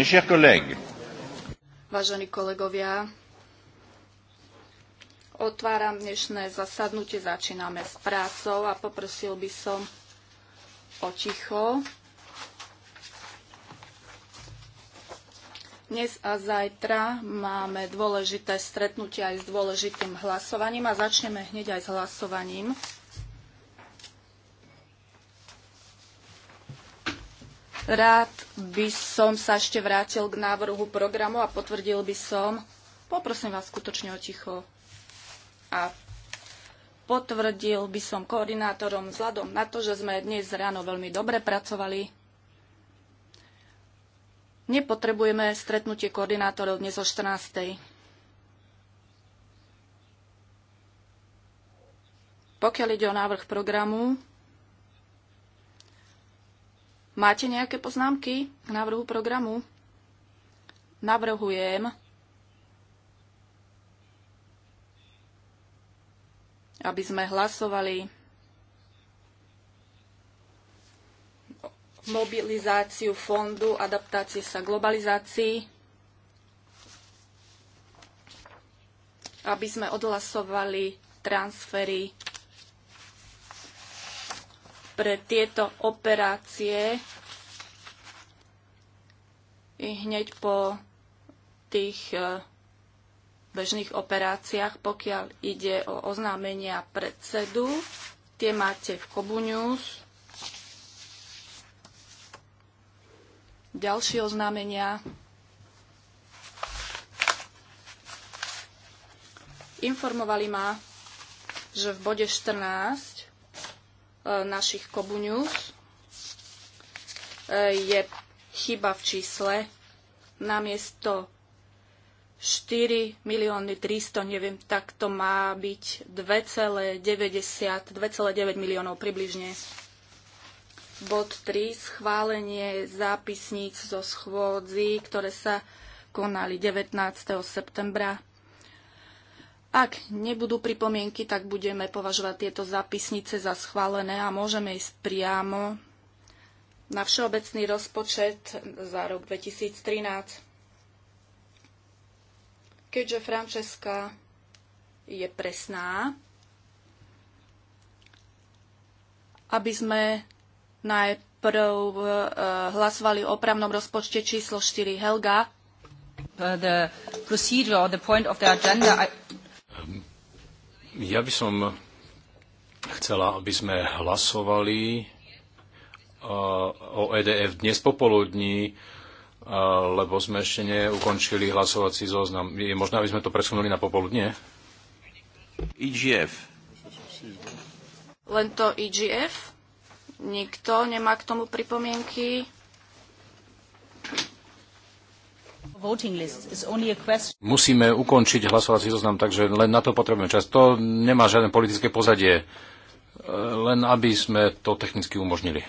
Mes chers collègues. Vážení kolegovia, otváram dnešné zasadnutie, začíname s prácou a poprosil by som o ticho. Dnes a zajtra máme dôležité stretnutie aj s dôležitým hlasovaním a začneme hneď aj s hlasovaním. Rád by som sa ešte vrátil k návrhu programu a potvrdil by som, poprosím vás skutočne o ticho, a potvrdil by som koordinátorom vzhľadom na to, že sme dnes ráno veľmi dobre pracovali. Nepotrebujeme stretnutie koordinátorov dnes o 14. Pokiaľ ide o návrh programu, Máte nejaké poznámky k návrhu programu? Navrhujem, aby sme hlasovali mobilizáciu fondu adaptácie sa globalizácii, aby sme odhlasovali transfery pre tieto operácie hneď po tých e, bežných operáciách, pokiaľ ide o oznámenia predsedu. Tie máte v Kobu News. Ďalšie oznámenia. Informovali ma, že v bode 14 E, našich kobuňus e, je chyba v čísle namiesto 4 milióny 300, neviem, tak to má byť 2,90, 2,9 miliónov približne. Bod 3. Schválenie zápisníc zo schôdzi, ktoré sa konali 19. septembra ak nebudú pripomienky, tak budeme považovať tieto zápisnice za schválené a môžeme ísť priamo na všeobecný rozpočet za rok 2013. Keďže Frančeska je presná, aby sme najprv eh, hlasovali o opravnom rozpočte číslo 4 Helga. The procedure or the point of the agenda, I ja by som chcela, aby sme hlasovali o EDF dnes popoludní, lebo sme ešte neukončili hlasovací zoznam. Je možné, aby sme to presunuli na popoludne? IGF. Len to IGF? Nikto nemá k tomu pripomienky? Musíme ukončiť hlasovací zoznam, takže len na to potrebujeme čas. To nemá žiadne politické pozadie, len aby sme to technicky umožnili.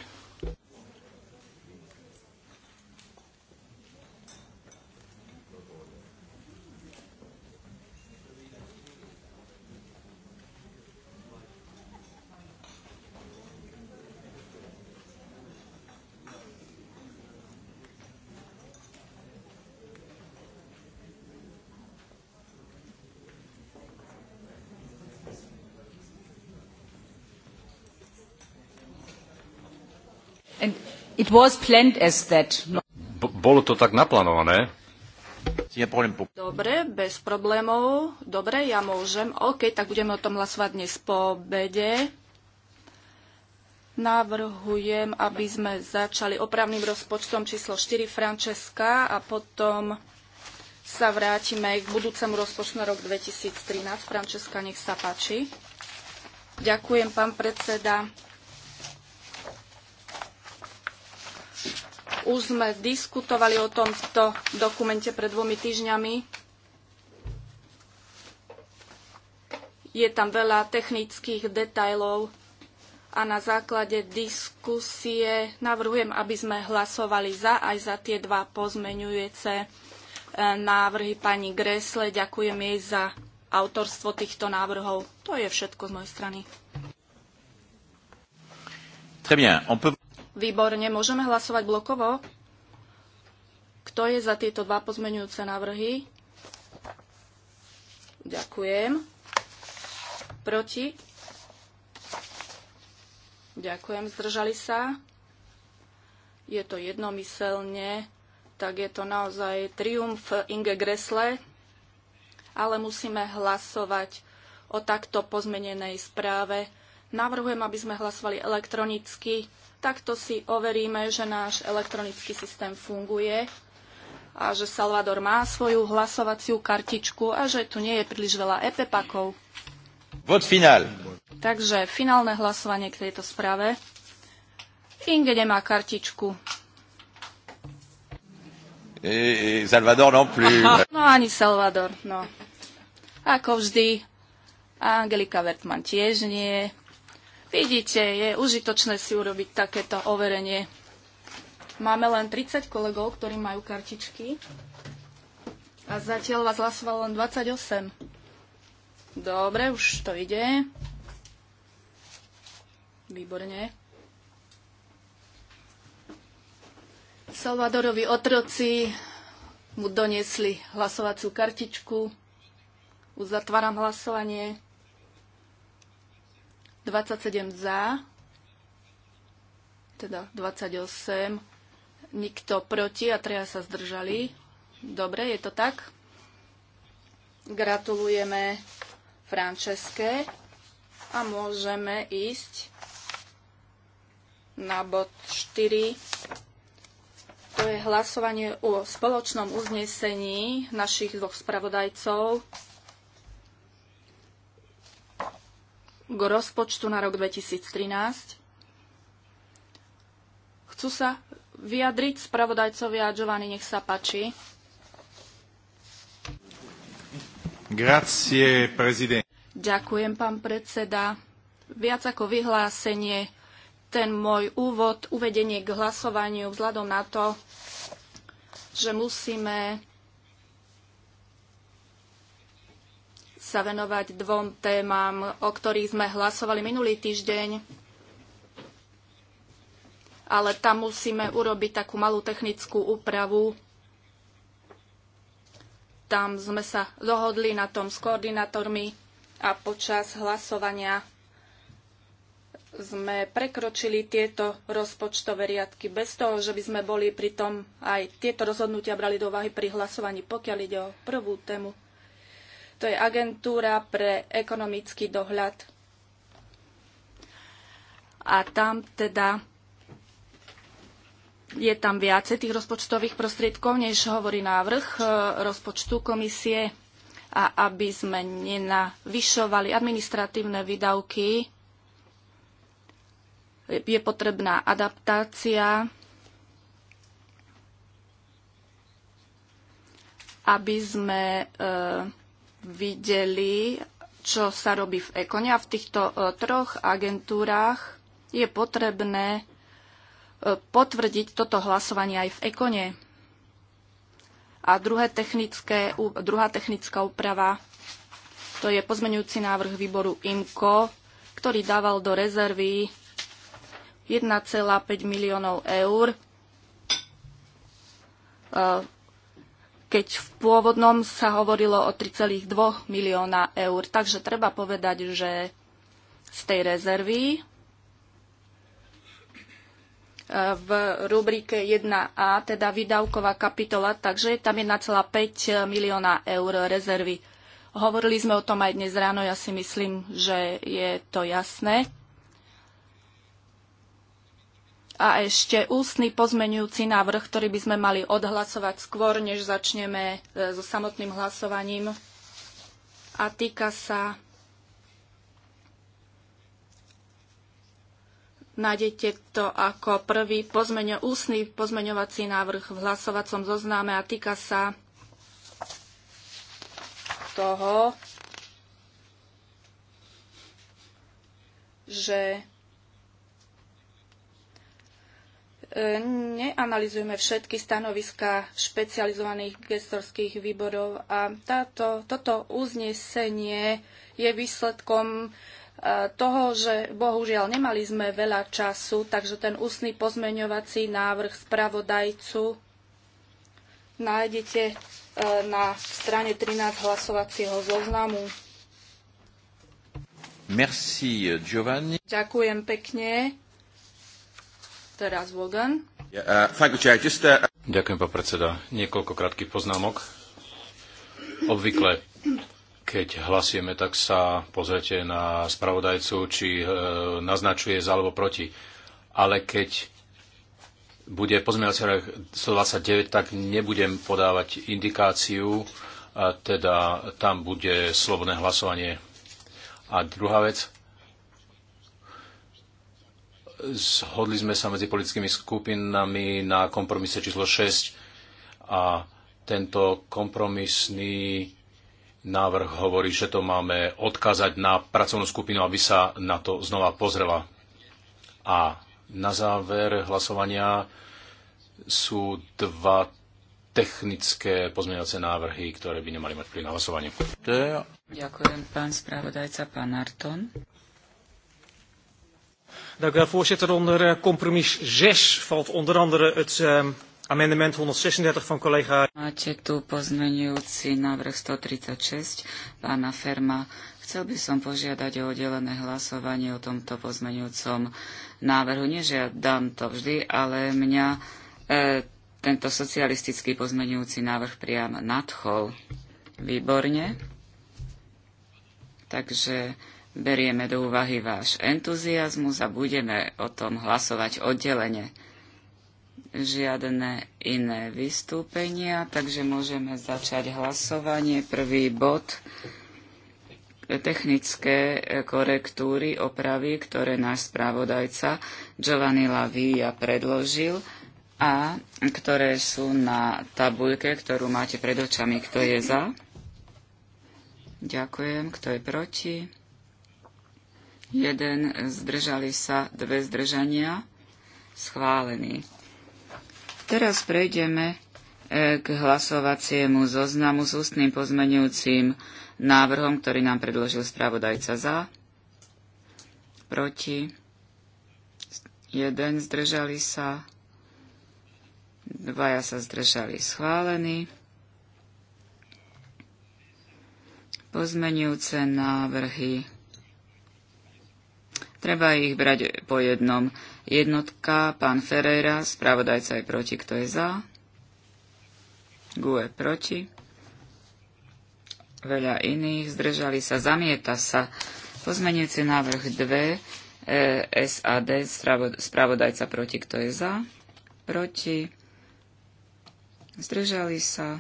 It was planned as that. No. Bolo to tak naplánované. Dobre, bez problémov. Dobre, ja môžem. OK, tak budeme o tom hlasovať dnes po obede. Navrhujem, aby sme začali opravným rozpočtom číslo 4 Frančeska a potom sa vrátime k budúcemu rozpočtu na rok 2013. Frančeska, nech sa páči. Ďakujem, pán predseda. Už sme diskutovali o tomto dokumente pred dvomi týždňami. Je tam veľa technických detajlov a na základe diskusie navrhujem, aby sme hlasovali za aj za tie dva pozmeňujúce eh, návrhy pani Gresle. Ďakujem jej za autorstvo týchto návrhov. To je všetko z mojej strany. Très bien. On peut... Výborne, môžeme hlasovať blokovo? Kto je za tieto dva pozmenujúce návrhy? Ďakujem. Proti? Ďakujem, zdržali sa. Je to jednomyselne, tak je to naozaj triumf Inge Gressle, ale musíme hlasovať o takto pozmenenej správe. Navrhujem, aby sme hlasovali elektronicky. Takto si overíme, že náš elektronický systém funguje a že Salvador má svoju hlasovaciu kartičku a že tu nie je príliš veľa EPEPakov. Vod finál. Takže finálne hlasovanie k tejto správe. Inge nemá kartičku. E, e, Salvador non plus. Aha, no ani Salvador, no. Ako vždy, Angelika Vertman tiež nie. Vidíte, je užitočné si urobiť takéto overenie. Máme len 30 kolegov, ktorí majú kartičky. A zatiaľ vás hlasovalo len 28. Dobre, už to ide. Výborne. Salvadorovi otroci mu doniesli hlasovaciu kartičku. Uzatváram hlasovanie. 27 za, teda 28, nikto proti a treja sa zdržali. Dobre, je to tak. Gratulujeme Franceske a môžeme ísť na bod 4. To je hlasovanie o spoločnom uznesení našich dvoch spravodajcov k rozpočtu na rok 2013. Chcú sa vyjadriť spravodajcovia Giovanni, nech sa páči. Grazie, prezident. Ďakujem, pán predseda. Viac ako vyhlásenie, ten môj úvod, uvedenie k hlasovaniu vzhľadom na to, že musíme sa venovať dvom témam, o ktorých sme hlasovali minulý týždeň, ale tam musíme urobiť takú malú technickú úpravu. Tam sme sa dohodli na tom s koordinátormi a počas hlasovania sme prekročili tieto rozpočtové riadky bez toho, že by sme boli pri tom aj tieto rozhodnutia brali do váhy pri hlasovaní, pokiaľ ide o prvú tému to je agentúra pre ekonomický dohľad. A tam teda je tam viacej tých rozpočtových prostriedkov, než hovorí návrh e, rozpočtu komisie a aby sme nenavyšovali administratívne výdavky, je potrebná adaptácia, aby sme e, videli, čo sa robí v Ekone a v týchto e, troch agentúrách je potrebné e, potvrdiť toto hlasovanie aj v Ekone. A druhé technické, druhá technická úprava, to je pozmenujúci návrh výboru IMCO, ktorý dával do rezervy 1,5 miliónov eur e, keď v pôvodnom sa hovorilo o 3,2 milióna eur. Takže treba povedať, že z tej rezervy e, v rubrike 1a, teda výdavková kapitola, takže tam je 1,5 milióna eur rezervy. Hovorili sme o tom aj dnes ráno, ja si myslím, že je to jasné a ešte ústny pozmenujúci návrh, ktorý by sme mali odhlasovať skôr, než začneme e, so samotným hlasovaním. A týka sa... Nájdete to ako prvý pozmeňo, ústny pozmeňovací návrh v hlasovacom zoznáme a týka sa toho, že E, neanalizujeme všetky stanoviská špecializovaných gestorských výborov a táto, toto uznesenie je výsledkom e, toho, že bohužiaľ nemali sme veľa času, takže ten ústny pozmeňovací návrh spravodajcu nájdete e, na strane 13 hlasovacieho zoznamu. Merci, Giovanni. Ďakujem pekne. Uh, uh, Ďakujem, pán predseda. Niekoľko krátkých poznámok. Obvykle, keď hlasujeme, tak sa pozrete na spravodajcu, či e, naznačuje za alebo proti. Ale keď bude pozmeňovací rok 129, tak nebudem podávať indikáciu, a teda tam bude slobodné hlasovanie. A druhá vec, Zhodli sme sa medzi politickými skupinami na kompromise číslo 6 a tento kompromisný návrh hovorí, že to máme odkázať na pracovnú skupinu, aby sa na to znova pozrela. A na záver hlasovania sú dva technické pozmeňovacie návrhy, ktoré by nemali mať pri hlasovanie. Ďakujem, pán spravodajca, pán Arton. Dank u wel, voorzitter. Onder eh, compromis 6 valt onder andere het uh, amendement 136 van collega... Máte tu pozmenujúci návrh 136 pána Ferma. Chcel by som požiadať o oddelené hlasovanie o tomto pozmenujúcom návrhu. Nie, že ja dám to vždy, ale mňa e, tento socialistický pozmenujúci návrh priam nadchol. Výborne. Takže Berieme do úvahy váš entuziasmus a budeme o tom hlasovať oddelene. Žiadne iné vystúpenia, takže môžeme začať hlasovanie. Prvý bod technické korektúry, opravy, ktoré náš správodajca Giovanni Lavia predložil a ktoré sú na tabuľke, ktorú máte pred očami. Kto je za? Ďakujem. Kto je proti? 1, zdržali sa, 2 zdržania, schválený. Teraz prejdeme e, k hlasovaciemu zoznamu s ústnym pozmenujúcim návrhom, ktorý nám predložil spravodajca za, proti, 1 zdržali sa, dvaja sa zdržali schválený. Pozmenujúce návrhy Treba ich brať po jednom. Jednotka, pán Ferreira, spravodajca je proti, kto je za. Gue proti. Veľa iných, zdržali sa, zamieta sa. Pozmeniaci návrh 2, e, SAD, spravodajca proti, kto je za. Proti. Zdržali sa,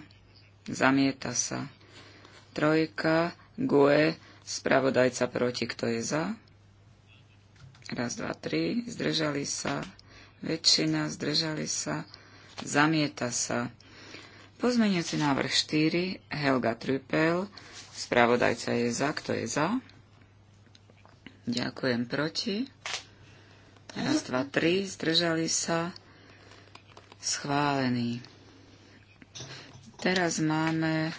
zamieta sa. Trojka, GUE, spravodajca proti, kto je za Raz, dva, tri. Zdržali sa. Väčšina. Zdržali sa. Zamieta sa. Pozmeniaci návrh 4. Helga Trüppel. Spravodajca je za. Kto je za? Ďakujem. Proti? Raz, dva, tri. Zdržali sa. Schválený. Teraz máme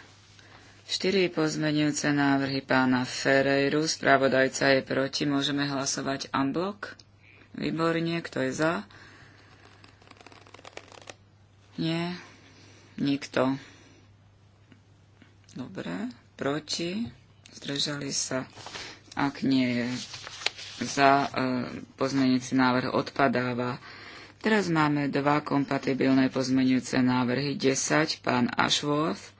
Štyri pozmenujúce návrhy pána Ferreiru. Spravodajca je proti. Môžeme hlasovať unblock? Výborne. Kto je za? Nie. Nikto. Dobre. Proti. Zdržali sa. Ak nie je za, e, pozmenujúci návrh odpadáva. Teraz máme dva kompatibilné pozmenujúce návrhy. 10, pán Ashworth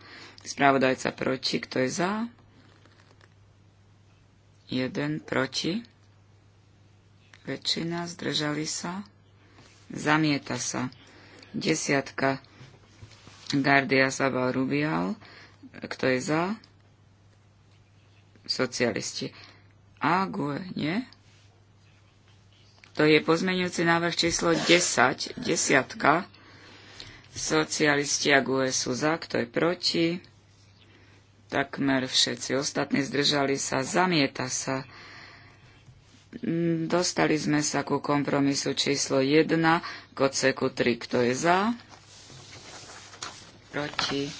Spravodajca proti, kto je za? Jeden proti. Väčšina zdržali sa. Zamieta sa. Desiatka Gardia Sabal Rubial. Kto je za? Socialisti. A Gue, nie? To je pozmeňujúci návrh číslo 10. Desiatka. Socialisti a GUE sú za, kto je proti? takmer všetci ostatní zdržali sa, zamieta sa. Dostali sme sa ku kompromisu číslo 1 k odseku 3. Kto je za? Proti?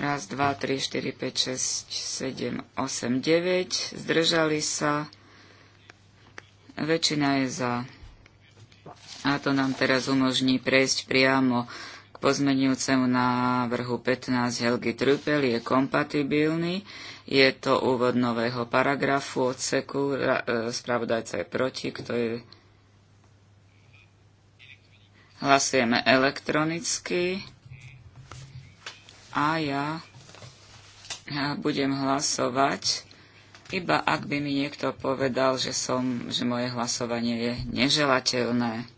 Raz, dva, tri, štyri, päť, šesť, sedem, osem, deväť. Zdržali sa. Väčšina je za. A to nám teraz umožní prejsť priamo pozmenujúcemu návrhu 15 Helgi Trupel je kompatibilný. Je to úvod nového paragrafu odseku. E, spravodajca je proti, kto je... Hlasujeme elektronicky. A ja budem hlasovať, iba ak by mi niekto povedal, že, som, že moje hlasovanie je neželateľné.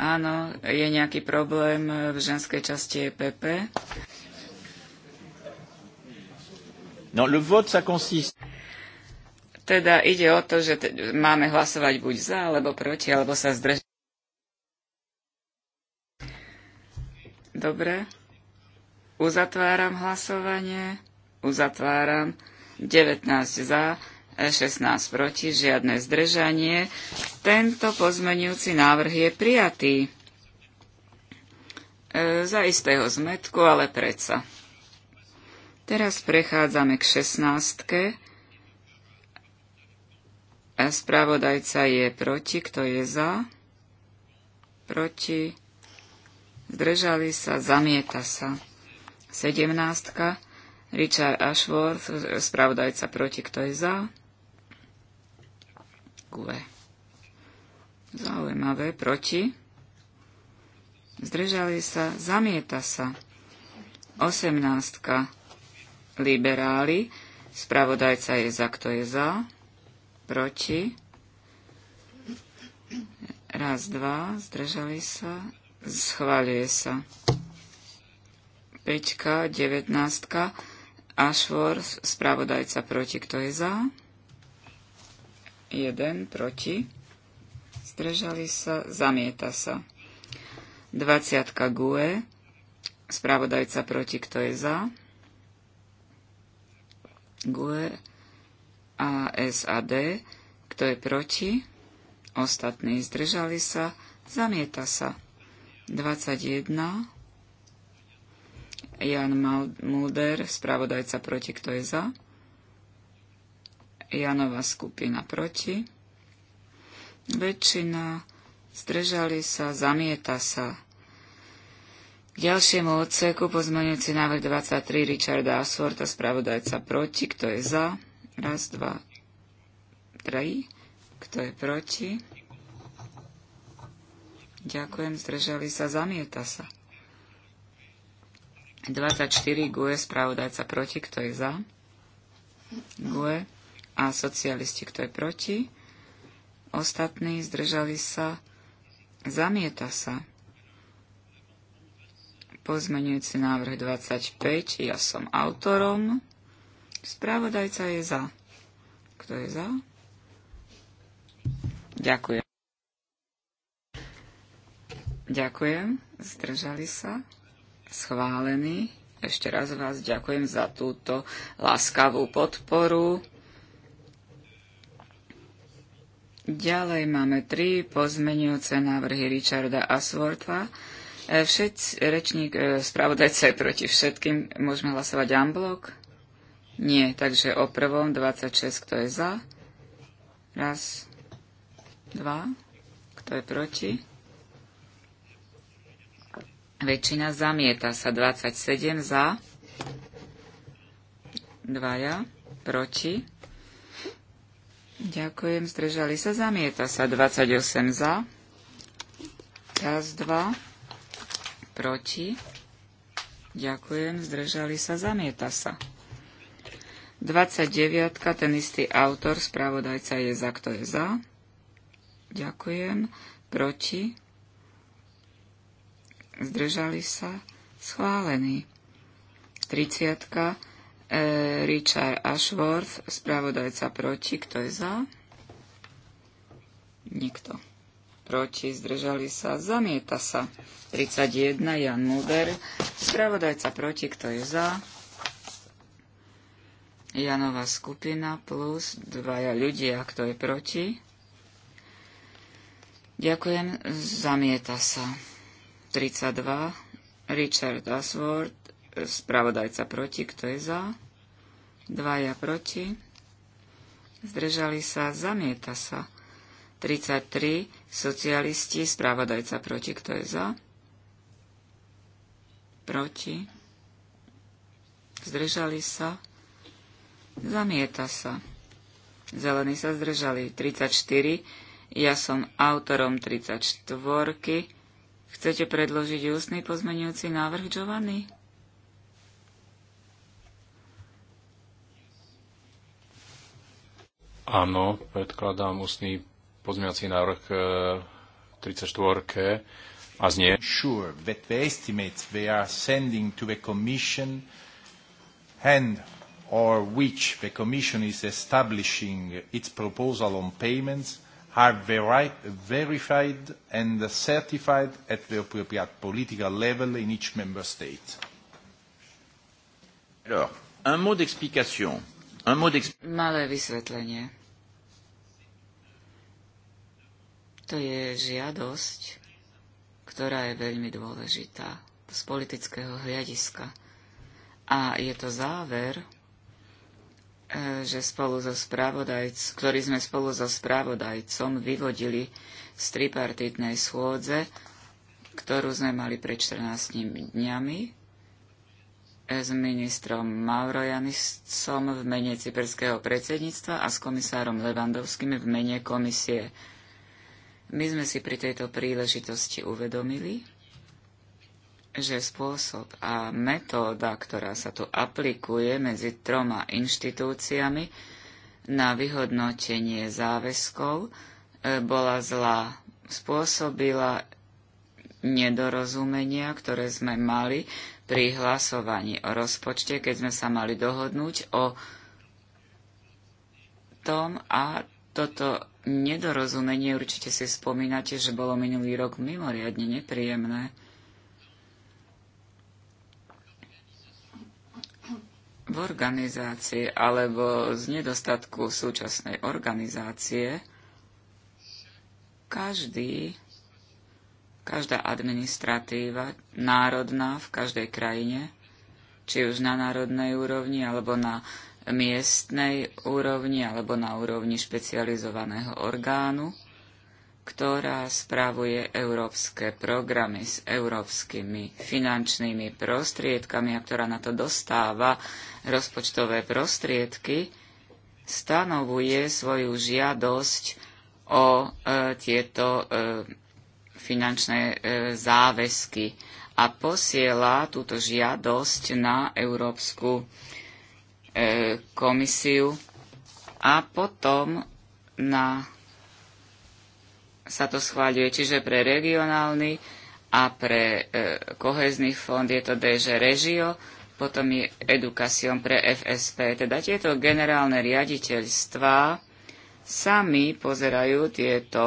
Áno, je nejaký problém v ženskej časti EPP. le vote, ça consiste. Teda ide o to, že máme hlasovať buď za, alebo proti, alebo sa zdržať. Dobre. Uzatváram hlasovanie. Uzatváram. 19 za, 16 e proti, žiadne zdržanie. Tento pozmenujúci návrh je prijatý. E, za istého zmetku, ale predsa. Teraz prechádzame k 16. E, spravodajca je proti, kto je za? Proti. Zdržali sa, zamieta sa. 17. Richard Ashworth, spravodajca proti, kto je za? GUE. Zaujímavé, proti. Zdržali sa, zamieta sa. Osemnáctka. Liberáli. Spravodajca je za, kto je za. Proti. Raz, dva. Zdržali sa. Schváľuje sa. Peťka, devetnáctka. Ashworth, spravodajca proti, kto je za. 1 proti, zdržali sa, zamieta sa. 20 GUE, spravodajca proti, kto je za. GUE a SAD, kto je proti, ostatní zdržali sa, zamieta sa. 21 Jan Mulder, spravodajca proti, kto je za. Janová skupina proti. Väčšina zdržali sa, zamieta sa. K ďalšiemu odseku pozmeňujúci návrh 23 Richarda Asforta, spravodajca proti, kto je za, raz, dva, tri, kto je proti. Ďakujem, zdržali sa, zamieta sa. 24 GUE, spravodajca proti, kto je za? GUE a socialisti, kto je proti. Ostatní zdržali sa. Zamieta sa. Pozmenujúci návrh 25. Ja som autorom. Spravodajca je za. Kto je za? Ďakujem. Ďakujem. Zdržali sa. Schválený. Ešte raz vás ďakujem za túto láskavú podporu. Ďalej máme tri pozmenujúce návrhy Richarda Aswortha. E, Všetci, rečník, e, spravodajca je proti všetkým. Môžeme hlasovať unblock? Nie, takže o prvom 26, kto je za? Raz, dva, kto je proti? Väčšina zamieta sa, 27 za, dvaja, proti Ďakujem, zdržali sa, zamieta sa 28 za, raz dva. proti, ďakujem, zdržali sa, zamieta sa. 29, ten istý autor, spravodajca je za, kto je za, ďakujem, proti, zdržali sa, schválený. 30, E, Richard Ashworth, spravodajca proti, kto je za? Nikto. Proti, zdržali sa, zamieta sa. 31, Jan Mulder, spravodajca proti, kto je za? Janová skupina plus dvaja ľudia, kto je proti. Ďakujem, zamieta sa. 32, Richard Ashworth, Spravodajca proti, kto je za? Dvaja proti. Zdržali sa, zamieta sa. 33. Socialisti, spravodajca proti, kto je za? Proti. Zdržali sa. Zamieta sa. Zelení sa zdržali. 34. Ja som autorom 34. Chcete predložiť ústny pozmenujúci návrh, Giovanni? Áno, predkladám ústny pozmiací návrh 34 e, a znie. Sure that the estimates they are sending to the commission and or which the commission is establishing its proposal on payments are veri verified and certified at the appropriate political level in each member state. Alors, un mot d'explication. un mot d'explication. Malé vysvetlenie. To je žiadosť, ktorá je veľmi dôležitá z politického hľadiska. A je to záver, e, že spolu so spravodajc, ktorý sme spolu so spravodajcom vyvodili z tripartitnej schôdze, ktorú sme mali pred 14 dňami e, s ministrom Maurojanisom v mene cyperského predsedníctva a s komisárom Levandovským v mene komisie my sme si pri tejto príležitosti uvedomili, že spôsob a metóda, ktorá sa tu aplikuje medzi troma inštitúciami na vyhodnotenie záväzkov, e, bola zlá. Spôsobila nedorozumenia, ktoré sme mali pri hlasovaní o rozpočte, keď sme sa mali dohodnúť o tom a toto nedorozumenie. Určite si spomínate, že bolo minulý rok mimoriadne nepríjemné. V organizácii alebo z nedostatku súčasnej organizácie každý, každá administratíva národná v každej krajine, či už na národnej úrovni alebo na miestnej úrovni alebo na úrovni špecializovaného orgánu, ktorá spravuje európske programy s európskymi finančnými prostriedkami a ktorá na to dostáva rozpočtové prostriedky, stanovuje svoju žiadosť o e, tieto e, finančné e, záväzky a posiela túto žiadosť na Európsku E, komisiu a potom na, sa to schváľuje. Čiže pre regionálny a pre e, kohezný fond je to DŽ Regio, potom je Edukacion pre FSP. Teda tieto generálne riaditeľstva sami pozerajú tieto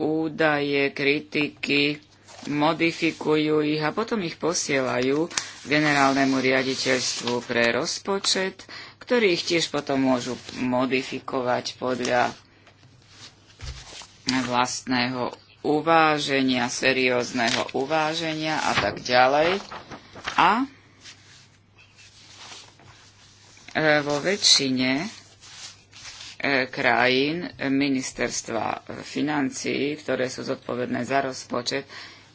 údaje, kritiky, modifikujú ich a potom ich posielajú generálnemu riaditeľstvu pre rozpočet, ktorý ich tiež potom môžu modifikovať podľa vlastného uváženia, seriózneho uváženia a tak ďalej. A e, vo väčšine e, krajín ministerstva e, financií, ktoré sú zodpovedné za rozpočet,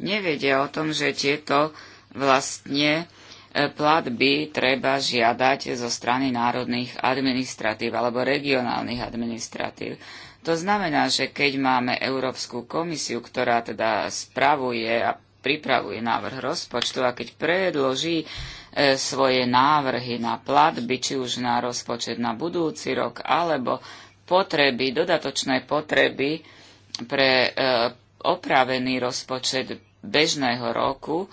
nevedia o tom, že tieto vlastne e, platby treba žiadať zo strany národných administratív alebo regionálnych administratív. To znamená, že keď máme Európsku komisiu, ktorá teda spravuje a pripravuje návrh rozpočtu a keď predloží e, svoje návrhy na platby, či už na rozpočet na budúci rok, alebo potreby, dodatočné potreby pre e, opravený rozpočet bežného roku,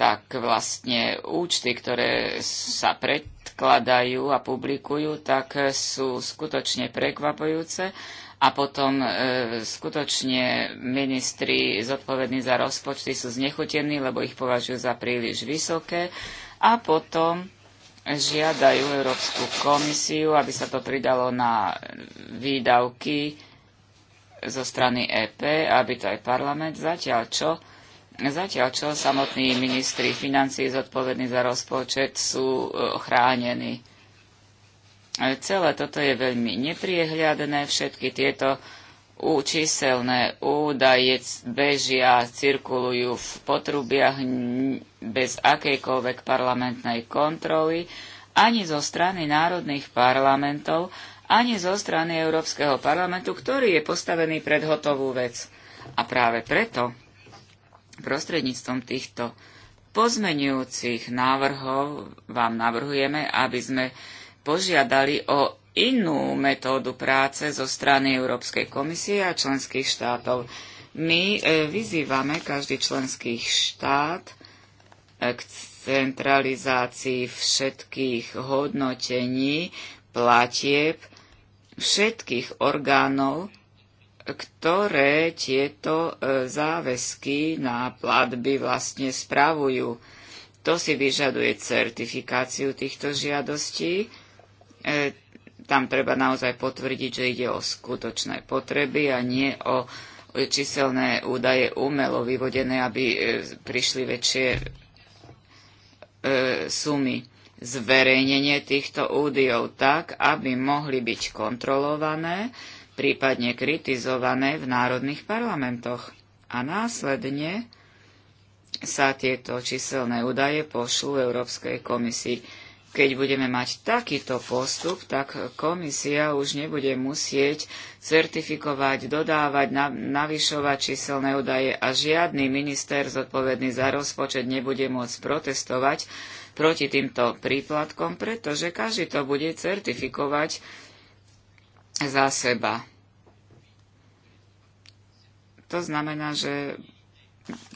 tak vlastne účty, ktoré sa predkladajú a publikujú, tak sú skutočne prekvapujúce a potom e, skutočne ministri zodpovední za rozpočty sú znechutení, lebo ich považujú za príliš vysoké a potom žiadajú Európsku komisiu, aby sa to pridalo na výdavky zo strany EP, aby to aj parlament zatiaľ čo Zatiaľ čo samotní ministri financí zodpovední za rozpočet sú e, chránení. E, celé toto je veľmi nepriehľadné, všetky tieto číselné údaje bežia, cirkulujú v potrubiach bez akejkoľvek parlamentnej kontroly, ani zo strany národných parlamentov, ani zo strany Európskeho parlamentu, ktorý je postavený pred hotovú vec. A práve preto Prostredníctvom týchto pozmenujúcich návrhov vám navrhujeme, aby sme požiadali o inú metódu práce zo strany Európskej komisie a členských štátov. My e, vyzývame každý členský štát e, k centralizácii všetkých hodnotení, platieb, všetkých orgánov ktoré tieto e, záväzky na platby vlastne spravujú. To si vyžaduje certifikáciu týchto žiadostí. E, tam treba naozaj potvrdiť, že ide o skutočné potreby a nie o číselné údaje umelo vyvodené, aby e, prišli väčšie sumy. Zverejnenie týchto údajov tak, aby mohli byť kontrolované, prípadne kritizované v národných parlamentoch. A následne sa tieto číselné údaje pošlú Európskej komisii. Keď budeme mať takýto postup, tak komisia už nebude musieť certifikovať, dodávať, navyšovať číselné údaje a žiadny minister zodpovedný za rozpočet nebude môcť protestovať proti týmto príplatkom, pretože každý to bude certifikovať za seba. To znamená, že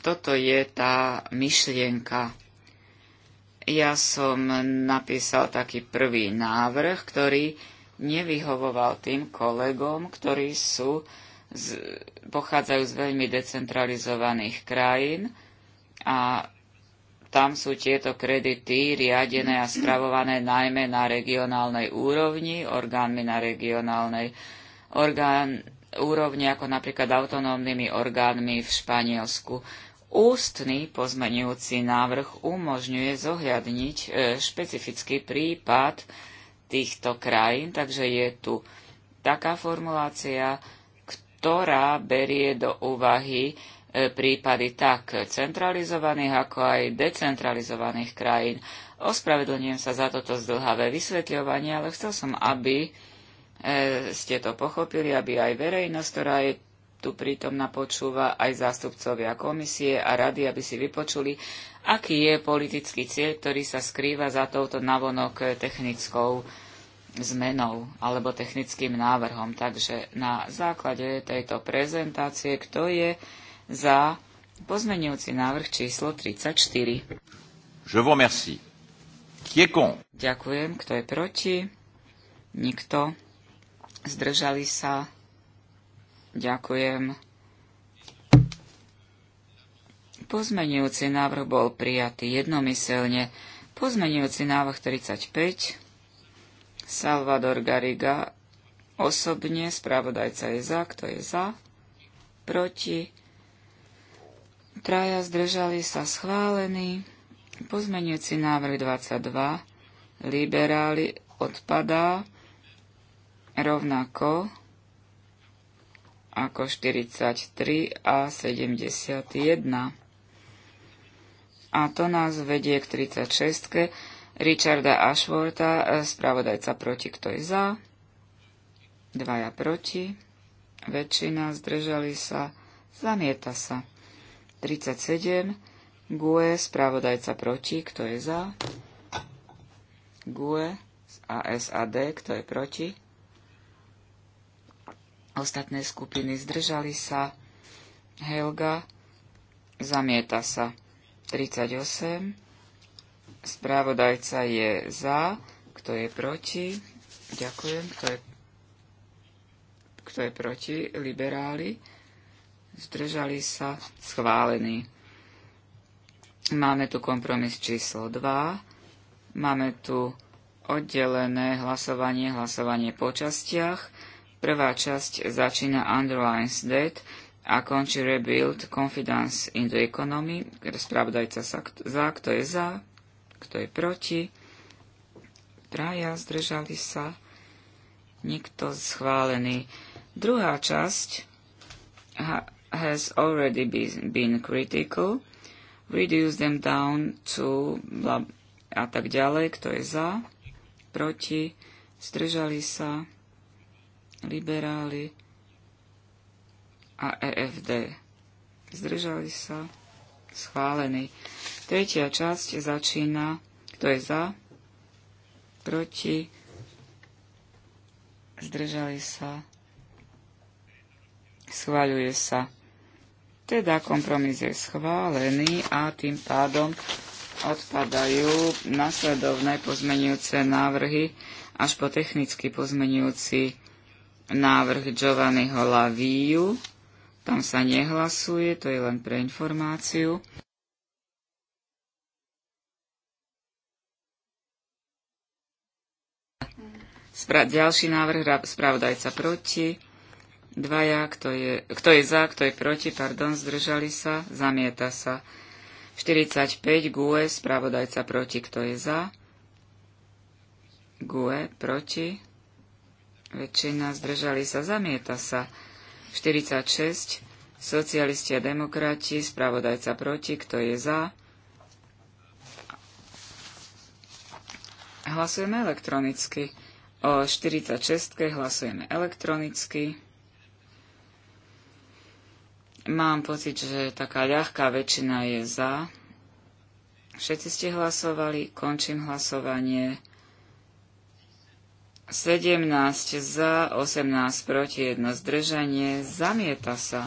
toto je tá myšlienka. Ja som napísal taký prvý návrh, ktorý nevyhovoval tým kolegom, ktorí sú z, pochádzajú z veľmi decentralizovaných krajín a tam sú tieto kredity riadené a spravované najmä na regionálnej úrovni, orgánmi na regionálnej orgán, úrovni, ako napríklad autonómnymi orgánmi v Španielsku. Ústny pozmenujúci návrh umožňuje zohľadniť e, špecifický prípad týchto krajín, takže je tu taká formulácia, ktorá berie do úvahy E, prípady tak centralizovaných, ako aj decentralizovaných krajín. Ospravedlňujem sa za toto zdlhavé vysvetľovanie, ale chcel som, aby e, ste to pochopili, aby aj verejnosť, ktorá je tu prítomná, počúva aj zástupcovia komisie a rady, aby si vypočuli, aký je politický cieľ, ktorý sa skrýva za touto navonok technickou zmenou alebo technickým návrhom. Takže na základe tejto prezentácie, kto je za pozmenujúci návrh číslo 34. Je vous remercie. Qui est con? Ďakujem. Kto je proti? Nikto. Zdržali sa. Ďakujem. Pozmeňujúci návrh bol prijatý jednomyselne. Pozmenujúci návrh 35. Salvador Gariga osobne, spravodajca je za, kto je za, proti, traja zdržali sa schválený, pozmeniaci návrh 22, liberáli odpadá rovnako ako 43 a 71. A to nás vedie k 36. Richarda Ashworta, spravodajca proti, kto je za, dvaja proti, väčšina zdržali sa, zamieta sa. 37. GUE, správodajca proti, kto je za? GUE a kto je proti? Ostatné skupiny zdržali sa. Helga, zamieta sa. 38. Správodajca je za, kto je proti? Ďakujem, kto je, kto je proti? Liberáli zdržali sa, schválený. Máme tu kompromis číslo 2, máme tu oddelené hlasovanie, hlasovanie po častiach. Prvá časť začína Underlines Dead a končí Rebuild Confidence in the Economy. Spravdajca sa za, kto je za, kto je proti. Traja zdržali sa, nikto schválený. Druhá časť, ha, has already been, critical. Reduce them down to bla, a tak ďalej, kto je za, proti, zdržali sa, liberáli a EFD. Zdržali sa, schválený. Tretia časť začína, kto je za, proti, zdržali sa, schváľuje sa. Teda kompromis je schválený a tým pádom odpadajú nasledovné pozmenujúce návrhy až po technicky pozmenujúci návrh Giovanniho Laviu. Tam sa nehlasuje, to je len pre informáciu. Spra- ďalší návrh, spravodajca proti. Dvaja, kto je, kto je za, kto je proti, pardon, zdržali sa, zamieta sa. 45, GUE, spravodajca proti, kto je za. GUE, proti. Väčšina zdržali sa, zamieta sa. 46, socialisti a demokrati, spravodajca proti, kto je za. Hlasujeme elektronicky. O 46 hlasujeme elektronicky. Mám pocit, že taká ľahká väčšina je za. Všetci ste hlasovali, končím hlasovanie. 17 za, 18 proti, 1 zdržanie, zamieta sa.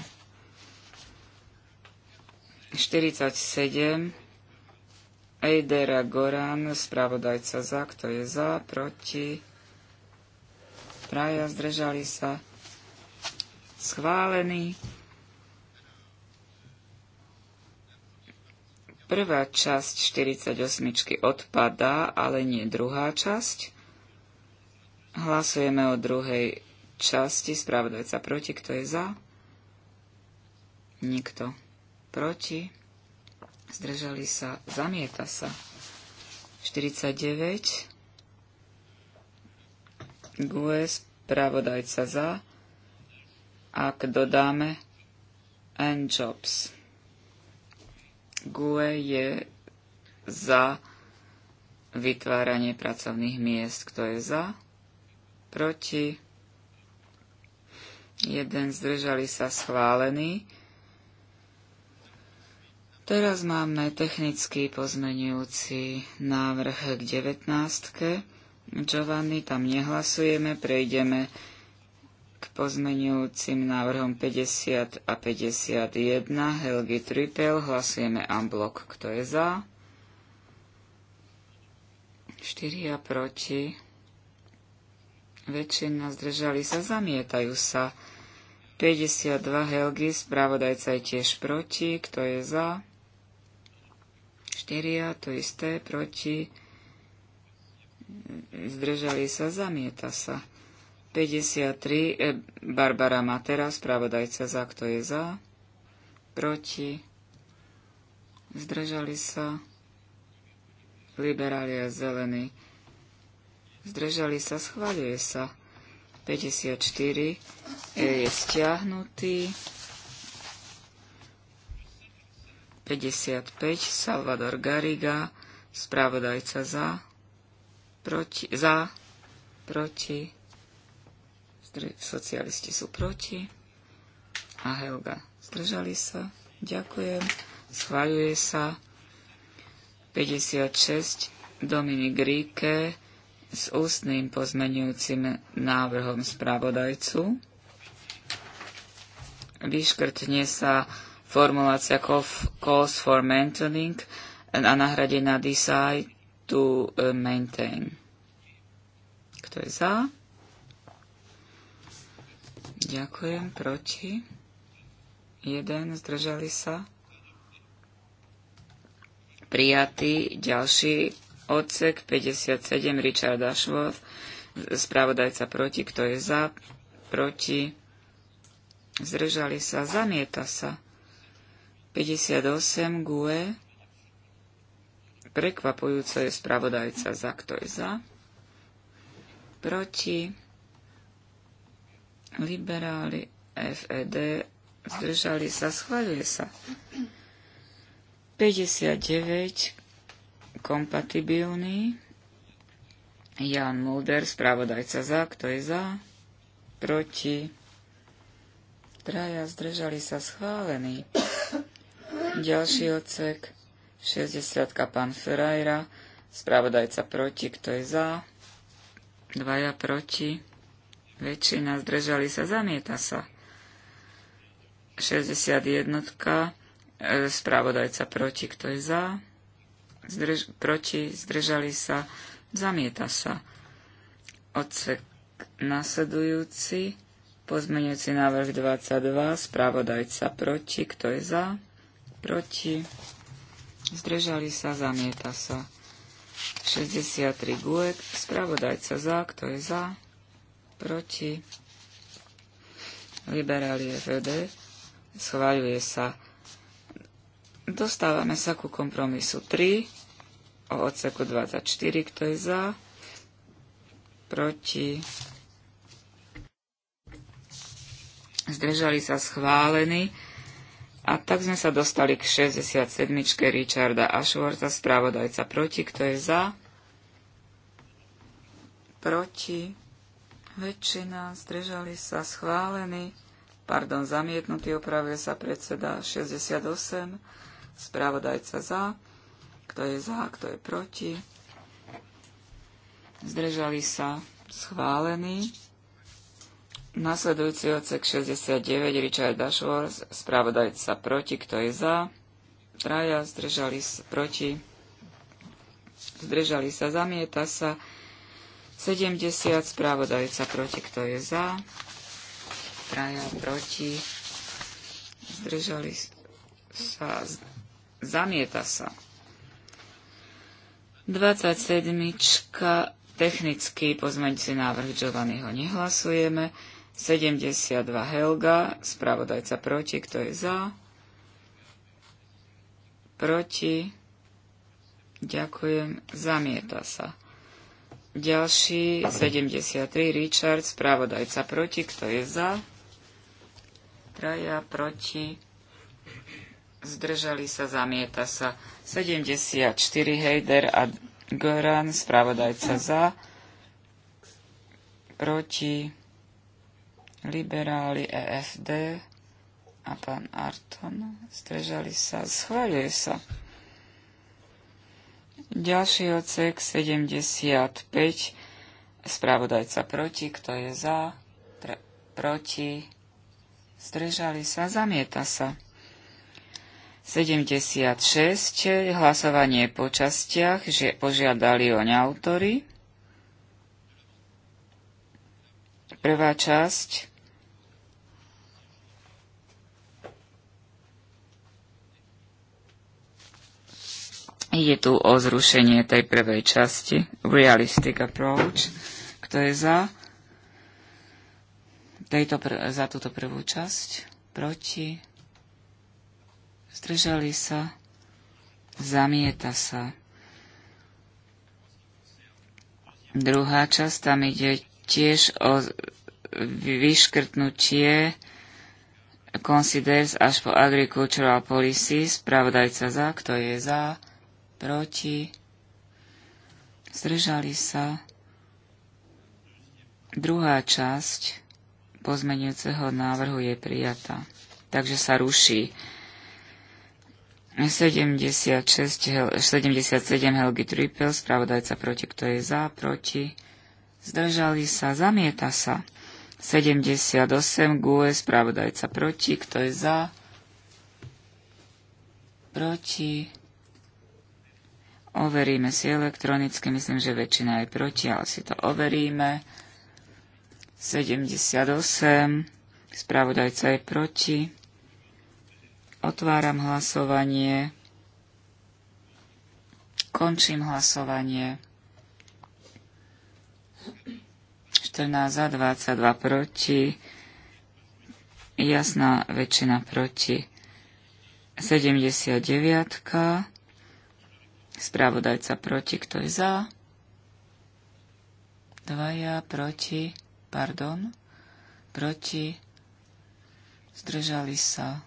47. Eidera Goran, spravodajca za, kto je za, proti, Praja zdržali sa, schválený. Prvá časť 48 odpadá, ale nie druhá časť. Hlasujeme o druhej časti. Spravodajca proti. Kto je za? Nikto. Proti. Zdržali sa. Zamieta sa. 49. GUE. Spravodajca za. Ak dodáme. And jobs. GUE je za vytváranie pracovných miest. Kto je za? Proti? Jeden zdržali sa schválený. Teraz máme technický pozmenujúci návrh k 19. Giovanni, tam nehlasujeme, prejdeme pozmenujúcim návrhom 50 a 51 Helgi Trippel. Hlasujeme unblock. Kto je za? 4 a proti. Väčšina zdržali sa, zamietajú sa. 52 Helgi, správodajca je tiež proti. Kto je za? 4 to isté, proti. Zdržali sa, zamieta sa. 53. E, Barbara Matera, spravodajca za, kto je za, proti, zdržali sa, liberáli a zelení, zdržali sa, schváľuje sa. 54 e, je stiahnutý. 55 Salvador Gariga, správodajca za, proti, za, proti, socialisti sú proti a Helga zdržali sa. Ďakujem. Schváľuje sa 56 Dominik Ríke s ústnym pozmenujúcim návrhom spravodajcu. Vyškrtne sa formulácia calls for maintaining a nahradená decide to eh, maintain. Kto je za? Ďakujem. Proti? Jeden. Zdržali sa? Prijatý. Ďalší odsek 57 Richard Ashworth. Spravodajca proti. Kto je za? Proti? Zdržali sa? Zamieta sa. 58 GUE. Prekvapujúco je spravodajca za. Kto je za? Proti? liberáli, FED, zdržali sa, schváľuje sa. 59 kompatibilný. Jan Mulder, správodajca za, kto je za, proti. Traja zdržali sa schválený. Ďalší odsek, 60 pán Ferreira, správodajca proti, kto je za, dvaja proti väčšina, zdržali sa, zamieta sa. 61. E, spravodajca proti, kto je za, zdrž, proti, zdržali sa, zamieta sa. Odsek nasledujúci, pozmeňujúci návrh 22, spravodajca proti, kto je za, proti, zdržali sa, zamieta sa. 63 Guek, spravodajca za, kto je za, proti, liberáli FD, schváľuje sa. Dostávame sa ku kompromisu 3 o odseku 24, kto je za, proti, zdržali sa schválení. A tak sme sa dostali k 67. Richarda Ashworta, správodajca proti, kto je za, proti, väčšina, zdržali sa schválený, pardon, zamietnutý, opravuje sa predseda 68, správodajca za, kto je za, kto je proti, zdržali sa schválený. Nasledujúci odsek 69, Richard Dashworth, správodajca proti, kto je za, traja, zdržali sa proti, zdržali sa, zamieta sa, 70 správodajca proti, kto je za, traja proti, zdržali sa, zamieta sa. 27. Technický si návrh Giovanniho nehlasujeme. 72 Helga, spravodajca proti, kto je za? Proti. Ďakujem, zamieta sa. Ďalší 73 Richard, správodajca proti, kto je za? Traja proti. Zdržali sa, zamieta sa. 74 Heider a Goran, správodajca za. Proti. Liberáli EFD a pán Arton. Zdržali sa, schváľuje sa. Ďalší odsek 75. Spravodajca proti, kto je za, pre, proti, zdržali sa, zamieta sa. 76. Hlasovanie po častiach, že požiadali oň autory. Prvá časť Ide tu o zrušenie tej prvej časti, realistic approach. Kto je za? Tejto pr- za túto prvú časť? Proti? Zdržali sa? Zamieta sa. Druhá časť, tam ide tiež o vyškrtnutie considers až po agricultural policy, spravodajca za, kto je za, proti, zdržali sa. Druhá časť pozmenujúceho návrhu je prijatá, takže sa ruší. 76, 77 Helgi Trippel, spravodajca proti, kto je za, proti, zdržali sa, zamieta sa. 78 GUE, spravodajca proti, kto je za, proti, Overíme si elektronicky, myslím, že väčšina je proti, ale si to overíme. 78, spravodajca je proti. Otváram hlasovanie. Končím hlasovanie. 14 za 22 proti. Jasná väčšina proti. 79. Spravodajca proti, kto je za? Dvaja proti, pardon, proti, zdržali sa,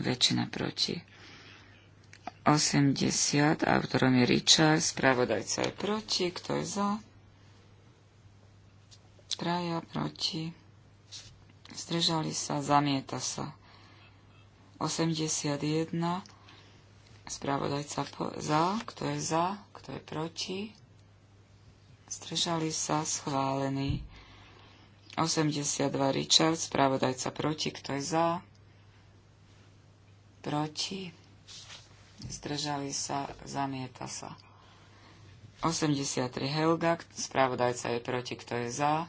väčšina proti. 80, autorom je Richard, spravodajca je proti, kto je za? Traja proti, zdržali sa, zamieta sa. 81, Spravodajca po, za, kto je za, kto je proti. Zdržali sa schválený. 82 Richard, spravodajca proti, kto je za, proti, zdržali sa, zamieta sa. 83 Helga, spravodajca je proti, kto je za,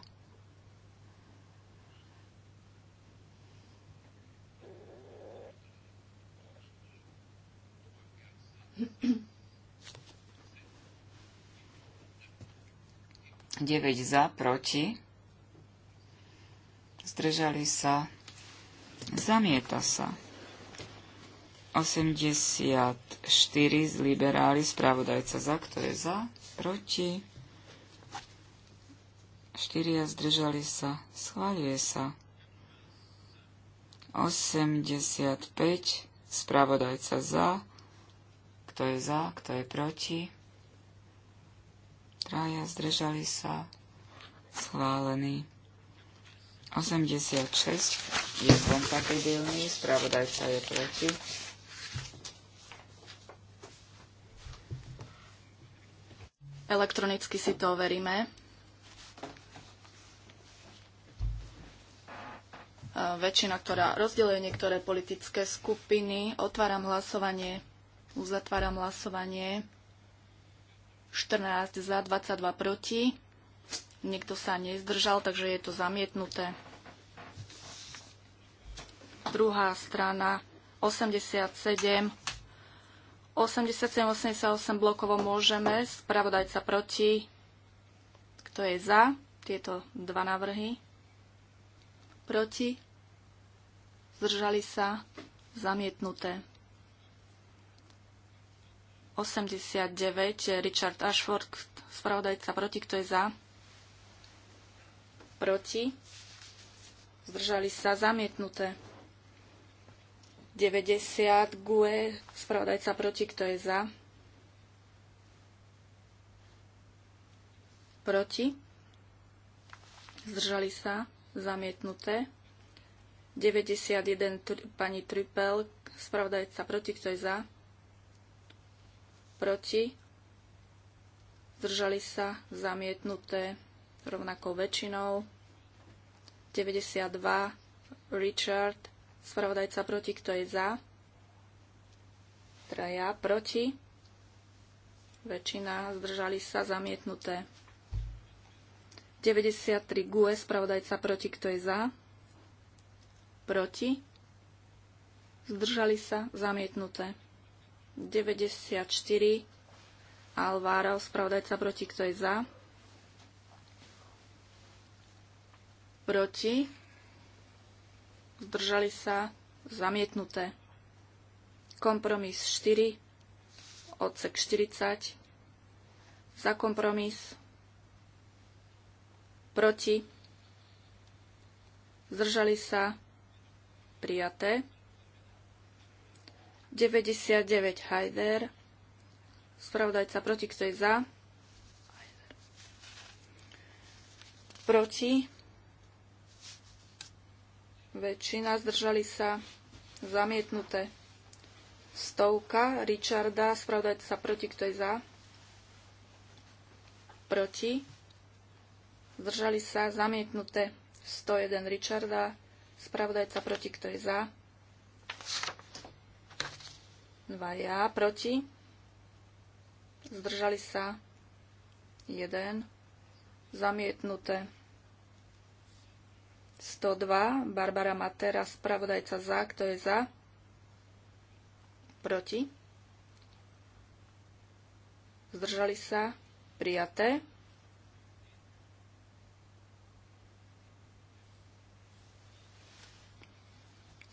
9 za, proti. Zdržali sa. Zamieta sa. 84 z liberáli, spravodajca za, kto je za, proti. 4 zdržali sa, schváľuje sa. 85 spravodajca za, kto je za, kto je proti? Traja zdržali sa. Schválený. 86 je kompatibilný, spravodajca je proti. Elektronicky si to overíme. Väčšina, ktorá rozdeľuje niektoré politické skupiny, otváram hlasovanie. Uzatváram hlasovanie. 14 za, 22 proti. Niekto sa nezdržal, takže je to zamietnuté. Druhá strana 87. 87, 88 blokovo môžeme. Spravodajca proti. Kto je za tieto dva návrhy? Proti. Zdržali sa. Zamietnuté. 89, Richard Ashford, spravodajca proti, kto je za? Proti. Zdržali sa zamietnuté. 90, GUE, spravodajca proti, kto je za? Proti. Zdržali sa zamietnuté. 91, pani Trippel, spravodajca proti, kto je za? proti, zdržali sa zamietnuté rovnakou väčšinou. 92 Richard, spravodajca proti, kto je za? Traja proti, väčšina zdržali sa zamietnuté. 93 GUE, spravodajca proti, kto je za? Proti, zdržali sa zamietnuté. 94 Alvárov, spravodajca proti, kto je za? Proti. Zdržali sa zamietnuté. Kompromis 4, odsek 40. Za kompromis. Proti. Zdržali sa prijaté. 99 Hajder. Spravodajca proti, kto je za? Proti. Väčšina zdržali sa zamietnuté. Stovka Richarda, spravodajca proti, kto je za? Proti. Zdržali sa zamietnuté. 101 Richarda, spravodajca proti, kto je za? ja proti. Zdržali sa. Jeden. Zamietnuté. 102. Barbara Matera, spravodajca za. Kto je za? Proti. Zdržali sa. Prijaté.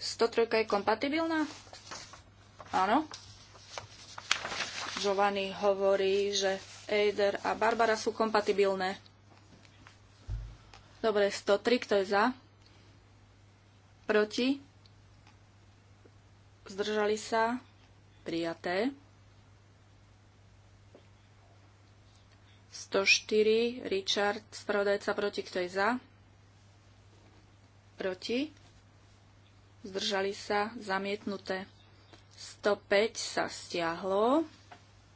Stotrojka je kompatibilná? Áno. Giovanni hovorí, že Eider a Barbara sú kompatibilné. Dobre, 103, kto je za? Proti? Zdržali sa? Prijaté. 104, Richard, spravodajca proti, kto je za? Proti? Zdržali sa? Zamietnuté. 105 sa stiahlo.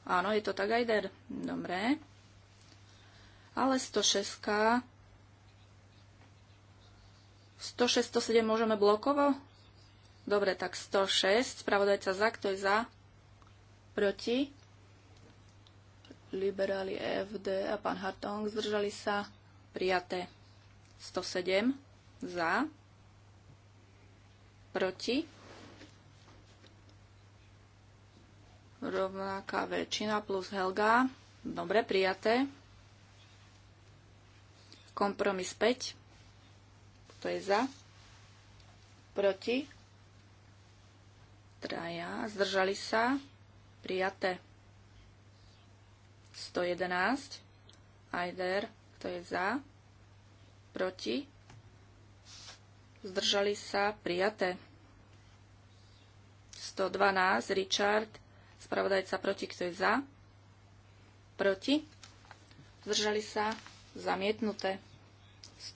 Áno, je to tak aj der. Dobre. Ale 106 106, 107 môžeme blokovo? Dobre, tak 106. Spravodajca za, kto je za? Proti? Liberáli FD a pán Hartong zdržali sa. Prijaté. 107 za. Proti? Rovnaká väčšina plus Helga. Dobre, prijaté. Kompromis 5. To je za? Proti? Traja. Zdržali sa? Prijaté. 111. Ajder. to je za? Proti? Zdržali sa? Prijaté. 112. Richard Spravodajca proti, kto je za? Proti. Zdržali sa? Zamietnuté.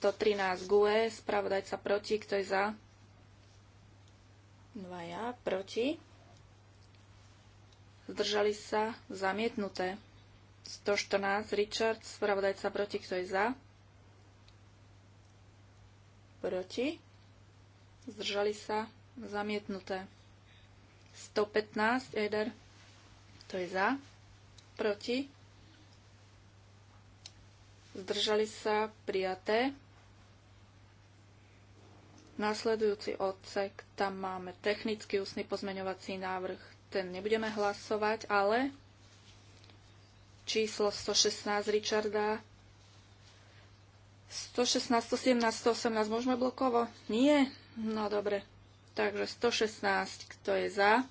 113 GUE. Spravodajca proti, kto je za? Dvaja proti. Zdržali sa? Zamietnuté. 114 Richard. Spravodajca proti, kto je za? Proti. Zdržali sa? Zamietnuté. 115 Eder. Kto je za? Proti? Zdržali sa prijaté. Nasledujúci odsek, tam máme technický ústny pozmeňovací návrh. Ten nebudeme hlasovať, ale číslo 116 Richarda 116, 117, 118 môžeme blokovo? Nie? No dobre. Takže 116, kto je za?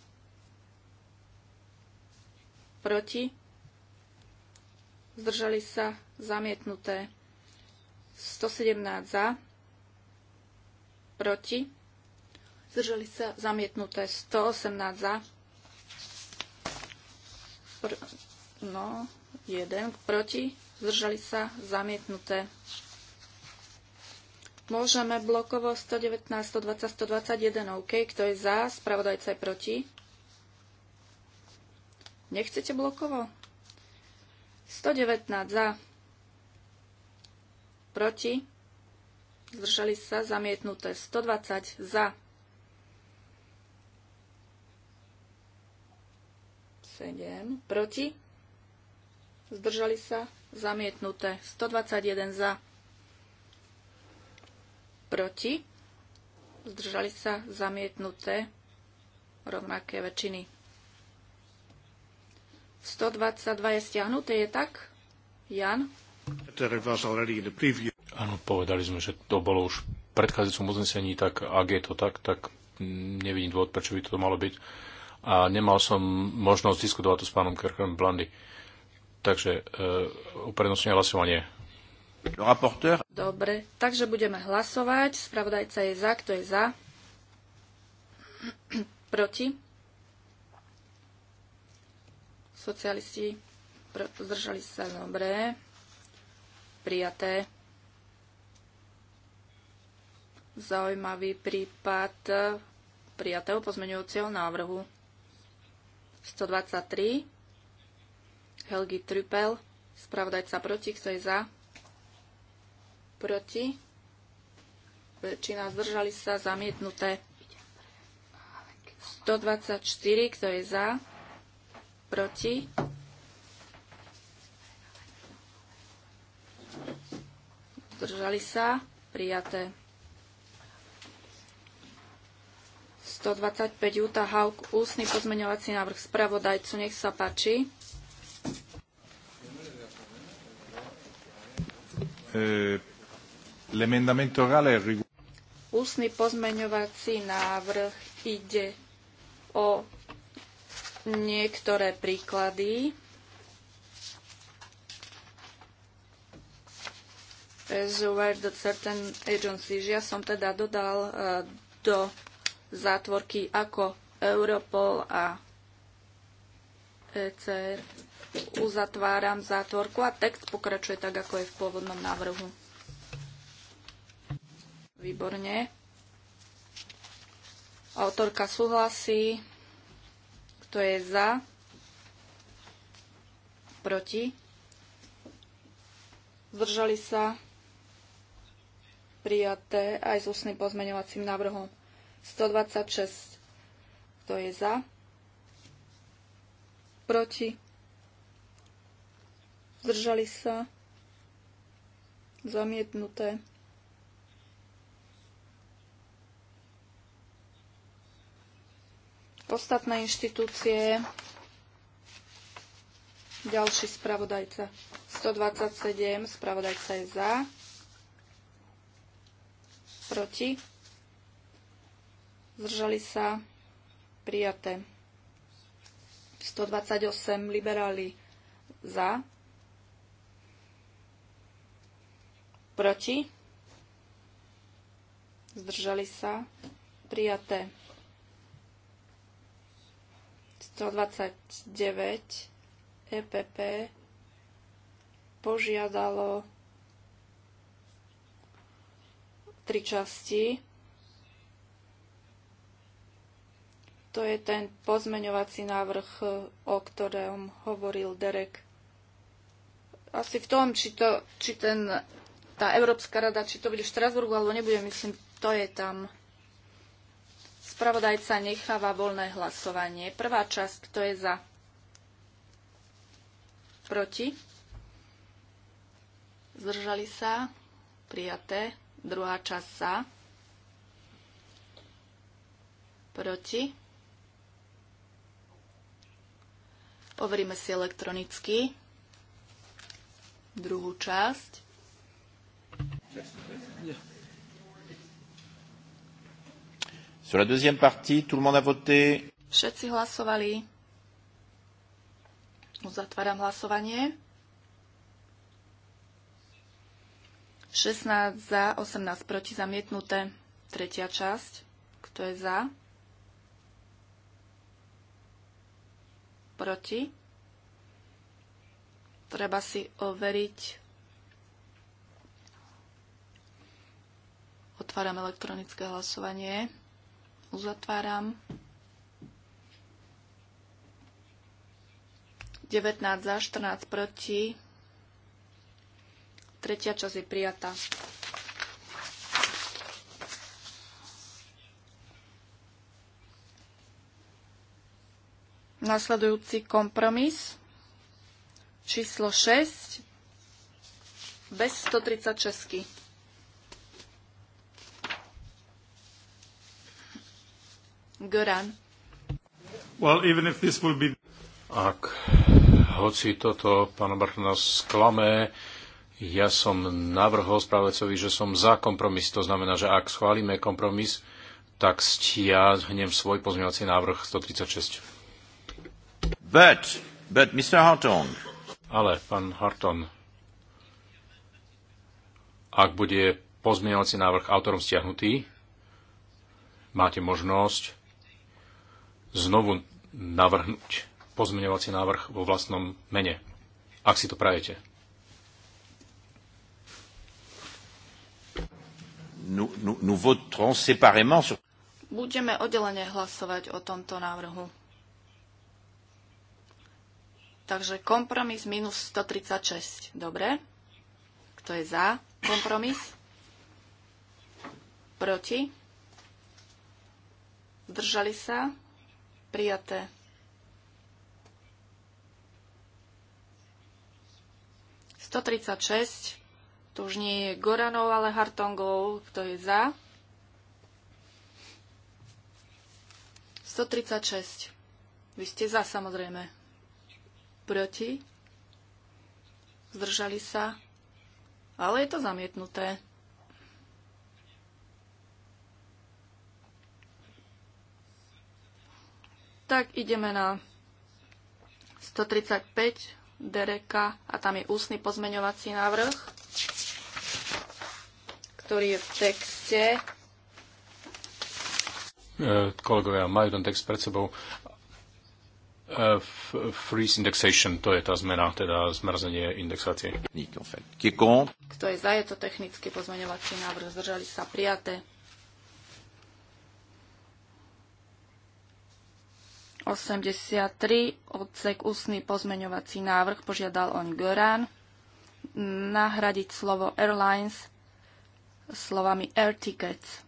proti, zdržali sa zamietnuté 117 za, proti, zdržali sa zamietnuté 118 za, pr- no, jeden. proti, zdržali sa zamietnuté. Môžeme blokovo 119, 120, 121, OK, kto je za, spravodajca je proti. Nechcete blokovo? 119 za. Proti. Zdržali sa zamietnuté. 120 za. 7 proti. Zdržali sa zamietnuté. 121 za. Proti. Zdržali sa zamietnuté rovnaké väčšiny. 122 je stiahnuté, je tak? Jan? Áno, povedali sme, že to bolo už v predchádzajúcom uznesení, tak ak je to tak, tak nevidím dôvod, prečo by to malo byť. A nemal som možnosť diskutovať to s pánom Kerkom Blandy. Takže uh, uprednostňujem hlasovanie. Dobre, takže budeme hlasovať. Spravodajca je za, kto je za? Proti? Socialisti zdržali sa dobre. Prijaté. Zaujímavý prípad prijatého pozmeňujúceho návrhu. 123. Helgi Trüppel. Spravodajca proti. Kto je za? Proti. Väčšina zdržali sa. Zamietnuté. 124. Kto je za? proti. Držali sa, prijaté. 125 Juta Hauk, ústny pozmeňovací návrh spravodajcu, nech sa páči. Eh, ústny pozmeňovací návrh ide o niektoré príklady. As were the certain agencies. Ja som teda dodal eh, do zátvorky ako Europol a ECR. Uzatváram zátvorku a text pokračuje tak, ako je v pôvodnom návrhu. Výborne. Autorka súhlasí. Kto je za? Proti? Zdržali sa? Prijaté aj s ústnym pozmeňovacím návrhom. 126. Kto je za? Proti? Zdržali sa? Zamietnuté. ostatné inštitúcie. Ďalší spravodajca 127, spravodajca je za, proti, zdržali sa, prijaté. 128, liberáli za, proti, zdržali sa, prijaté. 129 EPP požiadalo tri časti. To je ten pozmeňovací návrh, o ktorom hovoril Derek. Asi v tom, či, to, či ten, tá Európska rada, či to bude v Štrasburgu, alebo nebude, myslím, to je tam. Spravodajca necháva voľné hlasovanie. Prvá časť, kto je za? Proti? Zdržali sa? Prijaté. Druhá časť za? Proti? Overíme si elektronicky druhú časť. Yes, Sur la deuxième partie, tout le monde a voté. Všetci hlasovali. Uzatváram hlasovanie. 16 za, 18 proti, zamietnuté. Tretia časť. Kto je za? Proti? Treba si overiť. Otváram elektronické hlasovanie. Uzatváram. 19 za, 14 proti. Tretia časť je prijatá. Nasledujúci kompromis číslo 6 bez 136. Goran. Well, even if this will be... Ak hoci toto pána Bartona sklame, ja som navrhol spravodajcovi, že som za kompromis. To znamená, že ak schválime kompromis, tak stiahnem svoj pozmeňovací návrh 136. But, but Mr. Harton. Ale, pán Harton, ak bude pozmeňovací návrh autorom stiahnutý, máte možnosť znovu navrhnúť pozmeňovací návrh vo vlastnom mene, ak si to prajete. Budeme oddelene hlasovať o tomto návrhu. Takže kompromis minus 136. Dobre. Kto je za kompromis? Proti? Zdržali sa? Prijaté. Sto To už nie je Goranov, ale Hartongov. Kto je za? 136. Vy ste za, samozrejme. Proti? Zdržali sa? Ale je to zamietnuté. Tak ideme na 135 Dereka a tam je ústny pozmeňovací návrh, ktorý je v texte. E, kolegovia, majú ten text pred sebou. E, freeze indexation, to je tá zmena, teda zmrazenie indexácie. Kto je za, je to technický pozmeňovací návrh, zdržali sa prijaté. 83, odsek ústny pozmeňovací návrh, požiadal on Göran nahradiť slovo airlines slovami air tickets.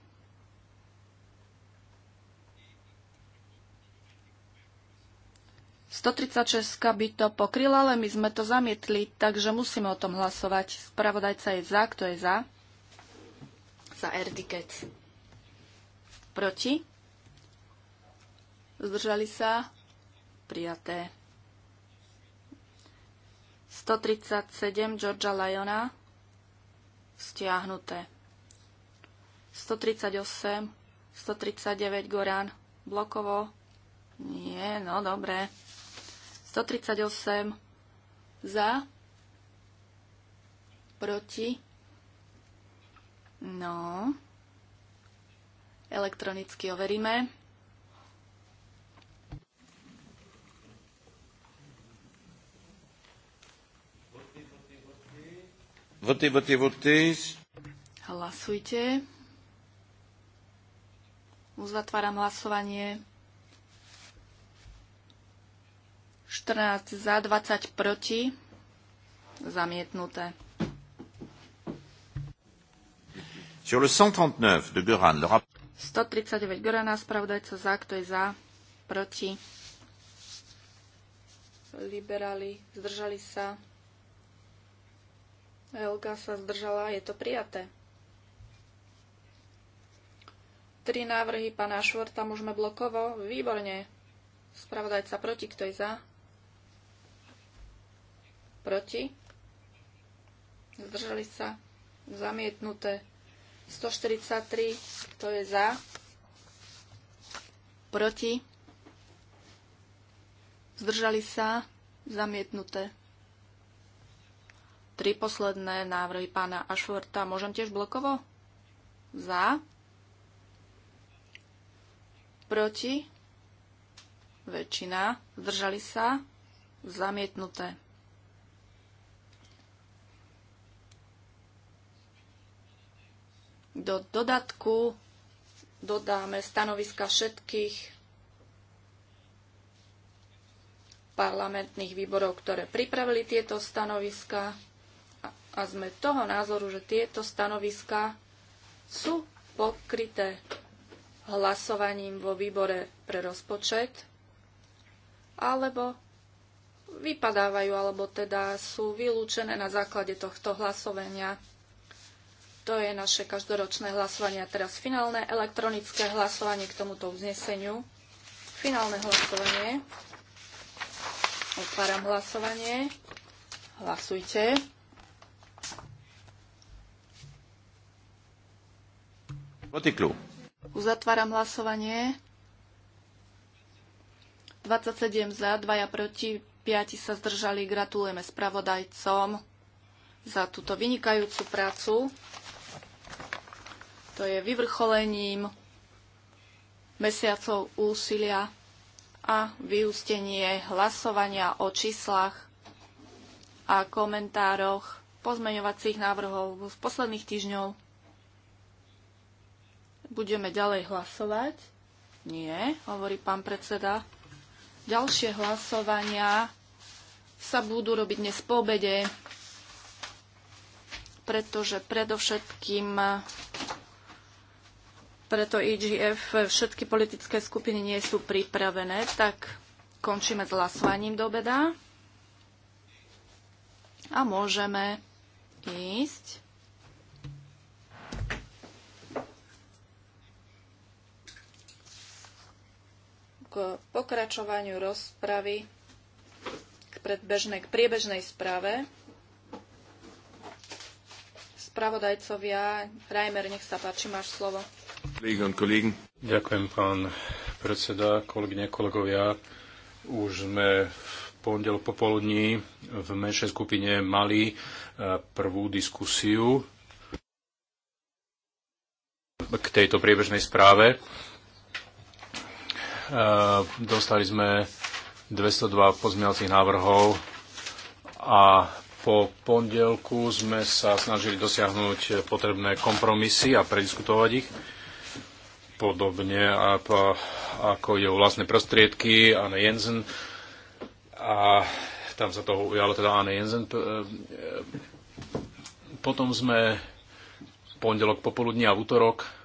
Stotridsaťšestka by to pokryla, ale my sme to zamietli, takže musíme o tom hlasovať. Spravodajca je za, kto je za? Za air tickets. Proti? zdržali sa, prijaté. 137 Georgia Lyona, stiahnuté. 138, 139 Goran, blokovo, nie, no dobre. 138 za, proti, no, elektronicky overíme. Votez, votez, votez. Hlasujte. Uzatváram hlasovanie. 14 za, 20 proti. Zamietnuté. Sur le 139 de Göran, le rapport... 139 Gorana, spravodajca za, kto je za, proti. Liberáli zdržali sa. Elga sa zdržala, je to prijaté. Tri návrhy pana Švorta môžeme blokovo. Výborne. Spravodajca proti, kto je za? Proti. Zdržali sa. Zamietnuté. 143, kto je za? Proti. Zdržali sa. Zamietnuté tri posledné návrhy pána Ashworta. Môžem tiež blokovo? Za. Proti. Väčšina. Zdržali sa. Zamietnuté. Do dodatku dodáme stanoviska všetkých parlamentných výborov, ktoré pripravili tieto stanoviska a sme toho názoru, že tieto stanoviská sú pokryté hlasovaním vo výbore pre rozpočet, alebo vypadávajú, alebo teda sú vylúčené na základe tohto hlasovania. To je naše každoročné hlasovanie a teraz finálne elektronické hlasovanie k tomuto uzneseniu. Finálne hlasovanie. Otváram hlasovanie. Hlasujte. Votiklu. Uzatváram hlasovanie. 27 za, 2 proti, 5 sa zdržali. Gratulujeme spravodajcom za túto vynikajúcu prácu. To je vyvrcholením mesiacov úsilia a vyústenie hlasovania o číslach a komentároch pozmeňovacích návrhov z posledných týždňov. Budeme ďalej hlasovať? Nie, hovorí pán predseda. Ďalšie hlasovania sa budú robiť dnes po obede, pretože predovšetkým preto IGF e všetky politické skupiny nie sú pripravené, tak končíme s hlasovaním do obeda a môžeme ísť k pokračovaniu rozpravy k, predbežnej, k priebežnej správe. Spravodajcovia, Reimer, nech sa páči, máš slovo. Ďakujem, pán predseda, kolegyne, kolegovia. Už sme v pondel popoludní v menšej skupine mali eh, prvú diskusiu k tejto priebežnej správe E, dostali sme 202 pozmiacich návrhov a po pondelku sme sa snažili dosiahnuť potrebné kompromisy a prediskutovať ich podobne ako je vlastné prostriedky Anne Jensen a tam sa toho ujalo teda Anne Jensen e, potom sme pondelok popoludní a v útorok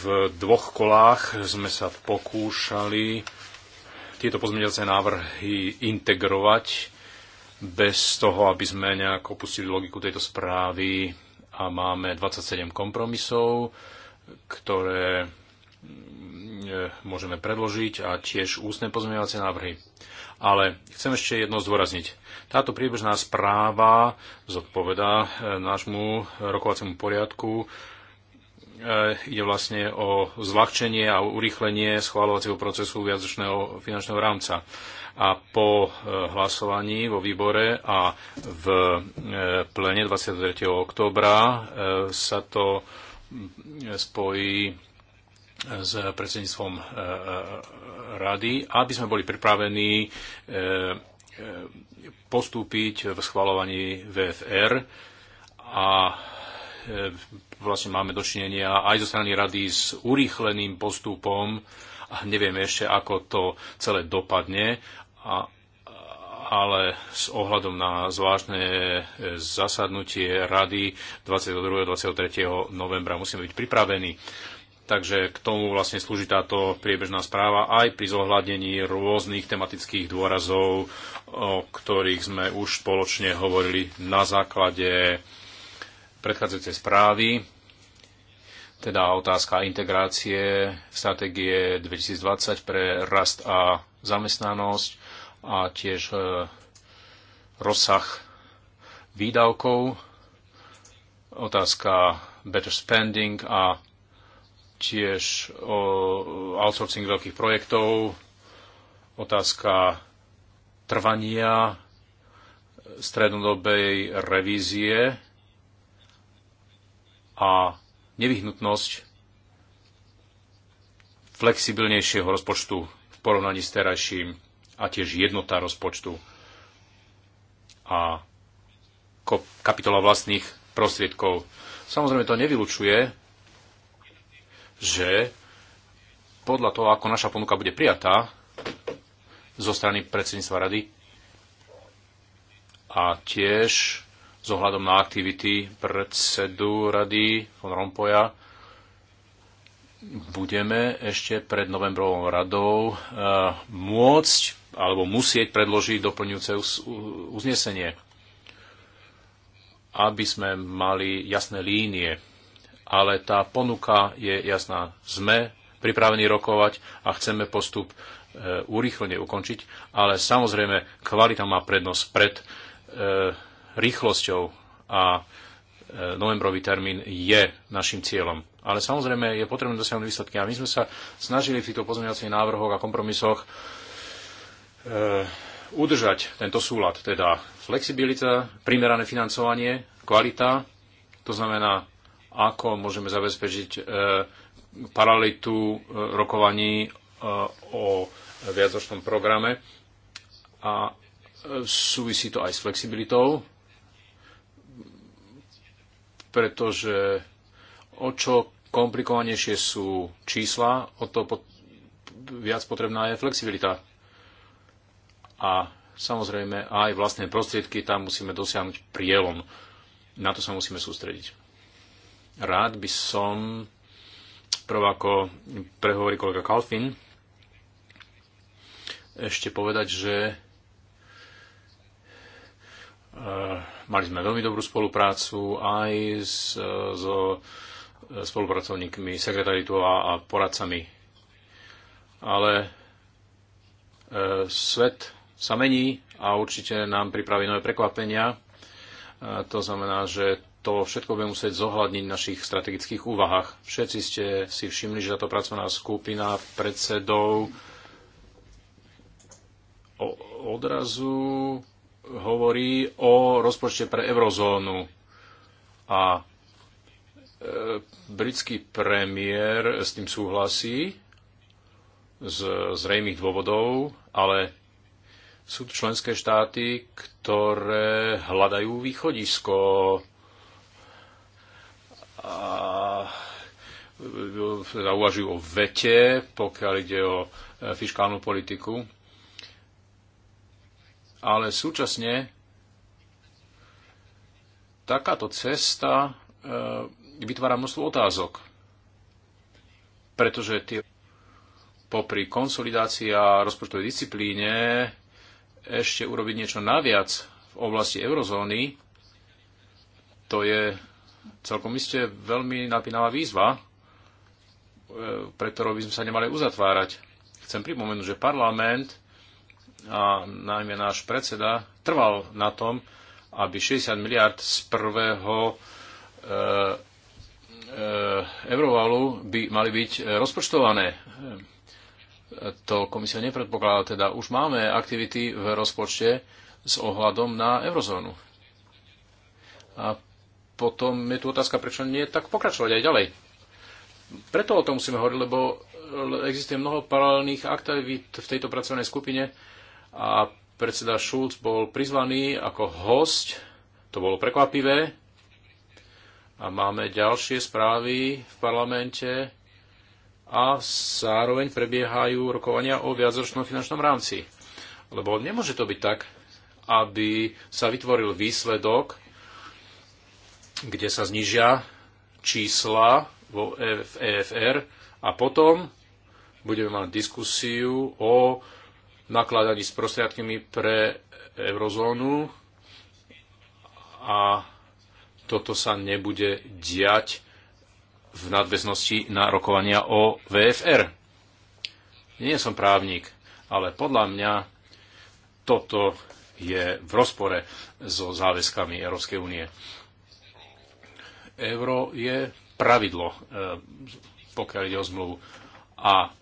V dvoch kolách sme sa pokúšali tieto pozmeňovacie návrhy integrovať bez toho, aby sme nejak opustili logiku tejto správy a máme 27 kompromisov, ktoré mm, môžeme predložiť a tiež ústne pozmeňovacie návrhy. Ale chcem ešte jedno zdôrazniť. Táto priebežná správa zodpovedá eh, nášmu rokovaciemu poriadku E, ide vlastne o zľahčenie a urýchlenie schváľovacieho procesu viacročného finančného rámca. A po e, hlasovaní vo výbore a v e, plene 23. októbra sa to spojí s predsedníctvom rady, aby sme boli pripravení postúpiť v schvalovaní VFR a vlastne máme dočinenia aj zo strany rady s urýchleným postupom a nevieme ešte, ako to celé dopadne, a, ale s ohľadom na zvláštne e, zasadnutie rady 22. a 23. novembra musíme byť pripravení. Takže k tomu vlastne slúži táto priebežná správa aj pri zohľadení rôznych tematických dôrazov, o ktorých sme už spoločne hovorili na základe predchádzajúcej správy, teda otázka integrácie stratégie 2020 pre rast a zamestnanosť a tiež e, rozsah výdavkov, otázka better spending a tiež o outsourcing veľkých projektov, otázka trvania strednodobej revízie a nevyhnutnosť flexibilnejšieho rozpočtu v porovnaní s terajším a tiež jednota rozpočtu a kapitola vlastných prostriedkov. Samozrejme to nevylučuje, že podľa toho, ako naša ponuka bude prijatá zo strany predsedníctva rady a tiež zohľadom ohľadom na aktivity predsedu rady von Rompoja budeme ešte pred novembrovou radou eh, môcť alebo musieť predložiť doplňujúce uznesenie, aby sme mali jasné línie. Ale tá ponuka je jasná. Sme pripravení rokovať a chceme postup eh, urýchlene ukončiť, ale samozrejme kvalita má prednosť pred eh, rýchlosťou a e, novembrový termín je našim cieľom. Ale samozrejme je potrebné dosiahnuť výsledky. A my sme sa snažili v týchto pozmeňovacích návrhoch a kompromisoch e, udržať tento súlad, teda flexibilita, primerané financovanie, kvalita, to znamená, ako môžeme zabezpečiť e, paralitu e, rokovaní e, o viacročnom programe a e, súvisí to aj s flexibilitou pretože o čo komplikovanejšie sú čísla, o to pot- viac potrebná je flexibilita. A samozrejme aj vlastné prostriedky tam musíme dosiahnuť prielom. Na to sa musíme sústrediť. Rád by som prvá ako prehovorí kolega Kalfin ešte povedať, že Eh, mali sme veľmi dobrú spoluprácu aj s, eh, so eh, spolupracovníkmi sekretaritu a, a poradcami. Ale e, svet sa mení a určite nám pripraví nové prekvapenia. E, to znamená, že to všetko budeme musieť zohľadniť v našich strategických úvahách. Všetci ste si všimli, že táto pracovná skupina predsedov odrazu hovorí o rozpočte pre eurozónu. A e, britský premiér s tým súhlasí z zrejmých dôvodov, ale sú to členské štáty, ktoré hľadajú východisko a e, e, teda uvažujú o vete, pokiaľ ide o fiskálnu politiku ale súčasne takáto cesta e, vytvára množstvo otázok, pretože tie popri konsolidácii a rozpočtovej disciplíne ešte urobiť niečo naviac v oblasti eurozóny, to je celkom iste veľmi napínavá výzva, e, pre ktorou by sme sa nemali uzatvárať. Chcem pripomenúť, že parlament a najmä náš predseda trval na tom, aby 60 miliard z prvého e, e, eurovalu by mali byť e, rozpočtované. To komisia nepredpokladá, teda už máme aktivity v rozpočte s ohľadom na eurozónu. A potom je tu otázka, prečo nie tak pokračovať aj ďalej. Preto o tom musíme hovoriť, lebo existuje mnoho paralelných aktivít v tejto pracovnej skupine, a predseda Schulz bol prizvaný ako host. To bolo prekvapivé. A máme ďalšie správy v parlamente a zároveň prebiehajú rokovania o viacročnom finančnom rámci. Lebo nemôže to byť tak, aby sa vytvoril výsledok, kde sa znižia čísla vo EFR e a potom budeme mať diskusiu o nakladaní s prostriedkami pre eurozónu a toto sa nebude diať v nadväznosti na rokovania o VFR. Nie som právnik, ale podľa mňa toto je v rozpore so záväzkami Európskej únie. Euro je pravidlo, e, pokiaľ ide o zmluvu. A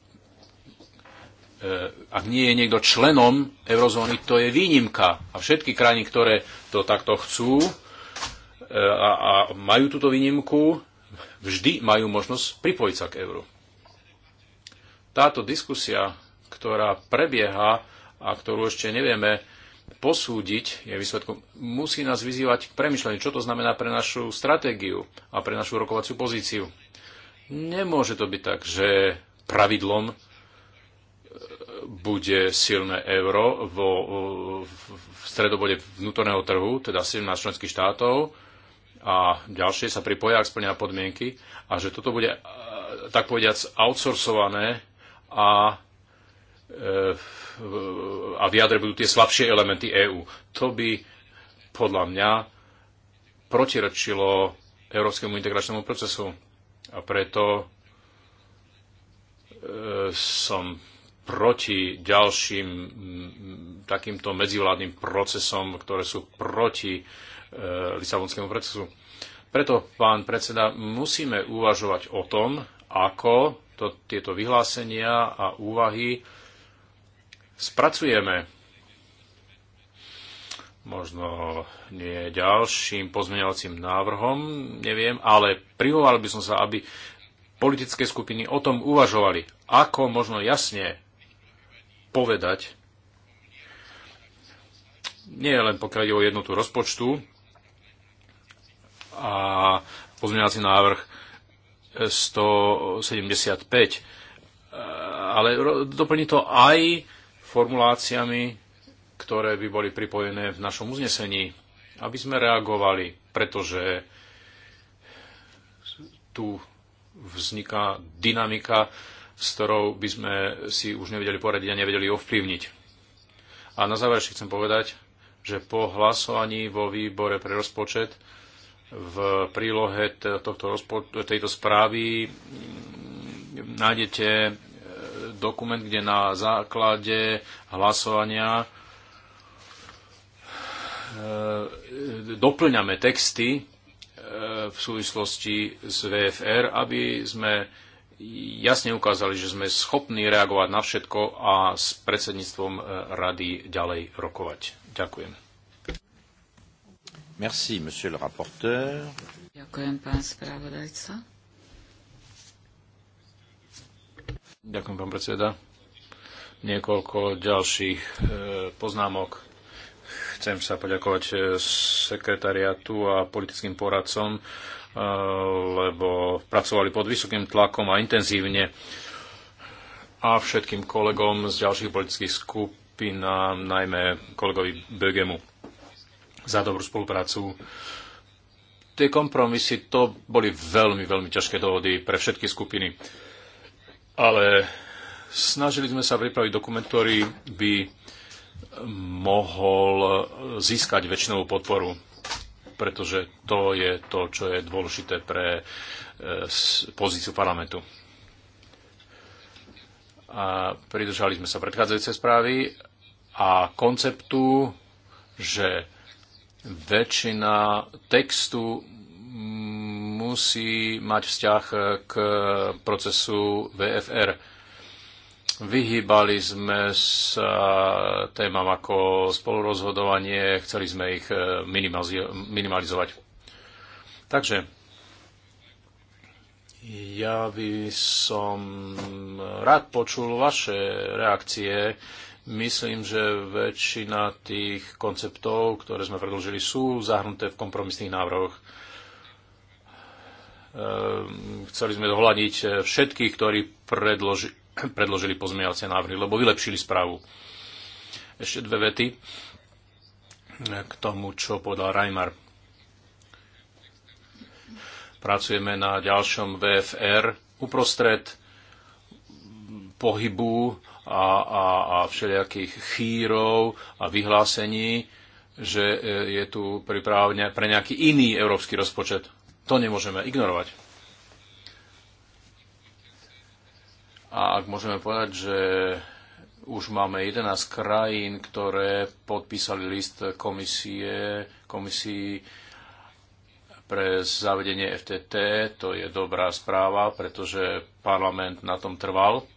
E, ak nie je niekto členom eurozóny, to je výnimka. A všetky krajiny, ktoré to takto chcú e, a, a majú túto výnimku, vždy majú možnosť pripojiť sa k euru. Táto diskusia, ktorá prebieha a ktorú ešte nevieme posúdiť, je výsledkom, musí nás vyzývať k premyšľaniu, čo to znamená pre našu stratégiu a pre našu rokovaciu pozíciu. Nemôže to byť tak, že pravidlom bude silné euro vo, v stredobode vnútorného trhu, teda 17 členských štátov a ďalšie sa pripoja, ak splnia podmienky a že toto bude eh, tak povediac outsourcované a eh, a v jadre budú tie slabšie elementy EÚ. To by podľa mňa protirečilo európskemu integračnému procesu. A preto eh, som proti ďalším mm, takýmto medzivládnym procesom, ktoré sú proti e, Lisabonskému procesu. Preto, pán predseda, musíme uvažovať o tom, ako to, tieto vyhlásenia a úvahy spracujeme. Možno nie ďalším pozmeňovacím návrhom, neviem, ale prihoval by som sa, aby politické skupiny o tom uvažovali, ako možno jasne povedať, nie len pokiaľ ide o jednotu rozpočtu a pozmeňovací návrh 175, ale doplní to aj formuláciami, ktoré by boli pripojené v našom uznesení, aby sme reagovali, pretože tu vzniká dynamika, s ktorou by sme si už nevedeli poradiť a nevedeli ovplyvniť. A na záver ešte chcem povedať, že po hlasovaní vo výbore pre rozpočet v prílohe tohto tejto správy mm, nájdete e, dokument, kde na základe hlasovania e, doplňame texty e, v súvislosti s VFR, aby sme jasne ukázali, že sme schopní reagovať na všetko a s predsedníctvom e, rady ďalej rokovať. Ďakujem. Merci, monsieur le rapporteur. Ďakujem, pán spravodajca. Ďakujem, pán predseda. Niekoľko ďalších e, poznámok. Chcem sa poďakovať e, sekretariatu a politickým poradcom lebo pracovali pod vysokým tlakom a intenzívne. A všetkým kolegom z ďalších politických skupín, a najmä kolegovi Bögemu, za dobrú spoluprácu. Tie kompromisy, to boli veľmi, veľmi ťažké dohody pre všetky skupiny. Ale snažili sme sa pripraviť dokument, ktorý by mohol získať väčšinovú podporu pretože to je to, čo je dôležité pre e, pozíciu parlamentu. A pridržali sme sa predchádzajúcej správy a konceptu, že väčšina textu musí mať vzťah k procesu VFR Vyhýbali sme sa témam ako spolurozhodovanie, chceli sme ich e, minimalizovať. Takže ja by som rád počul vaše reakcie. Myslím, že väčšina tých konceptov, ktoré sme predložili, sú zahrnuté v kompromisných návrhoch ehm, chceli sme dohľadiť všetkých, ktorí predloži, predložili pozmeňovacie návrhy, lebo vylepšili správu. Ešte dve vety k tomu, čo povedal Reimar. Pracujeme na ďalšom VFR uprostred pohybu a, a, a všelijakých chýrov a vyhlásení, že e, je tu pripravne pre nejaký iný európsky rozpočet. To nemôžeme ignorovať. A ak môžeme povedať, že už máme 11 krajín, ktoré podpísali list komisie, komisii pre zavedenie FTT. To je dobrá správa, pretože parlament na tom trval.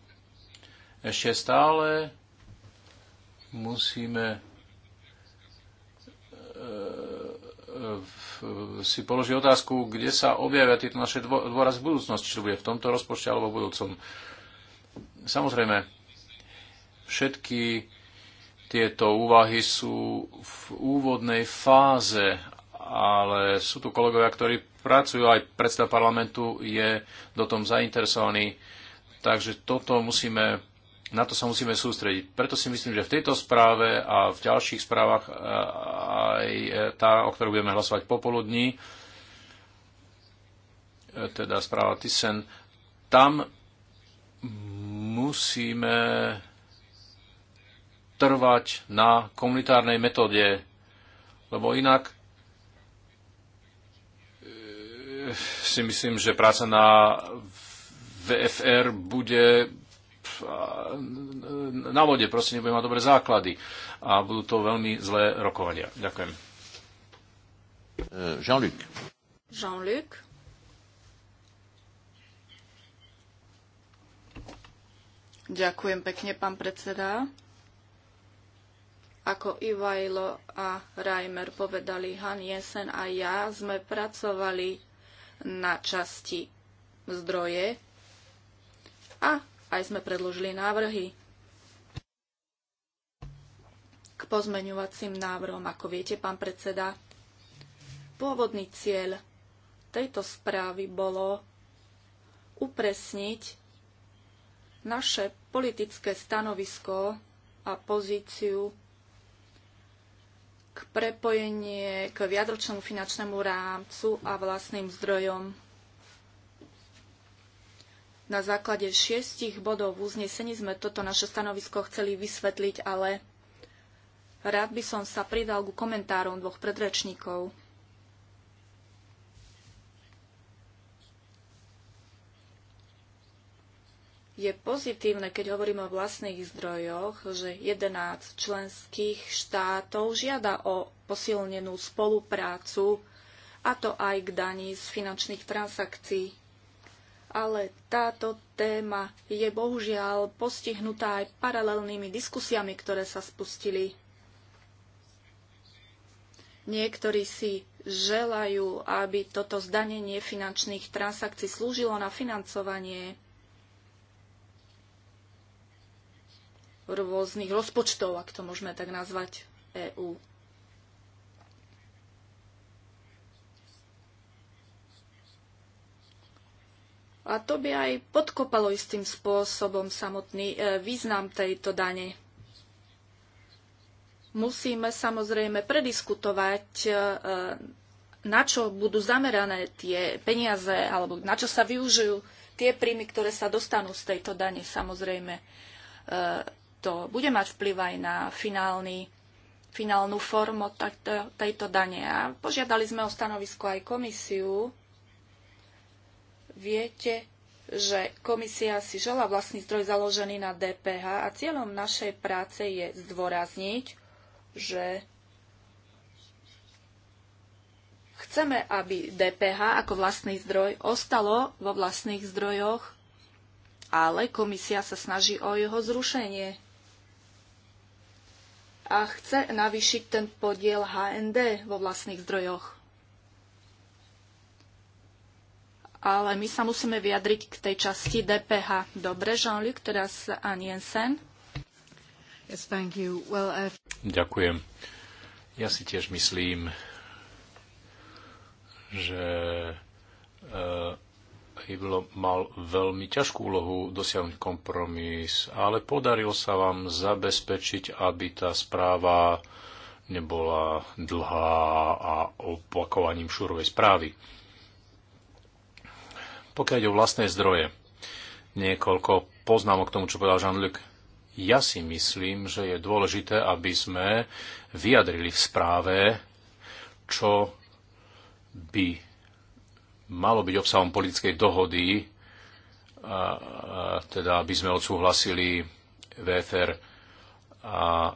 Ešte stále musíme e, e, si položiť otázku, kde sa objavia tieto naše dôraz v budúcnosti, či to bude v tomto rozpočte alebo v budúcom Samozrejme, všetky tieto úvahy sú v úvodnej fáze, ale sú tu kolegovia, ktorí pracujú, aj predseda parlamentu je do tom zainteresovaný, takže toto musíme, na to sa musíme sústrediť. Preto si myslím, že v tejto správe a v ďalších správach, aj e, tá, o ktorej budeme hlasovať popoludní, e, teda správa Thyssen, tam musíme trvať na komunitárnej metóde, lebo inak e, si myslím, že práca na VFR bude na vode, proste nebude mať dobré základy a budú to veľmi zlé rokovania. Ďakujem. E, Jean-Luc. Jean-Luc. Ďakujem pekne, pán predseda. Ako Ivajlo a Reimer povedali, Han Jensen a ja sme pracovali na časti zdroje a aj sme predložili návrhy k pozmeňovacím návrhom. Ako viete, pán predseda, pôvodný cieľ tejto správy bolo upresniť naše politické stanovisko a pozíciu k prepojenie k viadročnému finančnému rámcu a vlastným zdrojom. Na základe šiestich bodov v uznesení sme toto naše stanovisko chceli vysvetliť, ale rád by som sa pridal ku komentárom dvoch predrečníkov. Je pozitívne, keď hovoríme o vlastných zdrojoch, že 11 členských štátov žiada o posilnenú spoluprácu, a to aj k daní z finančných transakcií. Ale táto téma je bohužiaľ postihnutá aj paralelnými diskusiami, ktoré sa spustili. Niektorí si želajú, aby toto zdanenie finančných transakcií slúžilo na financovanie rôznych rozpočtov, ak to môžeme tak nazvať, EÚ. A to by aj podkopalo istým spôsobom samotný e, význam tejto dane. Musíme samozrejme prediskutovať, e, na čo budú zamerané tie peniaze alebo na čo sa využijú tie príjmy, ktoré sa dostanú z tejto dane. Samozrejme, e, to bude mať vplyv aj na finálny, finálnu formu takto, tejto dane. A požiadali sme o stanovisko aj komisiu. Viete, že komisia si žela vlastný zdroj založený na DPH a cieľom našej práce je zdôrazniť, že chceme, aby DPH ako vlastný zdroj ostalo vo vlastných zdrojoch, ale komisia sa snaží o jeho zrušenie a chce navýšiť ten podiel HND vo vlastných zdrojoch. Ale my sa musíme vyjadriť k tej časti DPH. Dobre, Jean-Luc, teraz Ann Jensen. Yes, thank you. Well, I've... Ďakujem. Ja si tiež myslím, že uh, Hybl mal veľmi ťažkú úlohu dosiahnuť kompromis, ale podarilo sa vám zabezpečiť, aby tá správa nebola dlhá a opakovaním šúrovej správy. Pokiaľ ide o vlastné zdroje, niekoľko poznámok k tomu, čo povedal Jean-Luc. Ja si myslím, že je dôležité, aby sme vyjadrili v správe, čo by malo byť obsahom politickej dohody, a, a, teda aby sme odsúhlasili VFR. A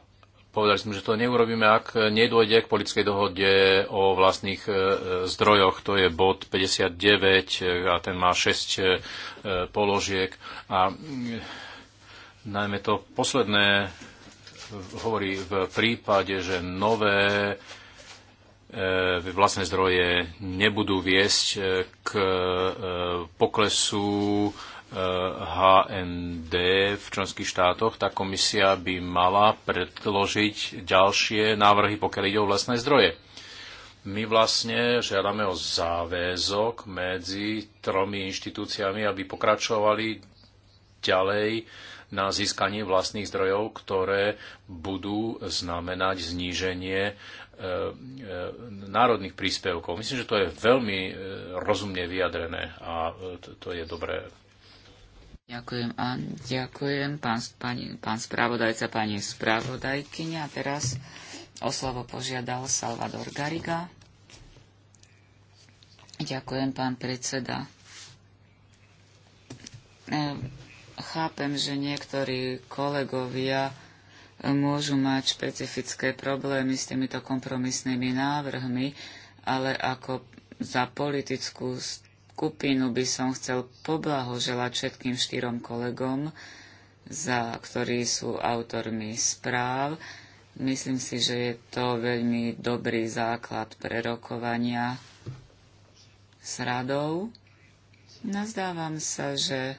povedali sme, že to neurobíme, ak nedôjde k politickej dohode o vlastných e, zdrojoch. To je bod 59 e, a ten má 6 e, položiek. A e, najmä to posledné hovorí v prípade, že nové e, E, vlastné zdroje nebudú viesť e, k e, poklesu HND v členských štátoch, tá komisia by mala predložiť ďalšie návrhy, pokiaľ ide o vlastné zdroje. My vlastne žiadame o záväzok medzi tromi inštitúciami, aby pokračovali ďalej na získanie vlastných zdrojov, ktoré budú znamenať zníženie E, e, národných príspevkov. Myslím, že to je veľmi e, rozumne vyjadrené a to je dobré. Ďakujem a ďakujem pán, pán, pán spravodajca, pani spravodajkyňa. A teraz o slovo požiadal Salvador Gariga. Ďakujem, pán predseda. Chápem, že niektorí kolegovia môžu mať špecifické problémy s týmito kompromisnými návrhmi, ale ako za politickú skupinu by som chcel poblahoželať všetkým štyrom kolegom, za, ktorí sú autormi správ. Myslím si, že je to veľmi dobrý základ pre rokovania s radou. Nazdávam sa, že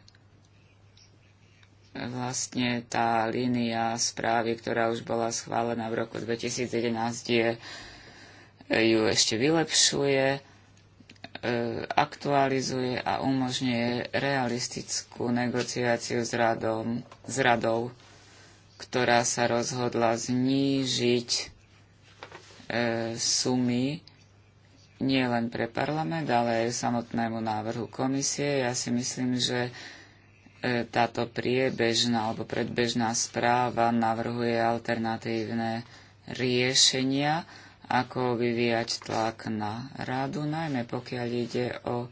vlastne tá línia správy, ktorá už bola schválená v roku 2011, je, ju ešte vylepšuje, e, aktualizuje a umožňuje realistickú negociáciu s, radom, s radou, ktorá sa rozhodla znížiť e, sumy nielen pre parlament, ale aj samotnému návrhu komisie. Ja si myslím, že e, E, táto priebežná alebo predbežná správa navrhuje alternatívne riešenia, ako vyvíjať tlak na radu, najmä pokiaľ ide o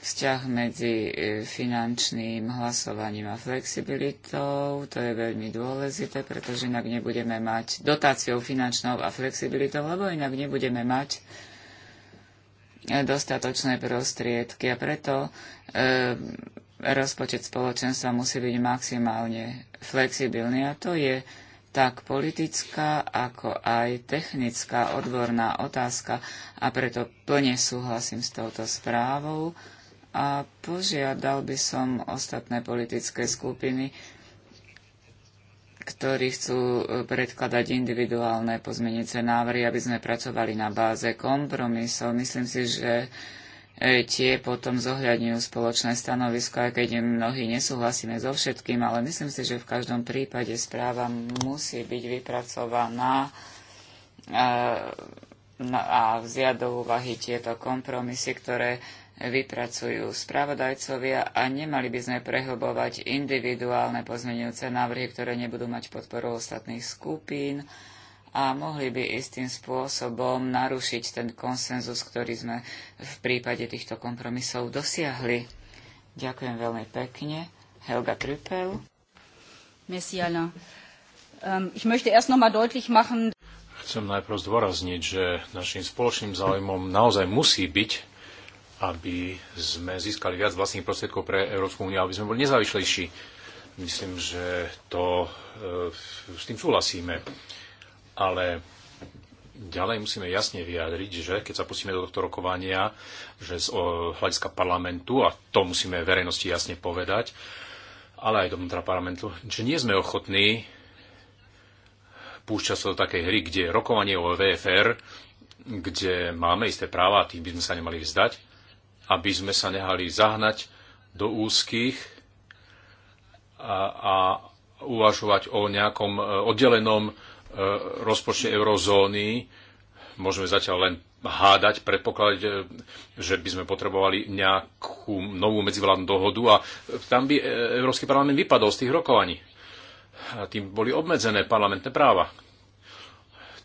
vzťah medzi e, finančným hlasovaním a flexibilitou. To je veľmi dôležité, pretože inak nebudeme mať dotáciou finančnou a flexibilitou, lebo inak nebudeme mať e, dostatočné prostriedky. A preto e, rozpočet spoločenstva musí byť maximálne flexibilný a to je tak politická, ako aj technická odborná otázka a preto plne súhlasím s touto správou a požiadal by som ostatné politické skupiny, ktorí chcú predkladať individuálne pozmenice návrhy, aby sme pracovali na báze kompromisov. Myslím si, že E, tie potom zohľadňujú spoločné stanovisko, aj keď mnohí nesúhlasíme so všetkým, ale myslím si, že v každom prípade správa musí byť vypracovaná e, a vziať do úvahy tieto kompromisy, ktoré vypracujú spravodajcovia a nemali by sme prehlbovať individuálne pozmenujúce návrhy, ktoré nebudú mať podporu ostatných skupín a mohli by istým spôsobom narušiť ten konsenzus, ktorý sme v prípade týchto kompromisov dosiahli. Ďakujem veľmi pekne. Helga Trüppel. Merci Alain. Um, ich möchte erst noch mal deutlich machen, Chcem najprv zdôrazniť, že našim spoločným záujmom naozaj musí byť, aby sme získali viac vlastných prostriedkov pre Európsku úniu, aby sme boli nezávislejší. Myslím, že to e, s tým súhlasíme ale ďalej musíme jasne vyjadriť, že keď sa pustíme do tohto rokovania, že z hľadiska parlamentu, a to musíme verejnosti jasne povedať, ale aj do vnútra parlamentu, že nie sme ochotní púšťať sa do takej hry, kde je rokovanie o VFR, kde máme isté práva, tým by sme sa nemali vzdať, aby sme sa nehali zahnať do úzkých a, a uvažovať o nejakom e, oddelenom E, rozpočte eurozóny môžeme zatiaľ len hádať, predpokladať, e, že by sme potrebovali nejakú novú medzivládnu dohodu a tam by e, Európsky parlament vypadol z tých rokovaní. A tým boli obmedzené parlamentné práva,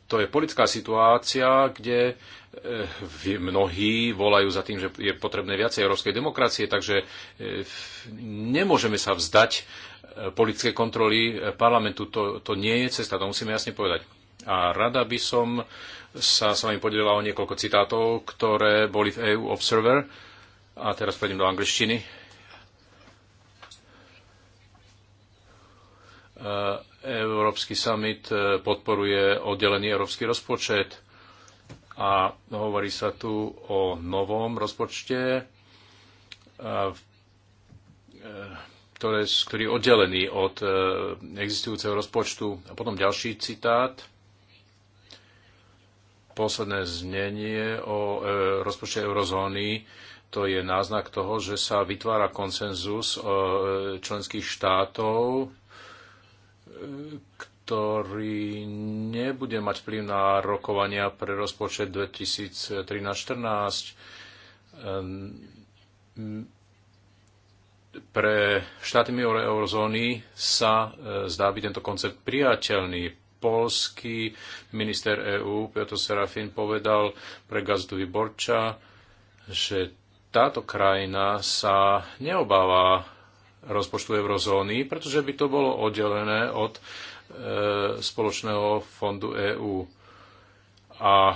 to je politická situácia, kde eh, mnohí volajú za tým, že je potrebné viacej európskej demokracie, takže eh, nemôžeme sa vzdať eh, politické kontroly parlamentu. To, to nie je cesta, to musíme jasne povedať. A rada by som sa s vami podelila o niekoľko citátov, ktoré boli v EU Observer. A teraz prejdem do angličtiny. Uh, Európsky summit e, podporuje oddelený európsky rozpočet a hovorí sa tu o novom rozpočte, e, ktorý je oddelený od e, existujúceho rozpočtu. A potom ďalší citát, posledné znenie o rozpočte eurozóny, to je náznak toho, že sa vytvára konsenzus členských štátov ktorý nebude mať vplyv na rokovania pre rozpočet 2013-2014. Ehm, pre štáty mimo eurozóny sa e, zdá byť tento koncept priateľný. Polský minister EÚ Piotr Serafin povedal pre gazdu Vyborča, že táto krajina sa neobáva rozpočtu eurozóny, pretože by to bolo oddelené od e, spoločného fondu EÚ. A e,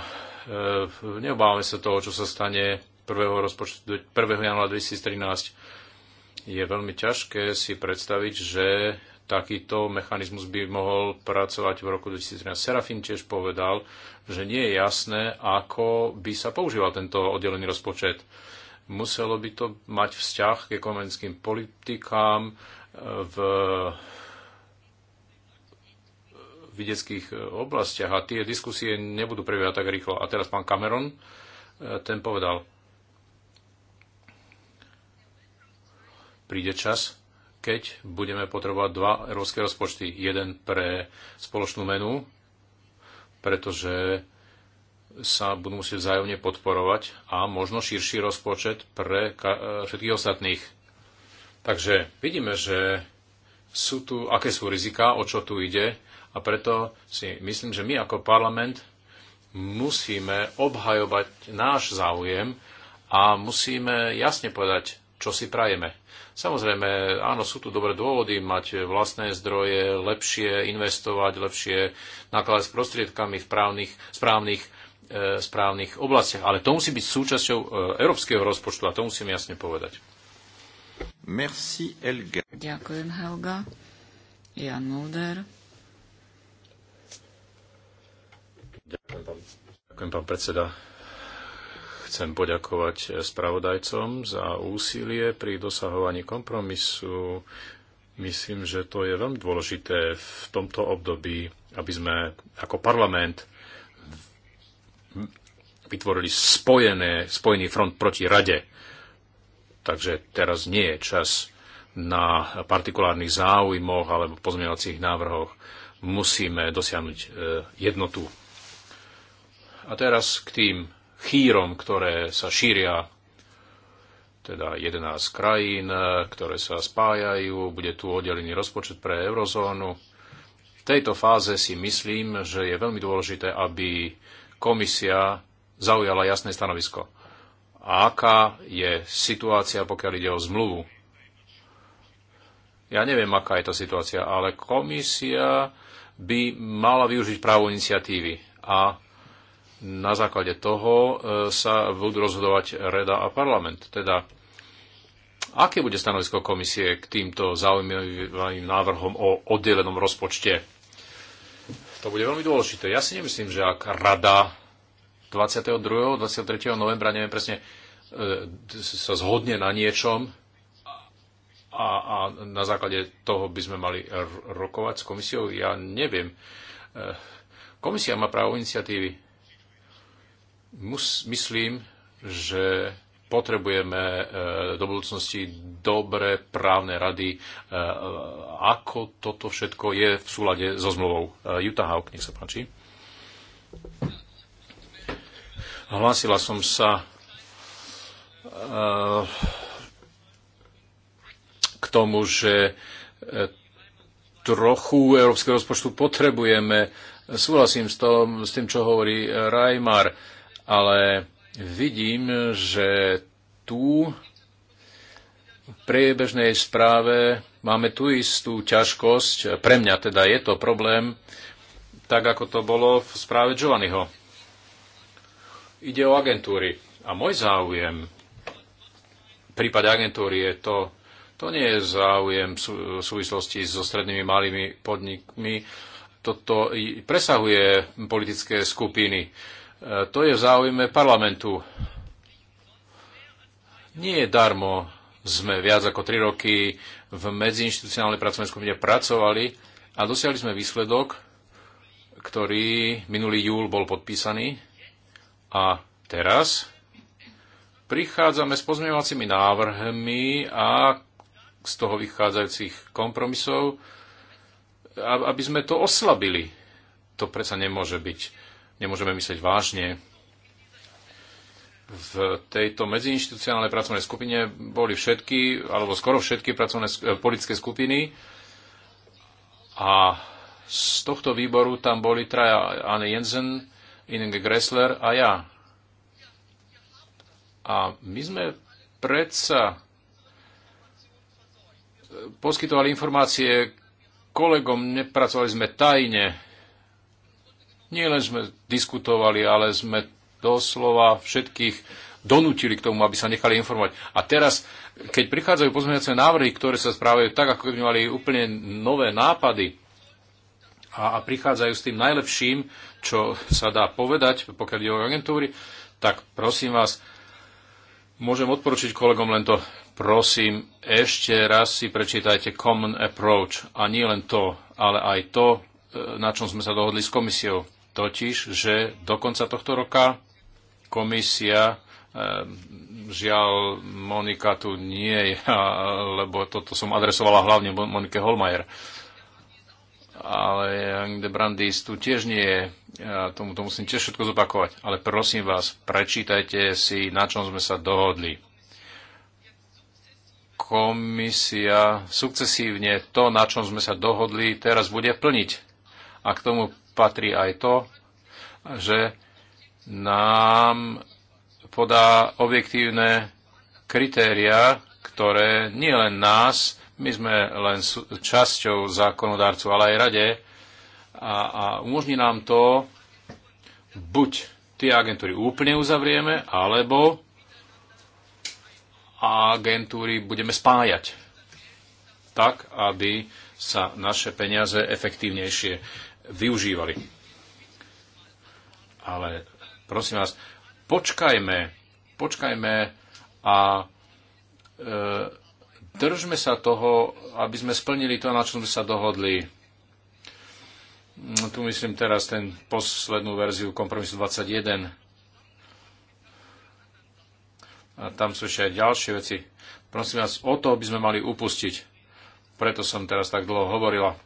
neobávame sa toho, čo sa stane 1. Rozpočtu, 1. januára 2013. Je veľmi ťažké si predstaviť, že takýto mechanizmus by mohol pracovať v roku 2013. Serafín tiež povedal, že nie je jasné, ako by sa používal tento oddelený rozpočet. Muselo by to mať vzťah k ekonomickým politikám e, v vidieckých e, oblastiach a tie diskusie nebudú prebiehať tak rýchlo. A teraz pán Cameron, e, ten povedal, príde čas, keď budeme potrebovať dva európske rozpočty. Jeden pre spoločnú menu, pretože sa budú musieť vzájomne podporovať a možno širší rozpočet pre e, všetkých ostatných. Takže vidíme, že sú tu, aké sú rizika, o čo tu ide a preto si myslím, že my ako parlament musíme obhajovať náš záujem a musíme jasne povedať, čo si prajeme. Samozrejme, áno, sú tu dobré dôvody mať vlastné zdroje, lepšie investovať, lepšie nakladať s prostriedkami v právnych, správnych, E, správnych oblastiach. Ale to musí byť súčasťou e, európskeho rozpočtu a to musím jasne povedať. Merci, Helga. Ďakujem, Helga. Jan Mulder. Ďakujem, pán, ďakujem, pán predseda. Chcem poďakovať spravodajcom za úsilie pri dosahovaní kompromisu. Myslím, že to je veľmi dôležité v tomto období, aby sme ako parlament vytvorili spojené, spojený front proti rade. Takže teraz nie je čas na partikulárnych záujmoch alebo pozmeňovacích návrhoch. Musíme dosiahnuť e, jednotu. A teraz k tým chýrom, ktoré sa šíria, teda 11 krajín, e, ktoré sa spájajú, bude tu oddelený rozpočet pre eurozónu. V tejto fáze si myslím, že je veľmi dôležité, aby komisia zaujala jasné stanovisko. A aká je situácia, pokiaľ ide o zmluvu? Ja neviem, aká je to situácia, ale komisia by mala využiť právo iniciatívy a na základe toho e, sa budú rozhodovať reda a parlament. Teda, aké bude stanovisko komisie k týmto zaujímavým návrhom o oddelenom rozpočte? To bude veľmi dôležité. Ja si nemyslím, že ak rada 22. 23. novembra, neviem presne, e, sa zhodne na niečom a, a na základe toho by sme mali rokovať s komisiou, ja neviem. E, komisia má právo iniciatívy. Mus, myslím, že potrebujeme e, do budúcnosti dobré právne rady, e, ako toto všetko je v súlade so zmluvou. E, Juta Hauk, nech sa páči. Hlásila som sa k tomu, že trochu európskeho rozpočtu potrebujeme. Súhlasím s, tom, s tým, čo hovorí Rajmar, ale vidím, že tu v priebežnej správe máme tú istú ťažkosť, pre mňa teda je to problém, tak ako to bolo v správe Giovanniho. Ide o agentúry. A môj záujem v prípade agentúry je to, to nie je záujem v súvislosti so strednými malými podnikmi. Toto presahuje politické skupiny to je v záujme parlamentu. Nie je darmo, sme viac ako tri roky v medziinstitucionálnej pracovnej skupine pracovali a dosiahli sme výsledok, ktorý minulý júl bol podpísaný a teraz prichádzame s pozmeňovacími návrhmi a z toho vychádzajúcich kompromisov, aby sme to oslabili. To predsa nemôže byť nemôžeme myslieť vážne. V tejto medziinstitucionálnej pracovnej skupine boli všetky, alebo skoro všetky pracovné, eh, politické skupiny a z tohto výboru tam boli traja Anne Jensen, Inge Gressler a ja. A my sme predsa eh, poskytovali informácie kolegom, nepracovali sme tajne. Nie len sme diskutovali, ale sme doslova všetkých donútili k tomu, aby sa nechali informovať. A teraz, keď prichádzajú pozmeňovacie návrhy, ktoré sa správajú tak, ako by mali úplne nové nápady a, a prichádzajú s tým najlepším, čo sa dá povedať, pokiaľ ide o agentúry, tak prosím vás, môžem odporučiť kolegom len to, prosím, ešte raz si prečítajte Common Approach a nie len to, ale aj to, e, na čom sme sa dohodli s komisiou totiž, že do konca tohto roka komisia žiaľ Monika tu nie je, lebo toto som adresovala hlavne Monike Holmajer. Ale Jan de Brandis tu tiež nie je. Ja tomu to musím tiež všetko zopakovať. Ale prosím vás, prečítajte si, na čom sme sa dohodli. Komisia sukcesívne to, na čom sme sa dohodli, teraz bude plniť. A k tomu patrí aj to, že nám podá objektívne kritéria, ktoré nie len nás, my sme len časťou zákonodárcu, ale aj rade, a, a umožní nám to buď tie agentúry úplne uzavrieme, alebo agentúry budeme spájať tak, aby sa naše peniaze efektívnejšie využívali. Ale prosím vás, počkajme, počkajme a e, držme sa toho, aby sme splnili to, na čo sme sa dohodli. Mm, tu myslím teraz ten poslednú verziu kompromisu 21. A tam sú ešte aj ďalšie veci. Prosím vás, o to by sme mali upustiť. Preto som teraz tak dlho hovorila.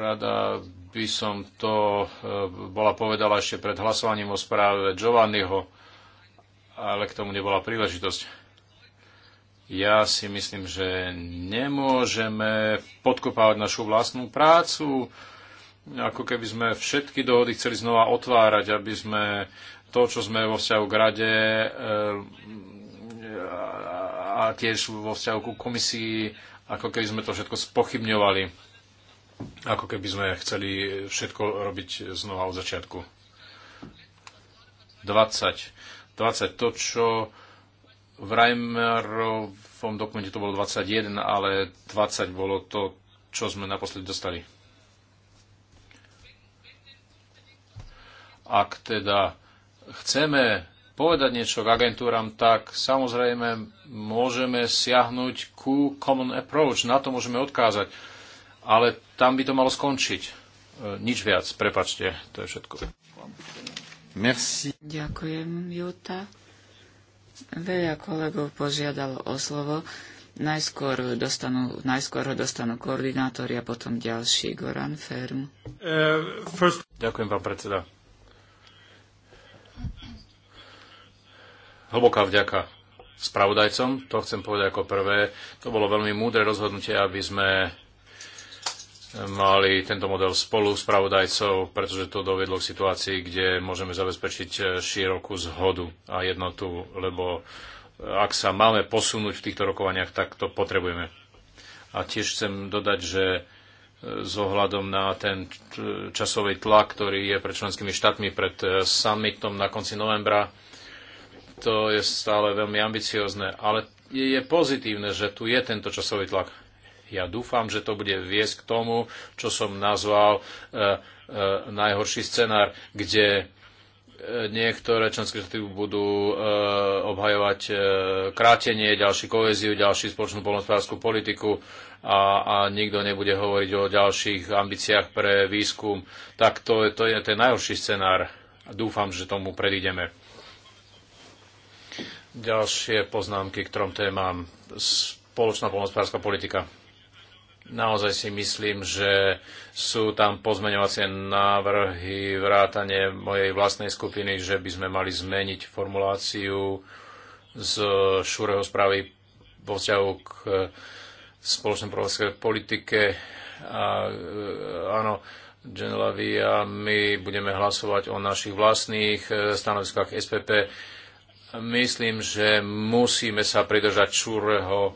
Rada by som to e, bola povedala ešte pred hlasovaním o správe Giovanniho, ale k tomu nebola príležitosť. Ja si myslím, že nemôžeme podkopávať našu vlastnú prácu, ako keby sme všetky dohody chceli znova otvárať, aby sme to, čo sme vo vzťahu k rade e, a tiež vo vzťahu ku komisii, ako keby sme to všetko spochybňovali ako keby sme chceli všetko robiť znova od začiatku. 20. 20. To, čo v Reimerovom dokumente to bolo 21, ale 20 bolo to, čo sme naposledy dostali. Ak teda chceme povedať niečo k agentúram, tak samozrejme môžeme siahnuť ku common approach. Na to môžeme odkázať ale tam by to malo skončiť. E, nič viac, prepačte, to je všetko. Merci. Ďakujem, Juta. Veľa kolegov požiadalo o slovo. Najskôr, dostanú, najskôr ho dostanú koordinátori a potom ďalší, Goran Ferm. Uh, first... Ďakujem, pán predseda. Hlboká vďaka spravodajcom, to chcem povedať ako prvé. To bolo veľmi múdre rozhodnutie, aby sme mali tento model spolu s pravodajcov, pretože to dovedlo k situácii, kde môžeme zabezpečiť e, širokú zhodu a jednotu, lebo e, ak sa máme posunúť v týchto rokovaniach, tak to potrebujeme. A tiež chcem dodať, že e, s ohľadom na ten časový tlak, ktorý je pred členskými štátmi pred summitom na konci novembra, to je stále veľmi ambiciozne, ale je pozitívne, že tu je tento časový tlak ja dúfam, že to bude viesť k tomu, čo som nazval e, e, najhorší scenár, kde e, niektoré členské štáty budú e, obhajovať e, krátenie, ďalší koheziu, ďalší spoločnú polnospodárskú politiku a, a nikto nebude hovoriť o ďalších ambíciách pre výskum. Tak to, to je ten najhorší scenár. Dúfam, že tomu predídeme. Ďalšie poznámky k trom témam. Spoločná polnospodárska politika naozaj si myslím, že sú tam pozmeňovacie návrhy, vrátanie mojej vlastnej skupiny, že by sme mali zmeniť formuláciu z Šúreho správy vo vzťahu k spoločnej provodzkej politike. A, e, áno, Genelavi a my budeme hlasovať o našich vlastných e, stanoviskách SPP. Myslím, že musíme sa pridržať Šúreho